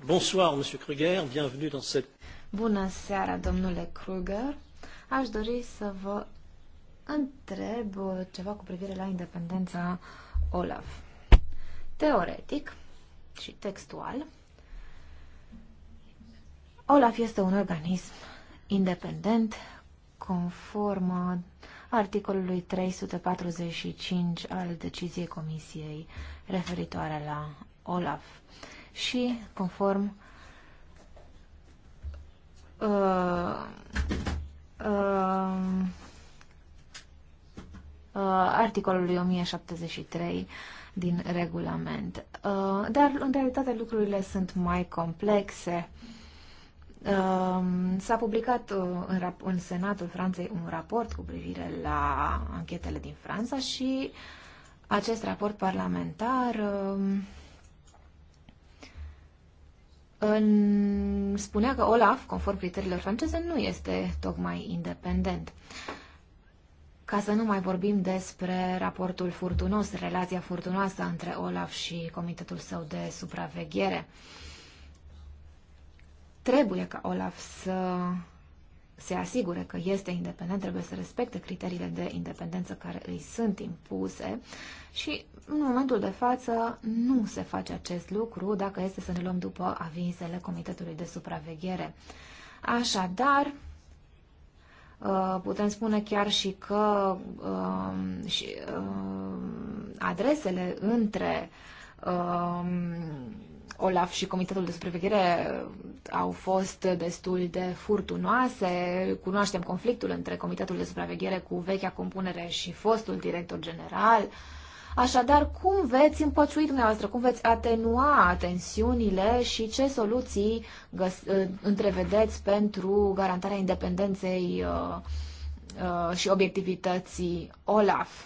S5: bonsoir, monsieur Kruger. Bienvenue dans cette... Bună seara, domnule Kruger. Aș dori să vă întreb uh, ceva cu privire la independența Olaf. Teoretic și textual, Olaf este un organism independent, conform articolului 345 al deciziei Comisiei referitoare la OLAF și conform uh, uh, uh, articolului 1073 din regulament. Uh, dar, în realitate, lucrurile sunt mai complexe. Uh, Ehm, s-a publicat uh, în, în Senatul Franței un raport cu privire la anchetele din Franța și acest raport parlamentar ehm, în, spunea că Olaf, conform criteriilor franceze, nu este tocmai independent. Ca să nu mai vorbim despre raportul furtunos, relația furtunoasă între Olaf și comitetul său de supraveghere. Uh, Trebuie ca Olaf să se asigure că este independent, trebuie să respecte criteriile de independență care îi sunt impuse și în momentul de față nu se face acest lucru dacă este să ne luăm după avizele Comitetului de Supraveghere. Așadar, uh, putem spune chiar și că um, și, um, adresele între um, Olaf și Comitetul de Supraveghere uh, au fost destul de furtunoase. Cunoaștem conflictul între Comitetul de Supraveghere cu vechea compunere și fostul director general. Așadar, cum veți împăciui dumneavoastră, cum veți atenua tensiunile și ce soluții găs- uh, întrevedeți pentru garantarea independenței uh, uh, și obiectivității OLAF?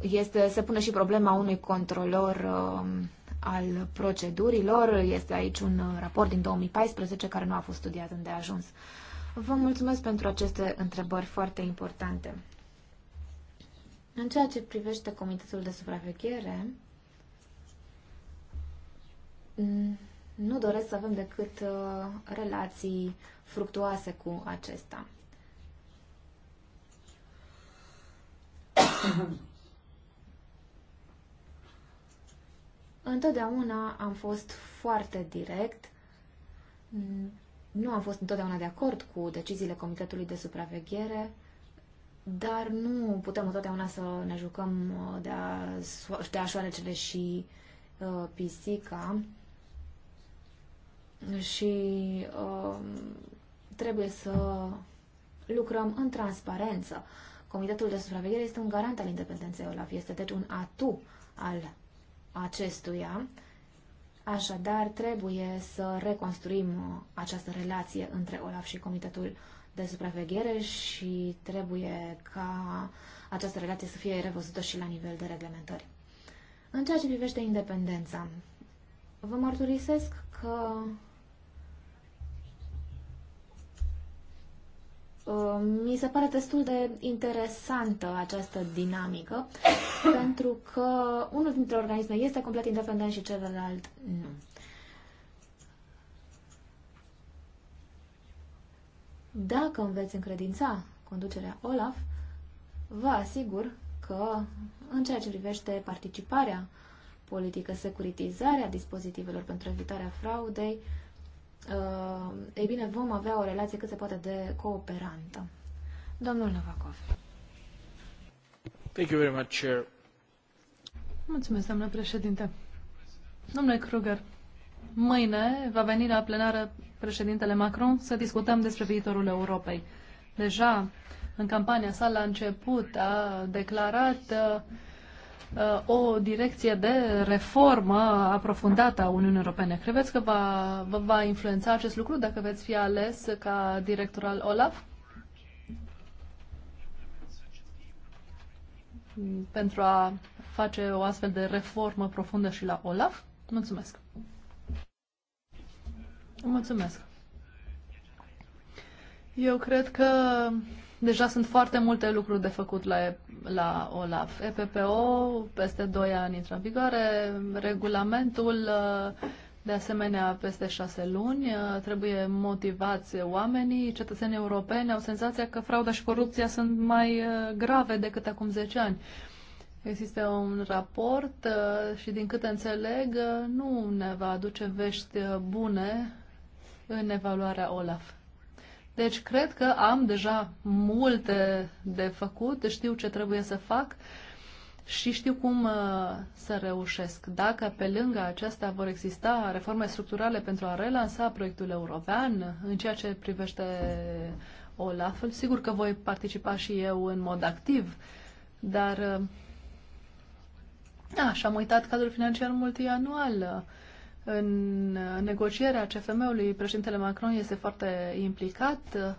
S5: este, se pune și problema unui controlor um, al procedurilor. Este aici un uh, raport din 2014 care nu a fost studiat îndeajuns. Vă mulțumesc pentru aceste întrebări foarte importante. În ceea ce privește Comitetul de Supraveghere, nu doresc să avem decât uh, relații fructuoase cu acesta. Întotdeauna am fost foarte direct. Nu am fost întotdeauna de acord cu deciziile Comitetului de Supraveghere, dar nu putem întotdeauna să ne jucăm uh, de a, de a șoarecele și uh, pisica. Și uh, trebuie să lucrăm în transparență. Comitetul de supraveghere este un garant al independenței OLAF, este deci un atu al acestuia. Așadar, trebuie să reconstruim uh, această relație între OLAF și Comitetul de Supraveghere și trebuie ca această relație să fie revăzută și la nivel de reglementări. În ceea ce privește independența, vă mărturisesc că Um, mi se pare destul de interesantă această dinamică, pentru că unul dintre organisme este complet independent și celălalt nu. Dacă îmi veți încredința conducerea OLAF, vă asigur că în ceea ce privește participarea politică, securitizarea dispozitivelor pentru evitarea fraudei, uh, uh, ei bine, vom avea o relație cât se poate de cooperantă. Domnul Novakov.
S4: Thank you very much, Chair.
S1: Mulțumesc, doamnă președinte. Domnule Kruger, mâine va veni la plenară președintele Macron să discutăm despre viitorul Europei. Deja în campania sa la început a declarat uh, o direcție de reformă aprofundată a Uniunii Europene. Credeți că va, va influența acest lucru dacă veți fi ales ca director al OLAF? Pentru a face o astfel de reformă profundă și la OLAF? Mulțumesc! Mulțumesc! Eu cred că Deja sunt foarte multe lucruri de făcut la, la OLAF. EPPO peste 2 ani intră în vigoare, regulamentul uh, de asemenea peste 6 luni, uh, trebuie motivați oamenii, cetățenii europeni au senzația că frauda și corupția sunt mai uh, grave decât acum 10 ani. Există un raport și din câte înțeleg nu ne va aduce vești bune în evaluarea OLAF. Deci cred că am deja multe de făcut, știu ce trebuie să fac și știu cum uh, să reușesc. Dacă pe lângă acestea vor exista reforme structurale pentru a relansa proiectul european în ceea ce privește Olaf, sigur că voi participa și eu în mod activ, dar da, uh, și am uitat cadrul financiar multianual. Uh, în negocierea CFM-ului, președintele Macron este foarte implicat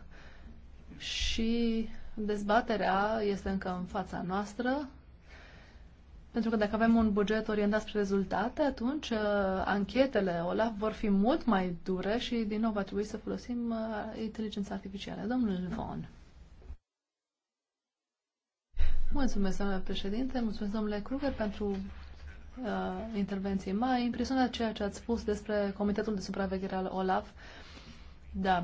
S1: și dezbaterea este încă în fața noastră. Pentru că dacă avem un buget orientat spre rezultate, atunci uh, anchetele OLAF vor fi mult mai dure și, din nou, va trebui să folosim uh, inteligența artificială. Domnul Von. Mulțumesc, domnule președinte, mulțumesc, domnule Kruger, pentru uh, intervenției. M-a impresionat ceea ce ați spus despre Comitetul de Supraveghere al OLAF. Da,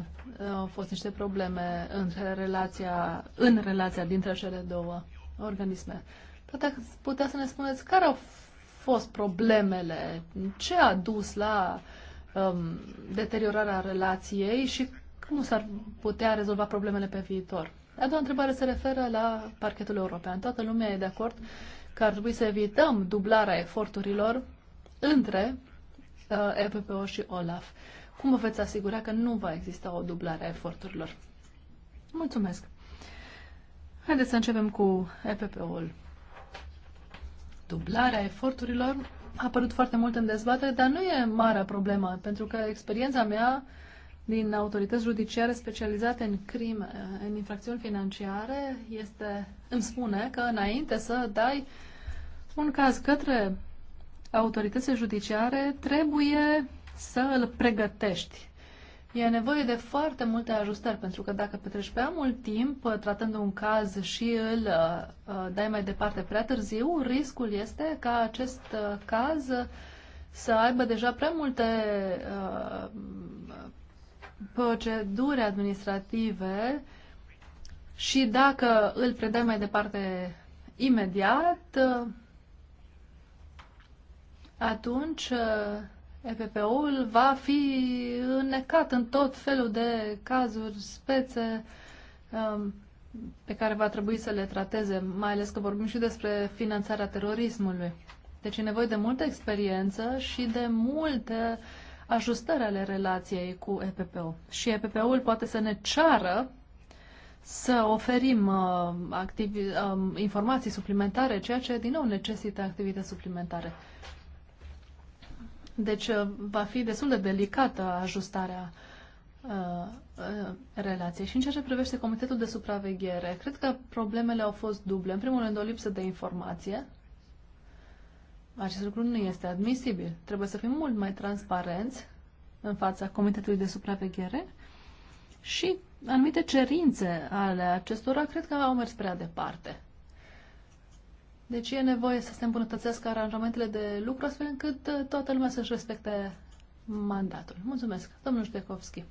S1: au fost niște probleme în relația, în relația dintre cele două organisme. Poate putea să ne spuneți care au fost problemele, ce a dus la um, deteriorarea relației și cum s-ar putea rezolva problemele pe viitor. A doua întrebare se referă la parchetul european. Toată lumea e de acord uh, că ar trebui să evităm dublarea eforturilor între uh, EPPO și OLAF. Cum vă veți asigura că nu va exista o dublare a eforturilor? Mulțumesc! Haideți să începem cu EPPO-ul. Dublarea eforturilor a apărut foarte mult în dezbatere, dar nu e mare problemă, pentru că experiența mea din autorități judiciare specializate în crime, în infracțiuni financiare, este, îmi spune că înainte să dai un caz către autoritățile judiciare, trebuie să îl pregătești. E nevoie de foarte multe ajustări, pentru că dacă petreci prea mult timp uh, tratând un caz și îl uh, uh, dai mai departe prea târziu, riscul este ca acest caz să aibă deja prea multe proceduri administrative și dacă îl predai mai departe imediat, atunci uh, EPP-ul va fi înnecat în tot felul de cazuri, spețe um, pe care va trebui să le trateze, mai ales că vorbim și despre finanțarea terorismului. Deci e nevoie de multă experiență și de multe ajustări ale relației cu EPP-ul. Și EPP-ul poate să ne ceară să oferim uh, activi, uh, informații suplimentare, ceea ce din nou necesită activități suplimentare. Deci uh, va fi destul de delicată ajustarea relație. Uh, uh, relației. Și în ceea ce privește Comitetul de Supraveghere, cred că problemele au fost duble. În primul rând, o lipsă de informație. Acest lucru nu este admisibil. Trebuie să fim mult mai transparenți în fața Comitetului de Supraveghere și anumite cerințe ale acestora cred că au mers prea departe. Deci e nevoie să se îmbunătățească aranjamentele de lucru astfel încât uh, toată lumea să-și respecte mandatul. Mulțumesc, domnul Ștecovski.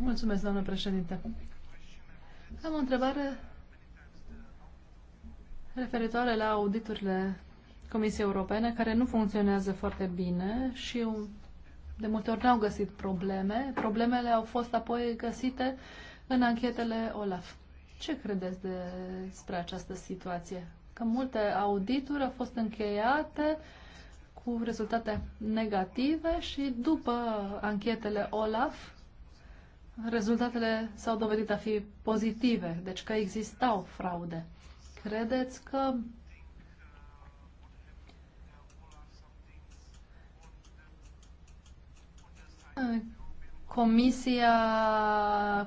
S1: Mulțumesc, doamnă președinte. Am o întrebare referitoare la auditurile Comisiei Europene, care nu funcționează foarte bine și de multe ori n-au găsit probleme. Problemele au fost apoi găsite în anchetele OLAF. Ce credeți despre această situație? Că multe audituri au fost încheiate cu rezultate negative și după anchetele OLAF, rezultatele s-au dovedit a fi pozitive, deci că existau fraude. Credeți că comisia,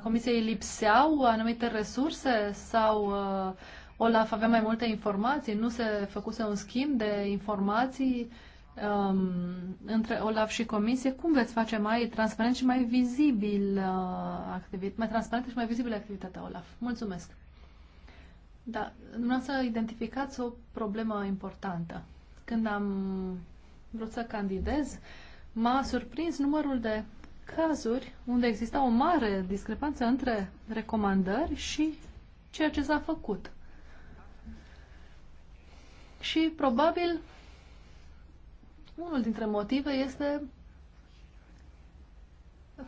S1: comisiei lipseau anumite resurse sau uh, Olaf avea mai multe informații, nu se făcuse un schimb de informații um, între Olaf și comisie. Cum veți face mai transparent și mai vizibil uh, activit, mai transparent și mai vizibil activitatea Olaf? Mulțumesc. Da, dumneavoastră identificați o problemă importantă. Când am vrut să candidez, m-a surprins numărul de cazuri unde exista o mare discrepanță între recomandări și ceea ce s-a făcut. Și probabil unul dintre motive este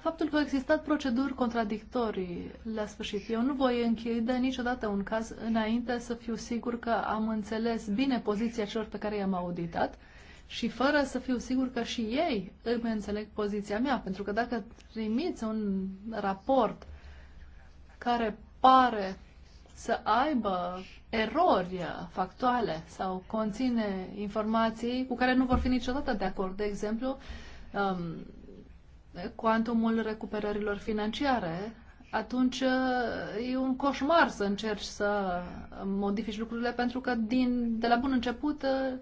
S1: faptul că au existat proceduri contradictorii la sfârșit. Eu nu voi închide niciodată un caz înainte să fiu sigur că am înțeles bine poziția celor pe care i-am auditat și fără să fiu sigur că și ei îmi înțeleg poziția mea. Pentru că dacă trimiți un raport care pare să aibă erori factuale sau conține informații cu care nu vor fi niciodată de acord, de exemplu, um, cuantumul recuperărilor financiare, atunci uh, e un coșmar să încerci să modifici lucrurile pentru că din, de la bun început uh,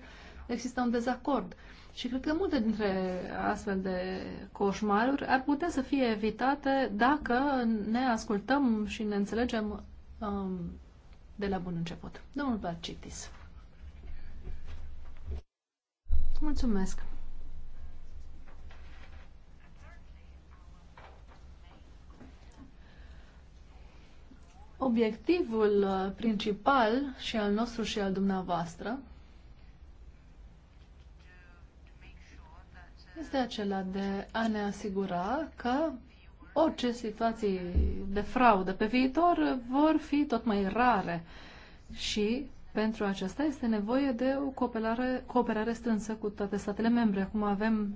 S1: există un dezacord. Și cred că multe dintre astfel de coșmaruri ar putea să fie evitate dacă ne ascultăm și ne înțelegem um, de la bun început. Domnul Barcitis. Mulțumesc. Obiectivul uh, principal și al nostru și al dumneavoastră este acela de a ne asigura că orice situații de fraudă pe viitor vor fi tot mai rare și pentru aceasta este nevoie de o cooperare, cooperare strânsă cu toate statele membre. Acum avem,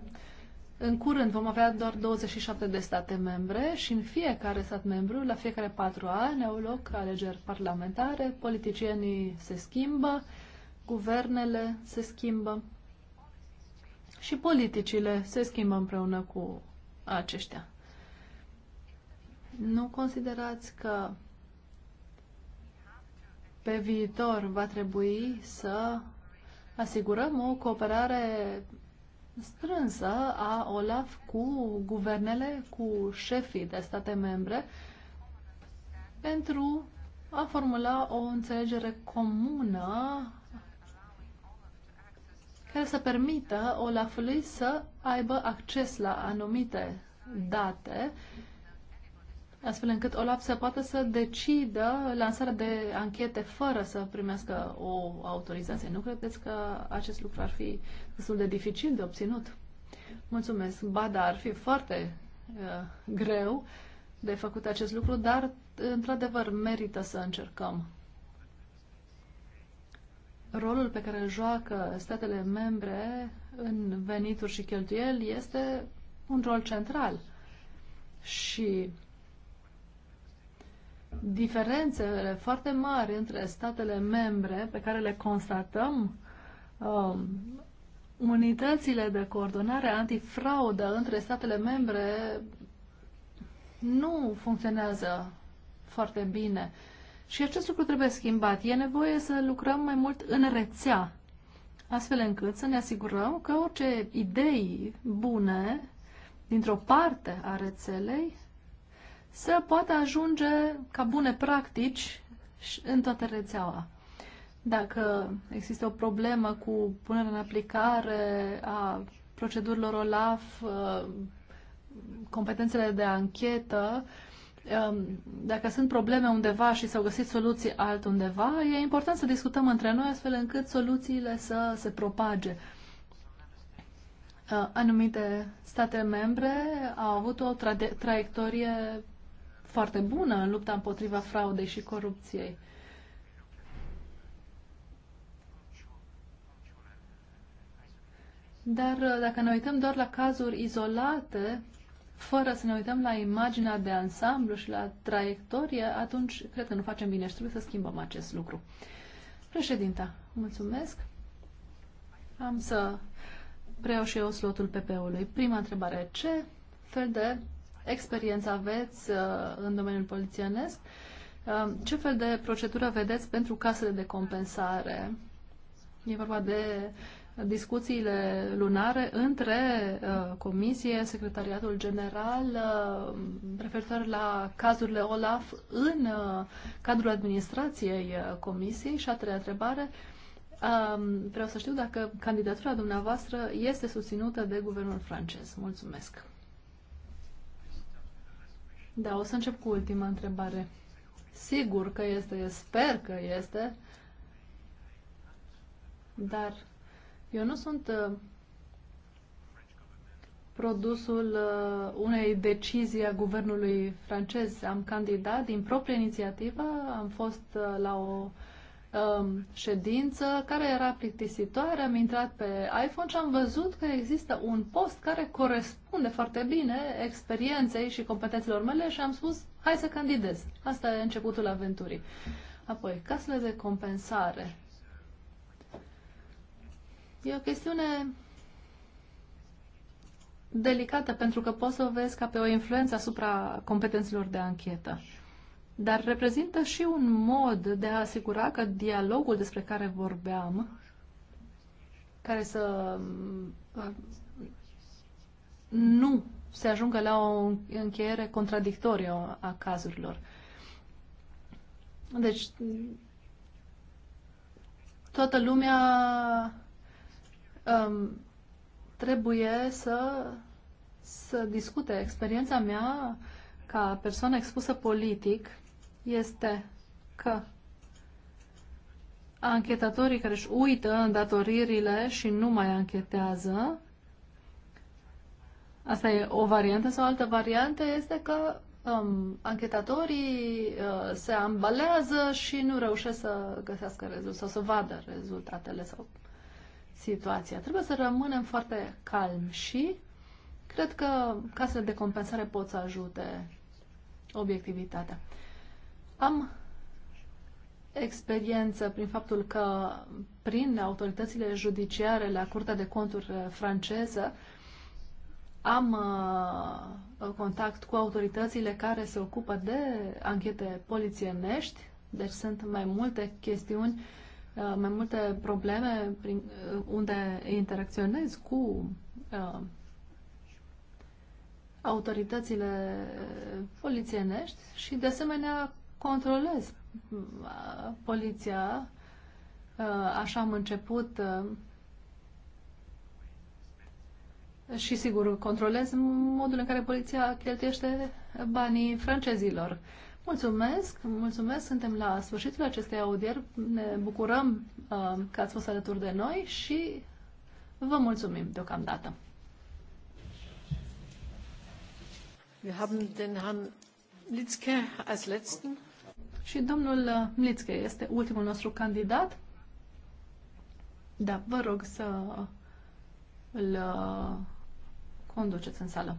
S1: în curând vom avea doar 27 de state membre și în fiecare stat membru, la fiecare patru ani, au loc alegeri parlamentare, politicienii se schimbă, guvernele se schimbă și politicile se schimbă împreună cu aceștia. Nu considerați că pe viitor va trebui să asigurăm o cooperare strânsă a OLAF cu guvernele, cu șefii de state membre pentru a formula o înțelegere comună care să permită Olafului să aibă acces la anumite date, astfel încât Olaf să poată să decidă lansarea de anchete fără să primească o autorizație. Nu credeți că acest lucru ar fi destul de dificil de obținut? Mulțumesc. Ba, dar ar fi foarte uh, greu de făcut acest lucru, dar într-adevăr merită să încercăm rolul pe care îl joacă statele membre în venituri și cheltuieli este un rol central. Și diferențele foarte mari între statele membre pe care le constatăm, um, unitățile de coordonare antifraudă între statele membre nu funcționează foarte bine. Uh, și acest lucru trebuie schimbat. E nevoie să lucrăm mai mult în rețea, astfel încât să ne asigurăm că orice idei bune dintr-o parte a rețelei să poată ajunge ca bune practici în toată rețeaua. Dacă există o problemă cu punerea în aplicare a procedurilor OLAF, uh, competențele de anchetă, Um, dacă sunt probleme undeva și s-au găsit soluții altundeva, e important să discutăm între noi astfel încât soluțiile să se propage. Uh, anumite state membre au avut o tra traiectorie foarte bună în lupta împotriva fraudei și corupției. Dar uh, dacă ne uităm doar la cazuri izolate, fără să ne uităm la imaginea de ansamblu și la traiectorie, atunci cred că nu facem bine și trebuie să schimbăm acest lucru. Președinta, mulțumesc. Am să preiau și eu slotul PP-ului. Prima întrebare, ce fel de experiență aveți uh, în domeniul polițienesc? Uh, ce fel de procedură vedeți pentru casele de compensare? E vorba de discuțiile lunare între uh, Comisie, Secretariatul General, uh, referitor la cazurile OLAF în uh, cadrul administrației uh, Comisiei. Și a treia întrebare, uh, vreau să știu dacă candidatura dumneavoastră este susținută de guvernul francez. Mulțumesc. Da, o să încep cu ultima întrebare. Sigur că este, sper că este, dar eu nu sunt uh, produsul uh, unei decizii a guvernului francez. Am candidat din proprie inițiativă, am fost uh, la o um, ședință care era plictisitoare, am intrat pe iPhone și am văzut că există un post care corespunde foarte bine experienței și competențelor mele și am spus, hai să candidez. Asta e începutul aventurii. Apoi, casele de compensare. E o chestiune delicată pentru că poți să o vezi ca pe o influență asupra competențelor de anchetă. Dar reprezintă și un mod de a asigura că dialogul despre care vorbeam, care să nu se ajungă la o încheiere contradictorie a cazurilor. Deci, toată lumea um, trebuie să, să discute. Experiența mea ca persoană expusă politic este că anchetatorii care își uită îndatoririle și nu mai anchetează, asta e o variantă sau altă variantă este că um, anchetatorii uh, se ambalează și nu reușesc să găsească rezultat sau să vadă rezultatele sau situația. Trebuie să rămânem foarte calmi și cred că casele de compensare pot să ajute obiectivitatea. Am experiență prin faptul că prin autoritățile judiciare la Curtea de Conturi eh, franceză am uh, contact cu autoritățile care se ocupă de anchete polițienești, deci sunt mai multe chestiuni uh, Uh, mai multe probleme prin, uh, unde interacționez cu uh, autoritățile uh, polițienești și de asemenea controlez uh, poliția. Uh, așa am început și sigur controlez modul în care poliția cheltuiește banii francezilor. Mulțumesc, mulțumesc, suntem la sfârșitul acestei audieri, ne bucurăm uh, că ați fost alături de noi și vă mulțumim deocamdată. Wir haben den Herrn Litzke als letzten. Și domnul uh, Mlitske este ultimul nostru candidat. Da, vă rog să îl uh, conduceți în sală.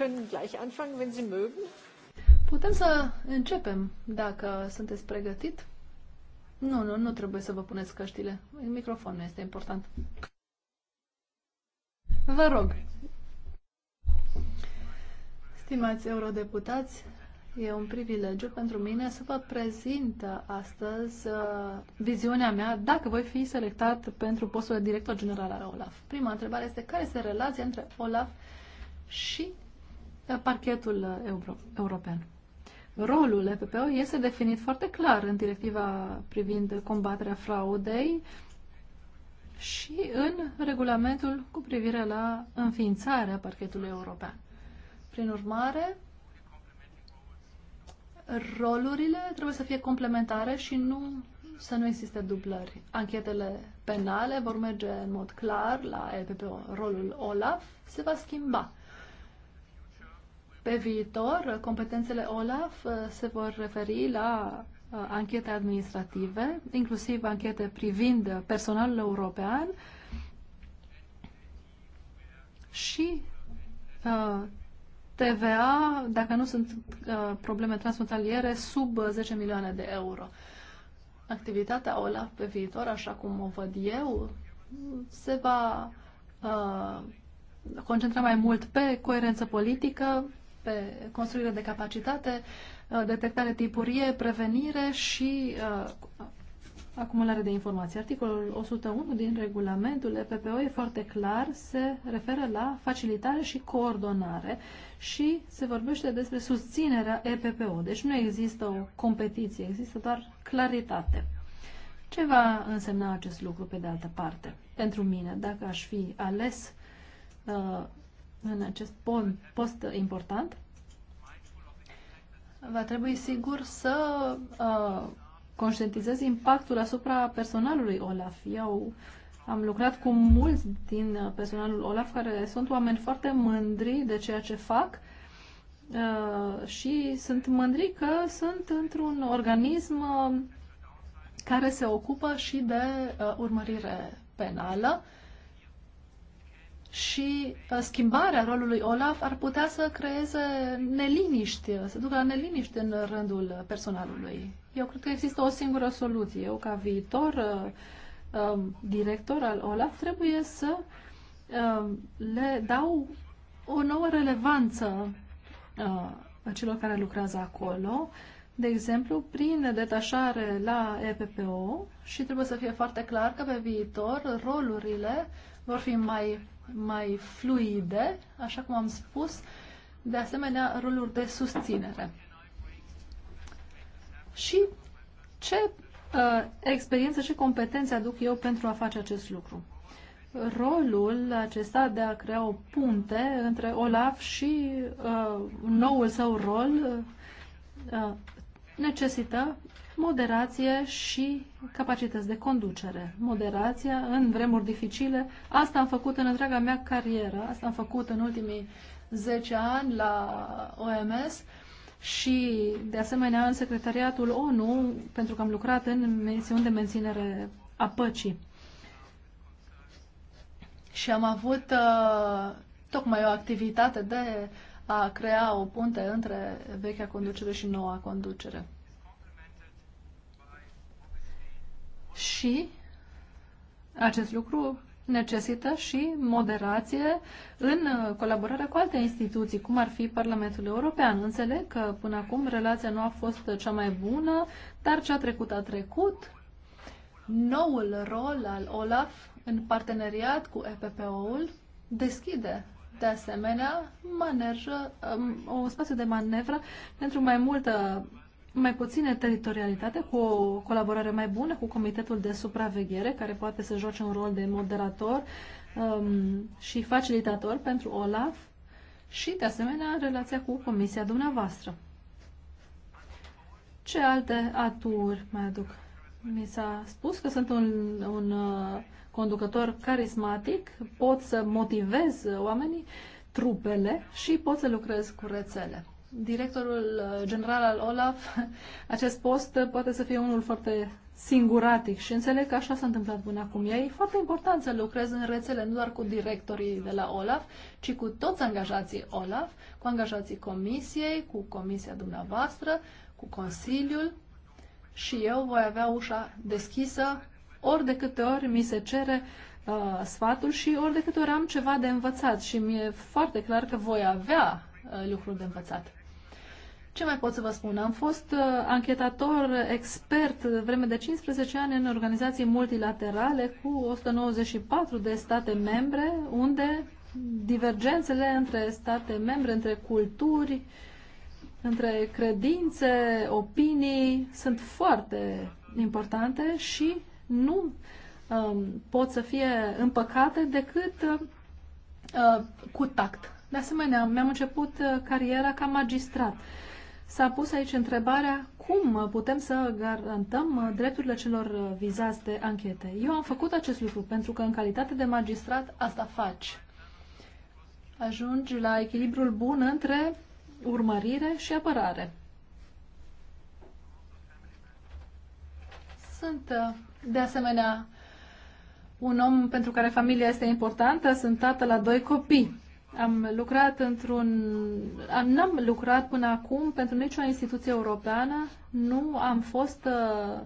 S2: können gleich anfangen, wenn Sie mögen.
S1: Putem să începem, dacă sunteți pregătit. Nu, nu, nu trebuie să vă puneți căștile. Microfonul este important. Vă rog. Stimați eurodeputați, e un privilegiu pentru mine să vă prezint astăzi uh, viziunea mea dacă voi fi selectat pentru postul de director general al OLAF. Prima întrebare este care este relația între OLAF și Eh, parchetul eh, euro european. Rolul EPPO este definit foarte clar în directiva privind combaterea fraudei și în regulamentul cu privire la înființarea parchetului european. Prin urmare, rolurile trebuie să fie complementare și nu să nu existe dublări. Anchetele penale vor merge în mod clar la EPPO. Rolul OLAF se va schimba. Pe viitor, competențele OLAF uh, se vor referi la uh, anchete administrative, inclusiv anchete privind personalul european și uh, TVA, dacă nu sunt probleme transfrontaliere, sub 10 milioane de euro. Activitatea OLAF pe viitor, așa cum o văd eu, se va concentra mai mult pe coerență politică, pe construire de capacitate, uh, detectare tipurie, prevenire și uh, acumulare de informații. Articolul 101 din regulamentul EPPO e foarte clar, se referă la facilitare și coordonare și se vorbește despre susținerea EPPO. Deci nu există o competiție, există doar claritate. Ce va însemna acest lucru pe de altă parte? Pentru mine, dacă aș fi ales uh, în acest post important, va trebui sigur să uh, conștientizez impactul asupra personalului Olaf. Eu am lucrat cu mulți din personalul Olaf care sunt oameni foarte mândri de ceea ce fac uh, și sunt mândri că sunt într-un organism uh, care se ocupă și de uh, urmărire penală și uh, schimbarea rolului Olaf ar putea să creeze neliniști, să ducă la neliniști în rândul personalului. Eu cred că există o singură soluție. Eu, ca viitor uh, um, director al Olaf, trebuie să um, le dau o nouă relevanță uh, celor care lucrează acolo, de exemplu, prin detașare la EPPO și trebuie să fie foarte clar că pe viitor rolurile vor fi mai mai fluide, așa cum am spus, de asemenea roluri de susținere. Și ce uh, experiență și competențe aduc eu pentru a face acest lucru? Rolul acesta de a crea o punte între Olaf și uh, noul său rol uh, necesită moderație și capacități de conducere. Moderația în vremuri dificile, asta am făcut în întreaga mea carieră, asta am făcut în ultimii 10 ani la OMS și de asemenea în secretariatul ONU, pentru că am lucrat în misiuni de menținere a păcii. Și am avut uh, tocmai o activitate de a crea o punte între vechea conducere și noua conducere. și acest lucru necesită și moderație în uh, colaborarea cu alte instituții, cum ar fi Parlamentul European. Înțeleg că până acum relația nu a fost cea mai bună, dar ce a trecut a trecut. Noul rol al OLAF în parteneriat cu EPPO-ul deschide de asemenea manerjă, um, o spațiu de manevră pentru mai multă mai puține teritorialitate, cu o colaborare mai bună cu Comitetul de Supraveghere, care poate să joace un rol de moderator um, și facilitator pentru OLAF și, de asemenea, relația cu Comisia dumneavoastră. Ce alte aturi mai aduc? Mi s-a spus că sunt un, un uh, conducător carismatic, pot să motivez oamenii, trupele și pot să lucrez cu rețele directorul uh, general al OLAF, acest post poate să fie unul foarte singuratic și înțeleg că așa s-a întâmplat până acum. E foarte important să lucrezi în rețele, nu doar cu directorii de la OLAF, ci cu toți angajații OLAF, cu angajații comisiei, cu comisia dumneavoastră, cu Consiliul și eu voi avea ușa deschisă ori de câte ori mi se cere uh, sfatul și ori de câte ori am ceva de învățat și mi-e foarte clar că voi avea uh, lucruri de învățat. Ce mai pot să vă spun? Am fost uh, anchetator expert vreme de 15 ani în organizații multilaterale cu 194 de state membre, unde divergențele între state membre, între culturi, între credințe, opinii sunt foarte importante și nu um, pot să fie împăcate decât uh, cu tact. De asemenea, mi-am început uh, cariera ca magistrat S-a pus aici întrebarea cum putem să garantăm drepturile celor vizați de anchete. Eu am făcut acest lucru pentru că în calitate de magistrat asta faci. Ajungi la echilibrul bun între urmărire și apărare. Sunt de asemenea un om pentru care familia este importantă, sunt tată la doi copii am lucrat într-un. Am, n-am lucrat până acum pentru nicio instituție europeană, nu am fost uh,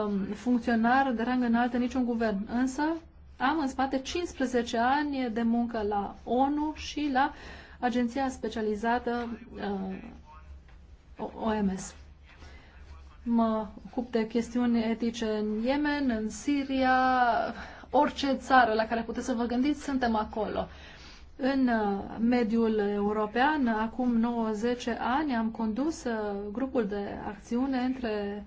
S1: um, funcționar de rang înaltă niciun guvern, însă am în spate 15 ani de muncă la ONU și la agenția specializată uh, OMS. Mă ocup de chestiuni etice în Yemen, în Siria, orice țară la care puteți să vă gândiți, suntem acolo. Uh, în uh, mediul european, acum 9-10 ani, am condus uh, grupul de acțiune între,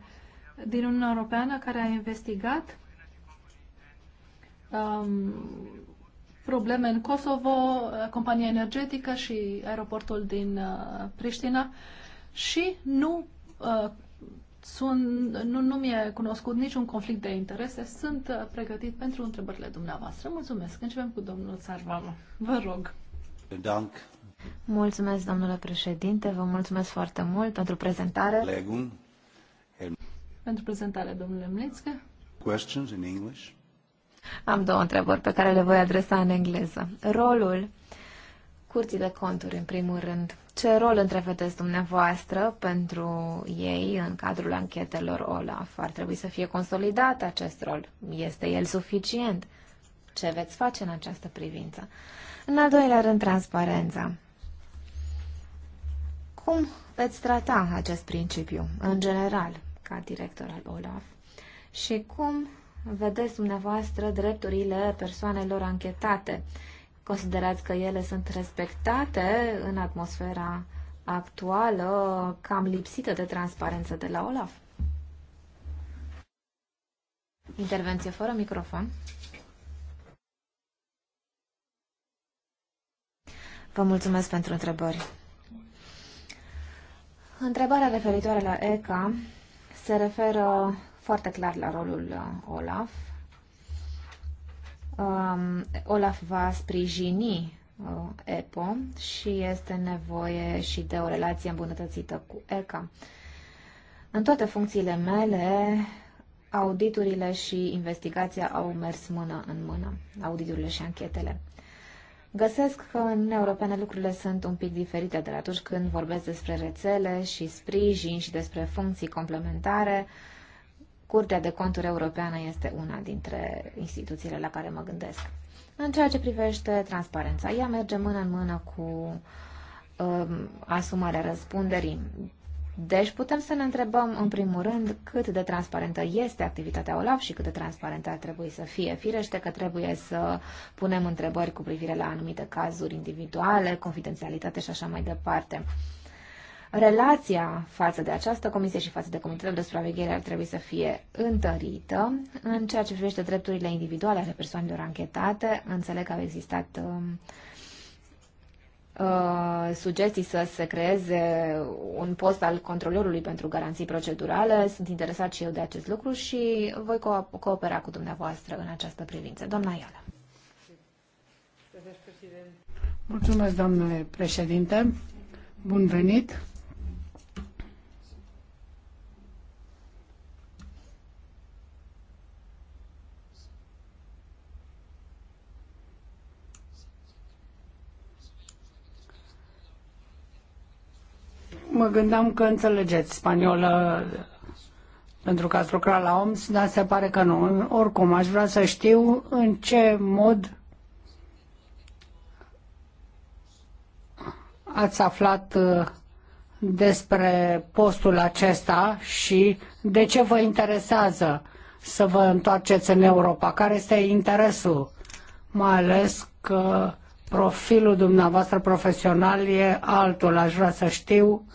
S1: din Uniunea Europeană care a investigat um, probleme în Kosovo, compania energetică și aeroportul din uh, Priștina și nu uh, sunt, nu, nu mi-e cunoscut niciun conflict de interese. Sunt uh, pregătit pentru întrebările dumneavoastră. Mulțumesc. Începem cu domnul Sarvama.
S5: Vă rog. Dank. Mulțumesc, domnule președinte. Vă mulțumesc foarte mult pentru prezentare. Legum. Pentru prezentare, domnule Mlițcă.
S4: Questions in English?
S5: Am două întrebări pe care le voi adresa în engleză. Rolul curții de conturi, în primul rând ce rol întrevedeți dumneavoastră pentru ei în cadrul anchetelor OLAF? Ar trebui să fie consolidat acest rol? Este el suficient? Ce veți face în această privință? În al doilea rând, transparența. Cum veți trata acest principiu, în general, ca director al OLAF? Și cum vedeți dumneavoastră drepturile persoanelor anchetate? Considerați că ele sunt respectate în atmosfera actuală, cam lipsită de transparență de la OLAF? Intervenție fără microfon. Vă mulțumesc pentru întrebări. Întrebarea referitoare la ECA se referă foarte clar la rolul uh, OLAF um, Olaf va sprijini uh, EPO și este nevoie și de o relație îmbunătățită cu ECA. În toate funcțiile mele, auditurile și investigația au mers mână în mână, auditurile și anchetele. Găsesc că în europene lucrurile sunt un pic diferite de atunci când vorbesc despre rețele și sprijin și despre funcții complementare. Uh, Curtea de Conturi Europeană este una dintre instituțiile la care mă gândesc. În ceea ce privește transparența, ea merge mână în mână cu um, asumarea răspunderii. Deci putem să ne întrebăm, în primul rând, cât de transparentă este activitatea OLAF și cât de transparentă ar trebui să fie. Firește că trebuie să punem întrebări cu privire la anumite cazuri individuale, confidențialitate și așa mai departe. Uh, Relația față de această comisie și față de comitetul de supraveghere ar trebui să fie întărită. În ceea ce privește drepturile individuale ale persoanelor anchetate, înțeleg că au existat um, uh, sugestii să se creeze un post al controlorului pentru garanții procedurale. Sunt interesat și eu de acest lucru și voi co- coopera cu dumneavoastră în această privință. Doamna Iala. Mulțumesc, doamne președinte. Bun
S3: venit.
S2: Mă gândeam că înțelegeți spaniolă pentru că ați lucrat la OMS, dar se pare că nu. Oricum, aș vrea să știu în ce mod ați aflat uh, despre postul acesta și de ce vă interesează să vă întoarceți în Europa? Care este interesul? Mai ales că profilul dumneavoastră profesional e altul. Aș vrea să știu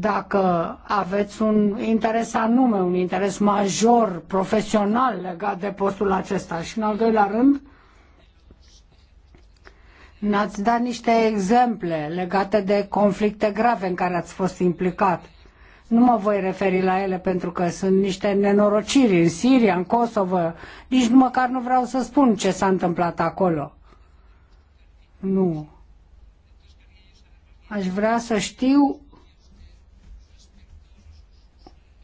S2: dacă aveți un interes anume, un interes major, profesional legat de postul acesta. Și în al doilea rând, ne-ați dat niște exemple legate de conflicte grave în care ați fost implicat. Nu mă voi referi la ele pentru că sunt niște nenorociri în Siria, în Kosovo. Nici măcar nu vreau să spun ce s-a întâmplat acolo. Nu. Aș vrea să știu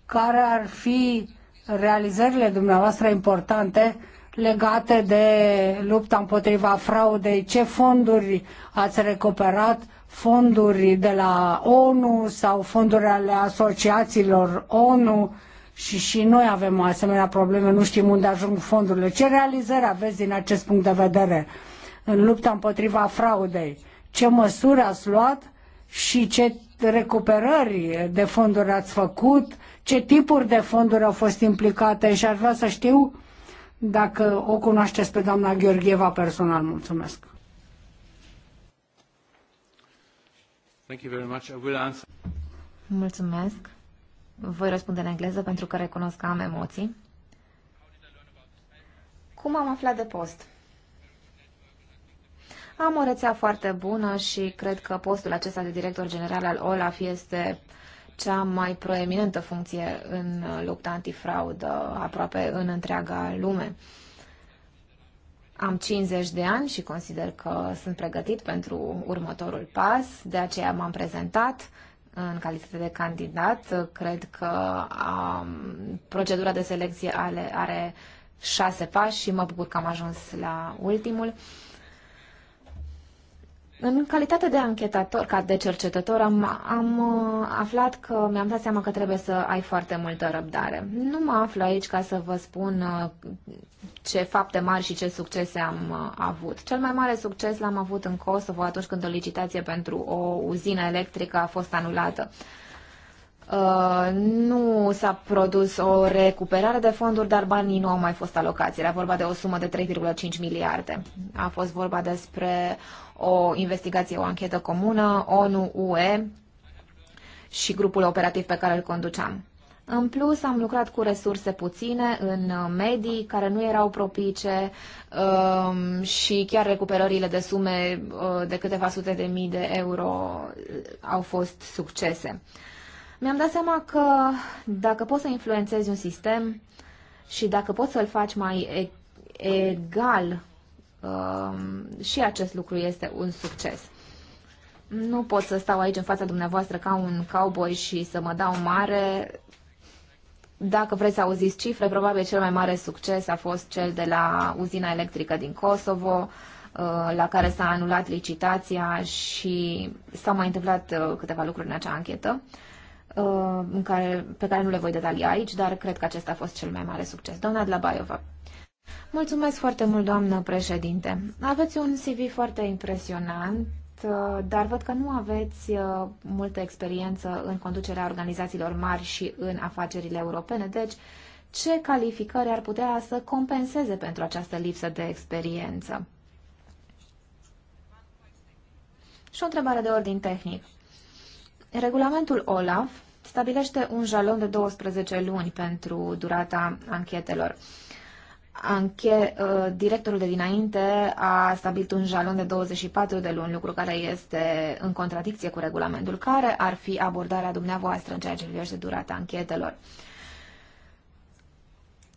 S2: care ar fi realizările dumneavoastră importante legate de lupta împotriva fraudei, ce fonduri ați recuperat, fonduri de la ONU sau fonduri ale asociațiilor ONU și, și noi avem asemenea probleme, nu știm unde ajung fondurile. Ce realizări aveți din acest punct de vedere în lupta împotriva fraudei? Ce măsuri ați luat și ce recuperări de fonduri ați făcut? ce tipuri de fonduri au fost implicate și ar vrea să știu dacă o cunoașteți pe doamna Gheorgheva personal.
S5: Mulțumesc.
S3: Thank you very much. I will answer.
S5: Mulțumesc. Voi răspunde în engleză pentru că recunosc că am emoții. Cum am aflat de post? Am o rețea foarte bună și cred că postul acesta de director general al OLAF este uh, cea mai proeminentă funcție în lupta antifraudă aproape în întreaga lume. Am 50 de ani și consider că sunt pregătit pentru următorul pas, de aceea m-am prezentat în calitate de candidat. Cred că um, procedura de selecție are șase pași și mă bucur că am ajuns la ultimul. Uh, în calitate de anchetator, ca de cercetător, am, am uh, aflat că mi-am dat seama că trebuie să ai foarte multă răbdare. Nu mă aflu aici ca să vă spun uh, ce fapte mari și ce succese am uh, avut. Cel mai mare succes l-am avut în Kosovo atunci când o licitație pentru o uzină electrică a fost anulată. Uh, nu s-a produs o recuperare de fonduri, dar banii nu au mai fost alocați. Era vorba de o sumă de 3,5 miliarde. A fost vorba despre o investigație, o anchetă comună, ONU-UE și grupul operativ pe care îl conduceam. În plus, am lucrat cu resurse puține în medii care nu erau propice um, și chiar recuperările de sume uh, de câteva sute de mii de euro au fost succese. Uh, mi-am dat seama că dacă poți să influențezi un sistem și dacă poți să-l faci mai egal, um, și acest lucru este un succes. Nu pot să stau aici în fața dumneavoastră ca un cowboy și să mă dau mare. Dacă vreți să auziți cifre, probabil cel mai mare succes a fost cel de la uzina electrică din Kosovo, uh, la care s-a anulat licitația și s-au mai întâmplat uh, câteva lucruri în acea anchetă. Uh, în care, pe care nu le voi detalia aici, dar cred că acesta a fost cel mai mare succes. Doamna de la Baiova. Mulțumesc foarte mult, doamnă președinte. Aveți un CV foarte impresionant, uh, dar văd că nu aveți uh, multă experiență în conducerea organizațiilor mari și în afacerile europene, deci ce calificări ar putea să compenseze pentru această lipsă de experiență? Și o întrebare de ordin tehnic. Regulamentul OLAF stabilește un jalon de 12 luni pentru durata anchetelor. Anche, uh, directorul de dinainte a stabilit un jalon de 24 de luni, lucru care este în contradicție cu regulamentul. Care ar fi abordarea dumneavoastră în ceea ce privește durata anchetelor?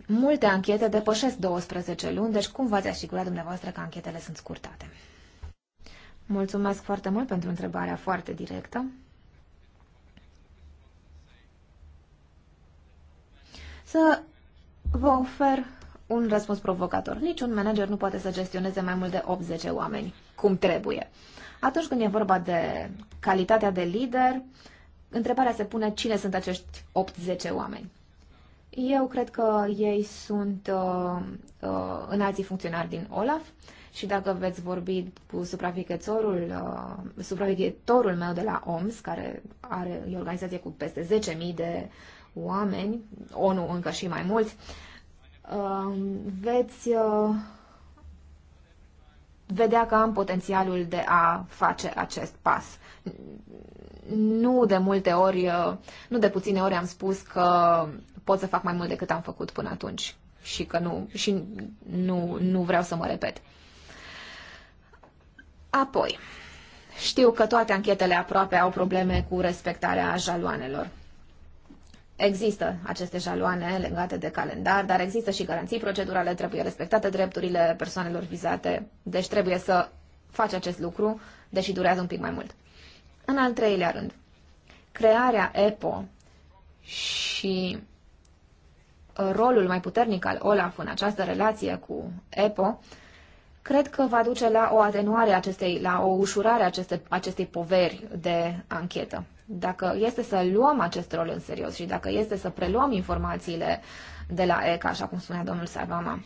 S5: Multe anchete depășesc 12 luni, deci cum v-ați asigurat dumneavoastră că anchetele sunt scurtate? Mulțumesc foarte mult pentru întrebarea foarte directă. Să vă ofer un răspuns provocator. Niciun manager nu poate să gestioneze mai mult de 80 oameni cum trebuie. Atunci când e vorba de calitatea de lider, întrebarea se pune cine sunt acești 80 oameni. Eu cred că ei sunt uh, uh, alții funcționari din OLAF și dacă veți vorbi cu supraveghetorul, uh, supraveghetorul meu de la OMS, care are o organizație cu peste 10.000 de oameni, ONU încă și mai mulți, uh, veți uh, vedea că am potențialul de a face acest pas. Nu de multe ori, uh, nu de puține ori am spus că pot să fac mai mult decât am făcut până atunci și că nu, și nu, nu vreau să mă repet. Apoi, știu că toate anchetele aproape au probleme cu respectarea jaloanelor. Există aceste jaloane legate de calendar, dar există și garanții procedurale, trebuie respectate drepturile persoanelor vizate, deci trebuie să faci acest lucru, deși durează un pic mai mult. În al treilea rând, crearea EPO și uh, rolul mai puternic al OLAF în această relație cu EPO, cred că va duce la o atenuare acestei, la o ușurare aceste, acestei poveri de anchetă. Dacă este să luăm acest rol în serios și dacă este să preluăm informațiile de la ECA, așa cum spunea domnul Savama,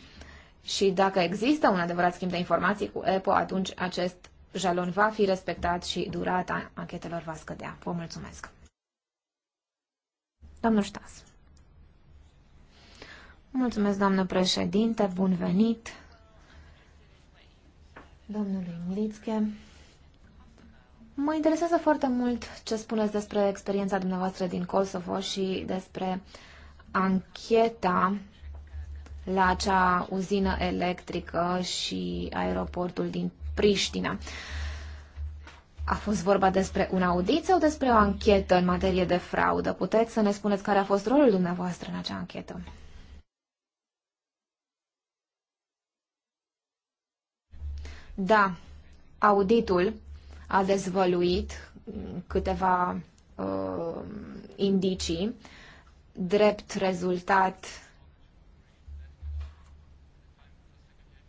S5: și dacă există un adevărat schimb de informații cu EPO, atunci acest jalon va fi respectat și durata anchetelor va scădea. Vă mulțumesc. Domnul Ștas. Mulțumesc, doamnă președinte, bun venit. Domnului Mlițche. Mă interesează foarte mult ce spuneți despre experiența dumneavoastră din Kosovo și despre ancheta la acea uzină electrică și aeroportul din Priștina. A fost vorba despre un audit sau despre o anchetă în materie de fraudă? Puteți să ne spuneți care a fost rolul dumneavoastră în acea anchetă? Da, auditul a dezvăluit câteva uh, indicii. Drept rezultat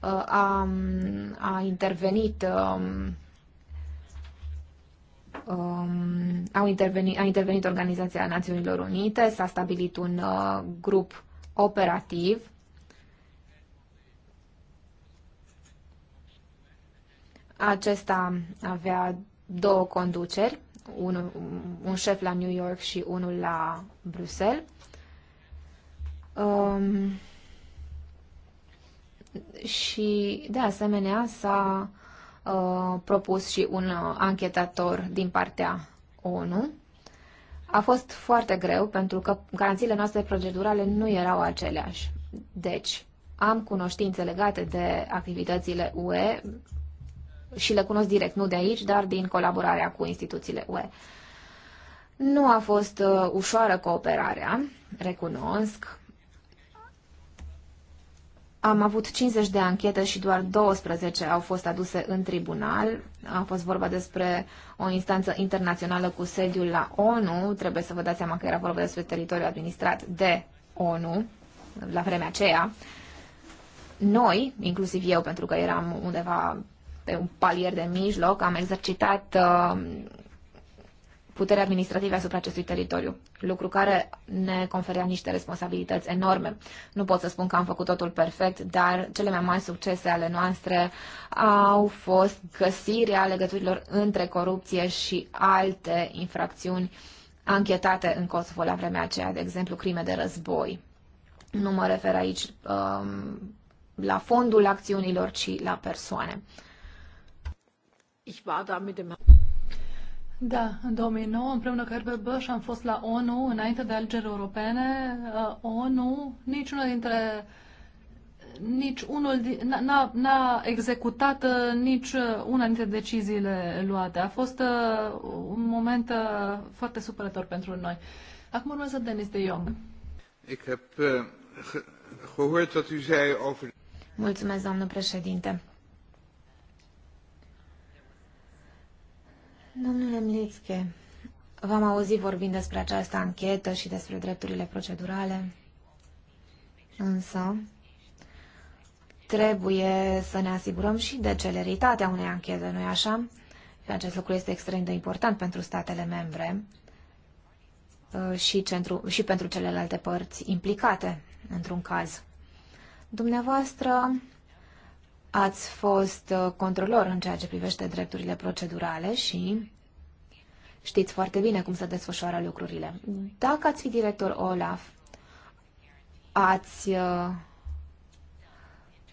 S5: uh, a, a intervenit uh, um, au intervenit, a intervenit Organizația Națiunilor Unite, s-a stabilit un uh, grup operativ Acesta avea două conduceri, un, un șef la New York și unul la Bruxelles. Um, și, de asemenea, s-a uh, propus și un anchetator din partea ONU. A fost foarte greu pentru că garanțiile noastre procedurale nu erau aceleași. Deci, am cunoștințe legate de activitățile UE și le cunosc direct, nu de aici, dar din colaborarea cu instituțiile UE. Nu a fost uh, ușoară cooperarea, recunosc. Am avut 50 de anchete și doar 12 au fost aduse în tribunal. A fost vorba despre o instanță internațională cu sediul la ONU. Trebuie să vă dați seama că era vorba despre teritoriul administrat de ONU la vremea aceea. Noi, inclusiv eu, pentru că eram undeva pe un palier de mijloc, am exercitat uh, puterea putere asupra acestui teritoriu, lucru care ne conferea niște responsabilități enorme. Nu pot să spun că am făcut totul perfect, dar cele mai mari succese ale noastre au fost găsirea legăturilor între corupție și alte infracțiuni anchetate în Kosovo la vremea aceea, de exemplu, crime de război. Nu mă refer aici um, la fondul acțiunilor, ci la persoane.
S1: Ich war da mit dem da, în 2009, împreună cu Herbert Bush, am fost la ONU, înainte de alegeri europene. Uh, ONU, unul dintre nici unul n-a executat uh, nici uh, una dintre deciziile luate. A fost uh, un moment uh, foarte
S5: supărător pentru noi. Acum urmează Denis de Jong. Mulțumesc, doamnă președinte. Domnule Mlițche, v-am auzit vorbind despre această anchetă și despre drepturile procedurale, însă trebuie să ne asigurăm și de celeritatea unei anchete, nu-i așa? Acest lucru este extrem de important pentru statele membre uh, și, centru, și pentru celelalte părți implicate într-un caz. Dumneavoastră ați fost uh, controlor în ceea ce privește drepturile procedurale și știți foarte bine cum se desfășoară lucrurile. Dacă ați fi director Olaf, ați uh,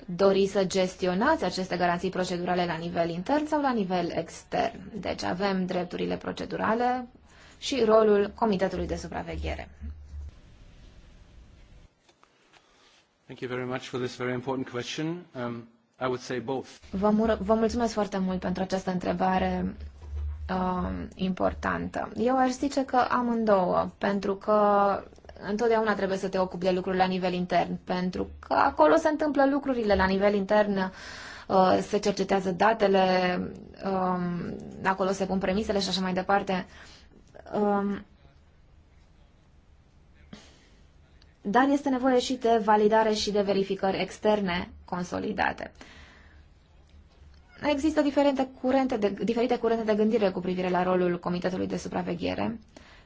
S5: dori să gestionați aceste garanții procedurale la nivel intern sau la nivel extern. Deci avem drepturile procedurale și rolul Comitetului de Supraveghere.
S3: Thank you very much for this very important question. Um... I would say both.
S5: Vă, mur- vă mulțumesc foarte mult pentru această întrebare uh, importantă. Eu aș zice că amândouă, pentru că întotdeauna trebuie să te ocupi de lucruri la nivel intern, pentru că acolo se întâmplă lucrurile la nivel intern, uh, se cercetează datele, uh, acolo se pun premisele și așa mai departe. Uh, dar este nevoie și de validare și de verificări externe consolidate. Există diferite curente de, diferite curente de gândire cu privire la rolul Comitetului de Supraveghere.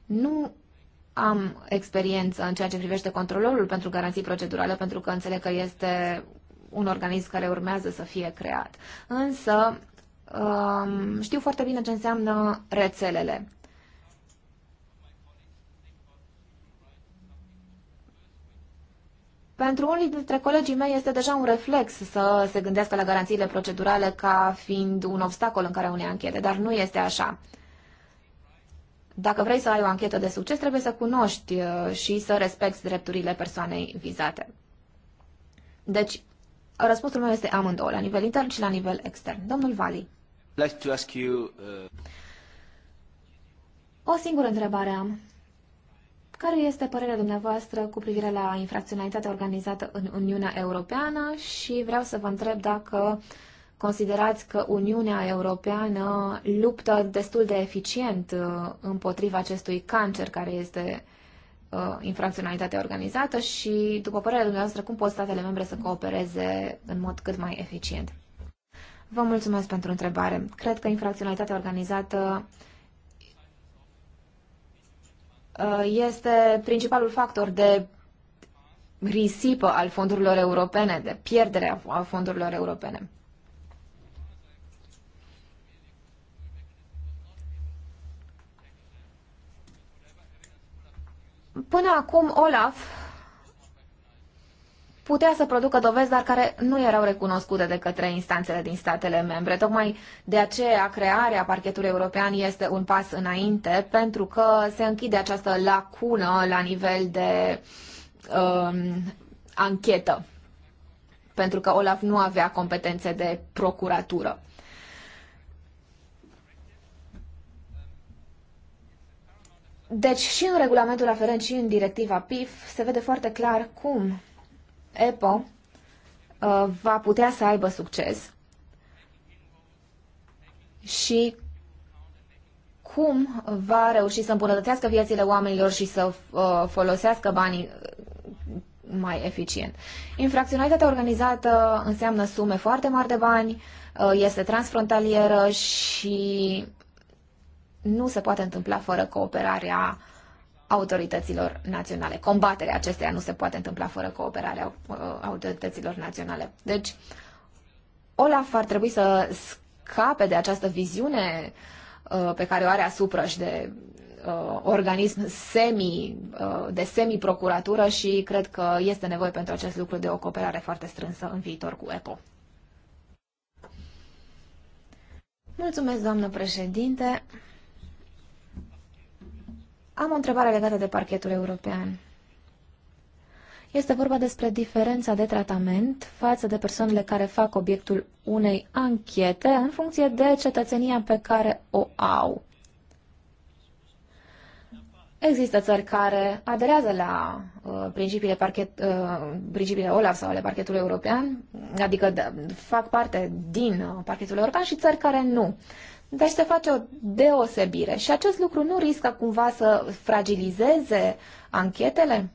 S5: Nu am experiență în ceea ce privește controlorul pentru garanții procedurale, pentru că înțeleg că este un organism care urmează să fie creat. Însă, um, știu foarte bine ce înseamnă rețelele. Pentru unii dintre colegii mei este deja un reflex să se gândească la garanțiile procedurale ca fiind un obstacol în care unei anchete, dar nu este așa. Dacă vrei să ai o anchetă de succes, trebuie să cunoști uh, și să respecti drepturile persoanei vizate. Deci, răspunsul meu este amândouă, la nivel intern și la nivel extern. Domnul Vali.
S4: Like to ask you, uh...
S5: O singură întrebare am. Care este părerea dumneavoastră cu privire la infracționalitatea organizată în Uniunea Europeană și vreau să vă întreb dacă considerați că Uniunea Europeană luptă destul de eficient uh, împotriva acestui cancer care este uh, infracționalitatea organizată și, după părerea dumneavoastră, cum pot statele membre să coopereze în mod cât mai eficient? Vă mulțumesc pentru întrebare. Cred că infracționalitatea organizată Uh, este principalul factor de risipă al fondurilor europene, de pierdere a fondurilor europene. Până acum, Olaf putea să producă dovezi, dar care nu erau recunoscute de către instanțele din statele membre. Tocmai de aceea crearea parchetului european este un pas înainte, pentru că se închide această lacună la nivel de um, anchetă, pentru că Olaf nu avea competențe de procuratură. Deci și în regulamentul aferent și în directiva PIF se vede foarte clar cum EPO uh, va putea să aibă succes și cum va reuși să îmbunătățească viețile oamenilor și să uh, folosească banii uh, mai eficient. Infracționalitatea organizată înseamnă sume foarte mari de bani, este transfrontalieră și nu se poate întâmpla fără cooperarea uh, autorităților naționale. Combaterea acesteia nu se poate întâmpla fără cooperarea uh, autorităților naționale. Deci, Olaf ar trebui să scape de această viziune uh, pe care o are asupra și de uh, organism semi, de semi-procuratură și cred că este nevoie pentru acest lucru de o cooperare foarte strânsă în viitor cu EPO. Mulțumesc, doamnă președinte. Am o întrebare legată de parchetul european. Este vorba despre diferența de tratament față de persoanele care fac obiectul unei anchete în funcție de cetățenia pe care o au. Există țări care aderează la uh, principiile, parchet, uh, principiile OLAF sau ale parchetului european, adică de, fac parte din uh, parchetul european și țări care nu. Deci se face o deosebire și acest lucru nu riscă cumva să fragilizeze anchetele?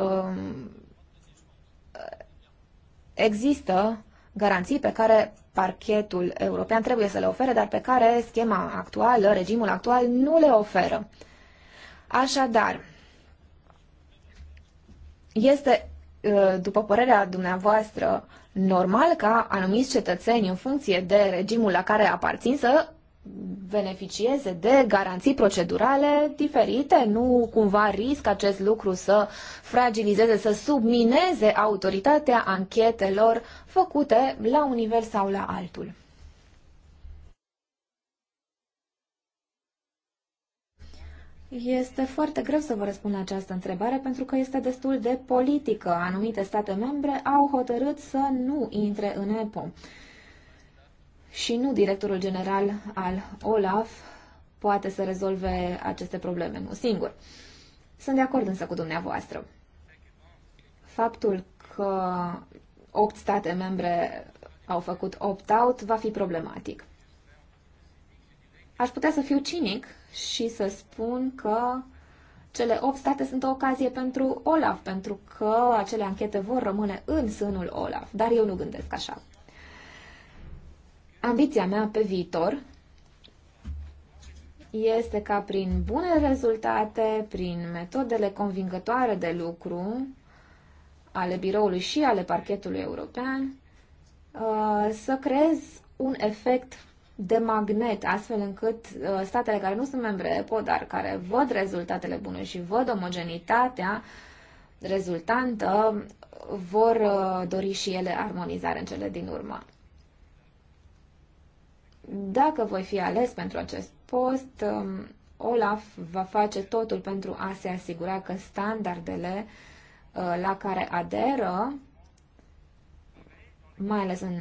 S5: Um, există garanții pe care parchetul european trebuie să le ofere, dar pe care schema actuală, regimul actual, nu le oferă. Așadar, este, uh, după părerea dumneavoastră, normal ca anumiți cetățeni, în funcție de regimul la care aparțin, să beneficieze de garanții procedurale diferite, nu cumva risc acest lucru să fragilizeze, să submineze autoritatea anchetelor făcute la un nivel sau la altul. Este foarte greu să vă răspund la această întrebare pentru că este destul de politică. Anumite state membre au hotărât să nu intre în EPO. Și nu directorul general al OLAF poate să rezolve aceste probleme, nu singur. Sunt de acord însă cu dumneavoastră. Faptul că opt state membre au făcut opt-out va fi problematic. Aș putea să fiu cinic și să spun că cele 8 state sunt o ocazie pentru Olaf, pentru că acele anchete vor rămâne în sânul Olaf, dar eu nu gândesc așa. Ambiția mea pe viitor este ca prin bune rezultate, prin metodele convingătoare de lucru ale biroului și ale parchetului european, uh, să creez un efect de magnet, astfel încât uh, statele care nu sunt membre EPO, dar care văd rezultatele bune și văd omogenitatea rezultantă, vor uh, dori și ele armonizare în cele din urmă. Dacă voi fi ales pentru acest post, um, Olaf va face totul pentru a se asigura că standardele uh, la care aderă, mai ales în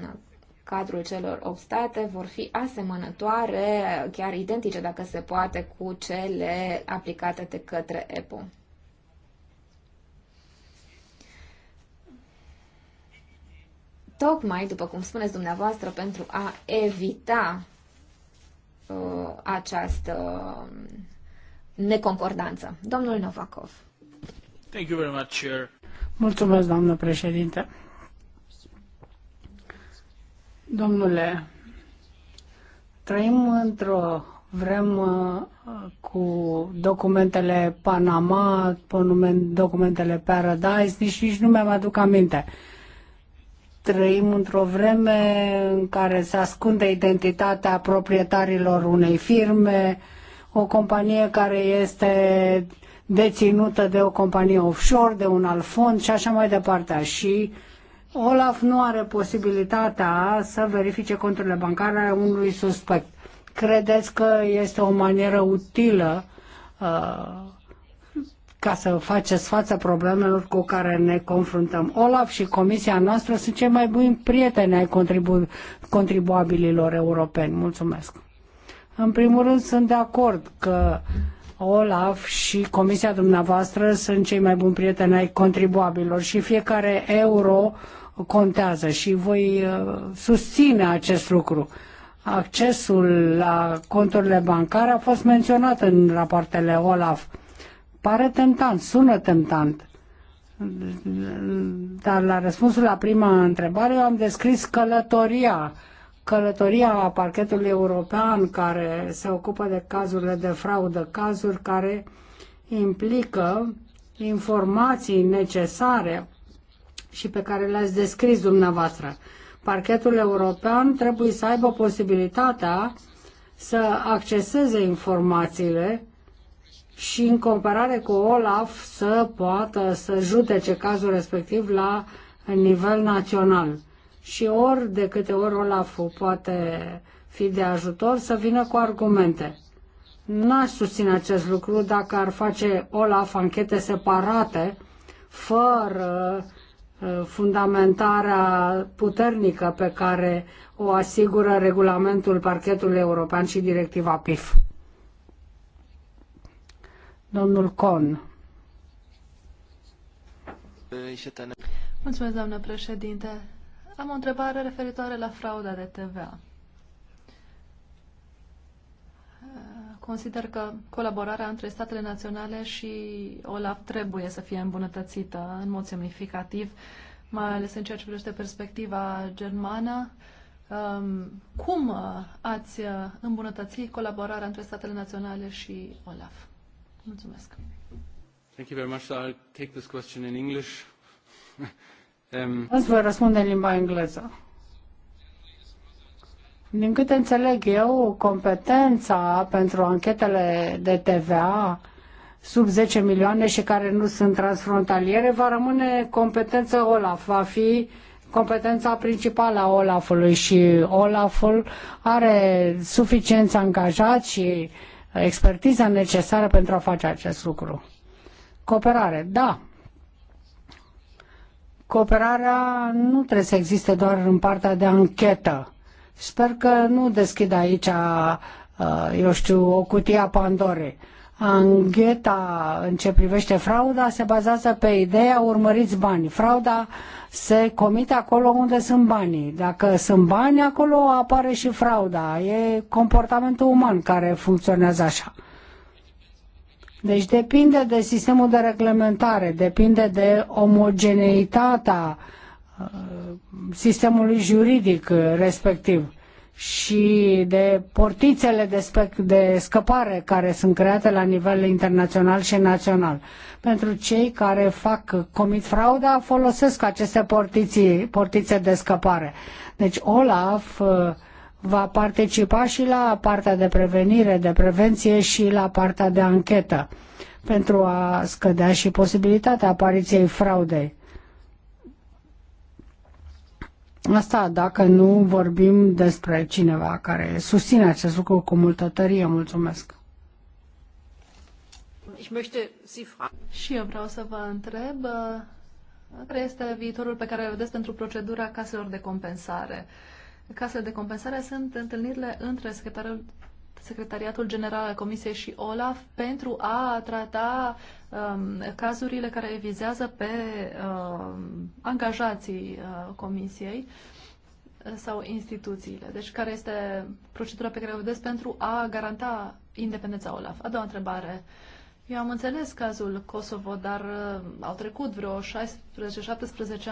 S5: cadrul celor 8 state vor fi asemănătoare, chiar identice dacă se poate, cu cele aplicate de către EPO. Tocmai, după cum spuneți dumneavoastră, pentru a evita uh, această um, neconcordanță. Domnul Novakov.
S4: Thank you very much, Chair.
S5: Mulțumesc, doamnă președinte. Domnule,
S2: trăim într-o vremă uh, cu documentele Panama, documentele Paradise, nici, nici nu mi-am aduc aminte. Trăim într-o vreme în care se ascunde identitatea proprietarilor unei firme, o companie care este deținută de o companie offshore, de un alt fond și așa mai departe. Și uh, Olaf nu are posibilitatea să verifice conturile bancare ale unui suspect. Credeți că este o manieră utilă uh, ca să faceți față problemelor cu care ne confruntăm. Olaf și comisia noastră sunt cei mai buni prieteni ai contribu- contribuabililor europeni. Mulțumesc. În primul rând sunt de acord că Olaf și comisia dumneavoastră sunt cei mai buni prieteni ai contribuabililor și fiecare euro contează și voi uh, susține acest lucru. Accesul la conturile bancare a fost menționat în rapoartele OLAF. Pare tentant, sună tentant. Dar la răspunsul la prima întrebare eu am descris călătoria călătoria a parchetului european care se ocupă de cazurile de fraudă, cazuri care implică informații necesare și pe care le-ați descris dumneavoastră. Parchetul european trebuie să aibă posibilitatea să acceseze informațiile și în comparare cu Olaf să poată să judece cazul respectiv la nivel național. Și ori de câte ori Olaf poate fi de ajutor să vină cu argumente. N-aș susține acest lucru dacă ar face Olaf anchete separate fără Uh, fundamentarea puternică pe care o asigură regulamentul parchetului european și directiva PIF. Domnul Con.
S1: Mulțumesc, doamnă președinte. Am o întrebare referitoare la frauda de TVA consider că colaborarea între statele naționale și OLAF trebuie să fie îmbunătățită în mod semnificativ, mai ales în ceea ce privește perspectiva germană. Um, cum uh, ați uh, îmbunătăți colaborarea între statele naționale și OLAF? Mulțumesc.
S4: Thank you very much. I'll take this question in English. um... Azi voi
S2: răspunde în limba engleză. Din câte înțeleg eu, competența pentru anchetele de TVA sub 10 milioane și care nu sunt transfrontaliere va rămâne competența OLAF, va fi competența principală a OLAF-ului și OLAF-ul are suficienți angajați și expertiza necesară pentru a face acest lucru. Cooperare, da. Cooperarea nu trebuie să existe doar în partea de anchetă Sper că nu deschid aici, uh, eu știu, o cutie a Pandorei. Angheta în ce privește frauda se bazează pe ideea urmăriți banii. Frauda se comite acolo unde sunt banii. Dacă sunt bani, acolo apare și frauda. E comportamentul uman care funcționează așa. Deci depinde de sistemul de reglementare, depinde de omogeneitatea uh, Uh, sistemului juridic uh, respectiv și de portițele de, de scăpare care sunt create la nivel internațional și național. Pentru cei care fac, comit frauda, folosesc aceste portiții, portițe de scăpare. Deci Olaf uh, va participa și la partea de prevenire, de prevenție și la partea de anchetă pentru a scădea și posibilitatea apariției fraudei Asta dacă nu vorbim despre cineva care susține acest lucru cu multă tărie. Mulțumesc!
S1: Și eu vreau să vă întreb uh, care este viitorul pe care îl vedeți pentru procedura caselor de compensare. Casele de compensare sunt întâlnirile între secretarul Secretariatul General al Comisiei și OLAF pentru a trata um, cazurile care vizează pe um, angajații uh, Comisiei uh, sau instituțiile. Deci care este procedura pe care o vedeți pentru a garanta independența OLAF? A doua întrebare. Eu am înțeles cazul Kosovo, dar uh, au trecut vreo 16-17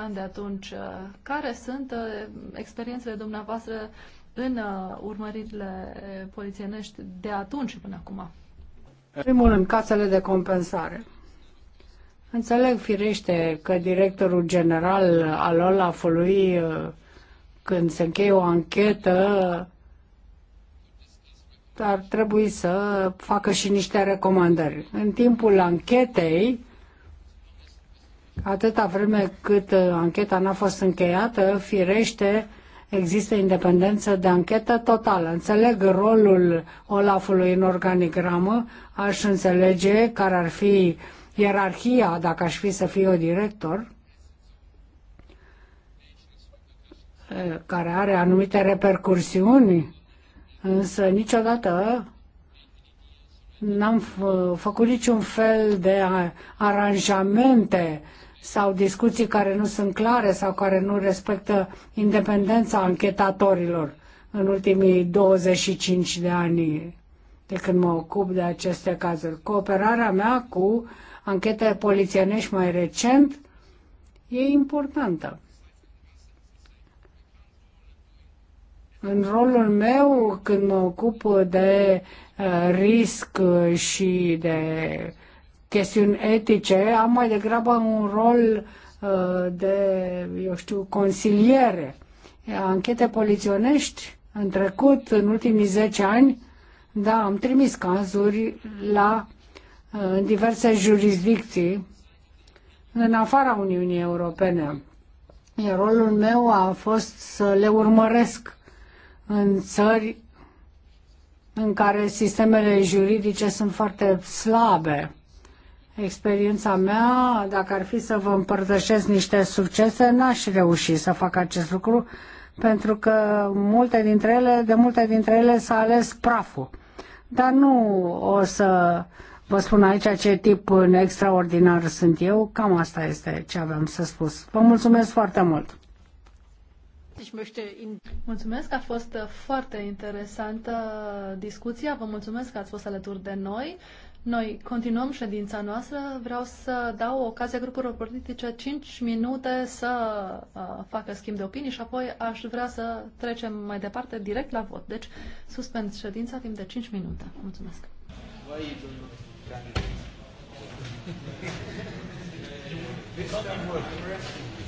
S1: ani de atunci. Uh, care sunt uh, experiențele dumneavoastră în uh, urmăririle uh, polițienești de atunci până acum?
S4: În primul
S2: rând, casele de compensare. Înțeleg firește că directorul general al Olafului, uh, când se încheie o anchetă, ar trebui să facă și niște recomandări. În timpul anchetei, atâta vreme cât ancheta n-a fost încheiată, firește, există independență de anchetă totală. Înțeleg rolul Olafului în organigramă, aș înțelege care ar fi ierarhia dacă aș fi să fiu o director, care are anumite repercursiuni, însă niciodată n-am făcut niciun fel de aranjamente sau discuții care nu sunt clare sau care nu respectă independența anchetatorilor în ultimii 25 de ani de când mă ocup de aceste cazuri. Cooperarea mea cu anchete polițienești mai recent e importantă. În rolul meu, când mă ocup de uh, risc și de chestiuni etice, am mai degrabă un rol uh, de, eu știu, consiliere. Anchete poliționești, în trecut, în ultimii 10 ani, da, am trimis cazuri la uh, în diverse jurisdicții în afara Uniunii Europene. Iar rolul meu a fost să le urmăresc în țări în care sistemele juridice sunt foarte slabe experiența mea, dacă ar fi să vă împărtășesc niște succese, n-aș reuși să fac acest lucru, pentru că multe dintre ele, de multe dintre ele s-a ales praful. Dar nu o să vă spun aici ce tip extraordinar sunt eu, cam asta este ce aveam să spus. Vă mulțumesc foarte mult!
S1: Deci mulțumesc, a fost foarte interesantă discuția. Vă mulțumesc că ați fost alături de noi. Noi continuăm ședința noastră. Vreau să dau ocazia grupurilor politice 5 minute să uh, facă schimb de opinii și apoi aș vrea să trecem mai departe direct la vot. Deci suspend ședința timp de 5 minute. Mulțumesc.
S4: Vai,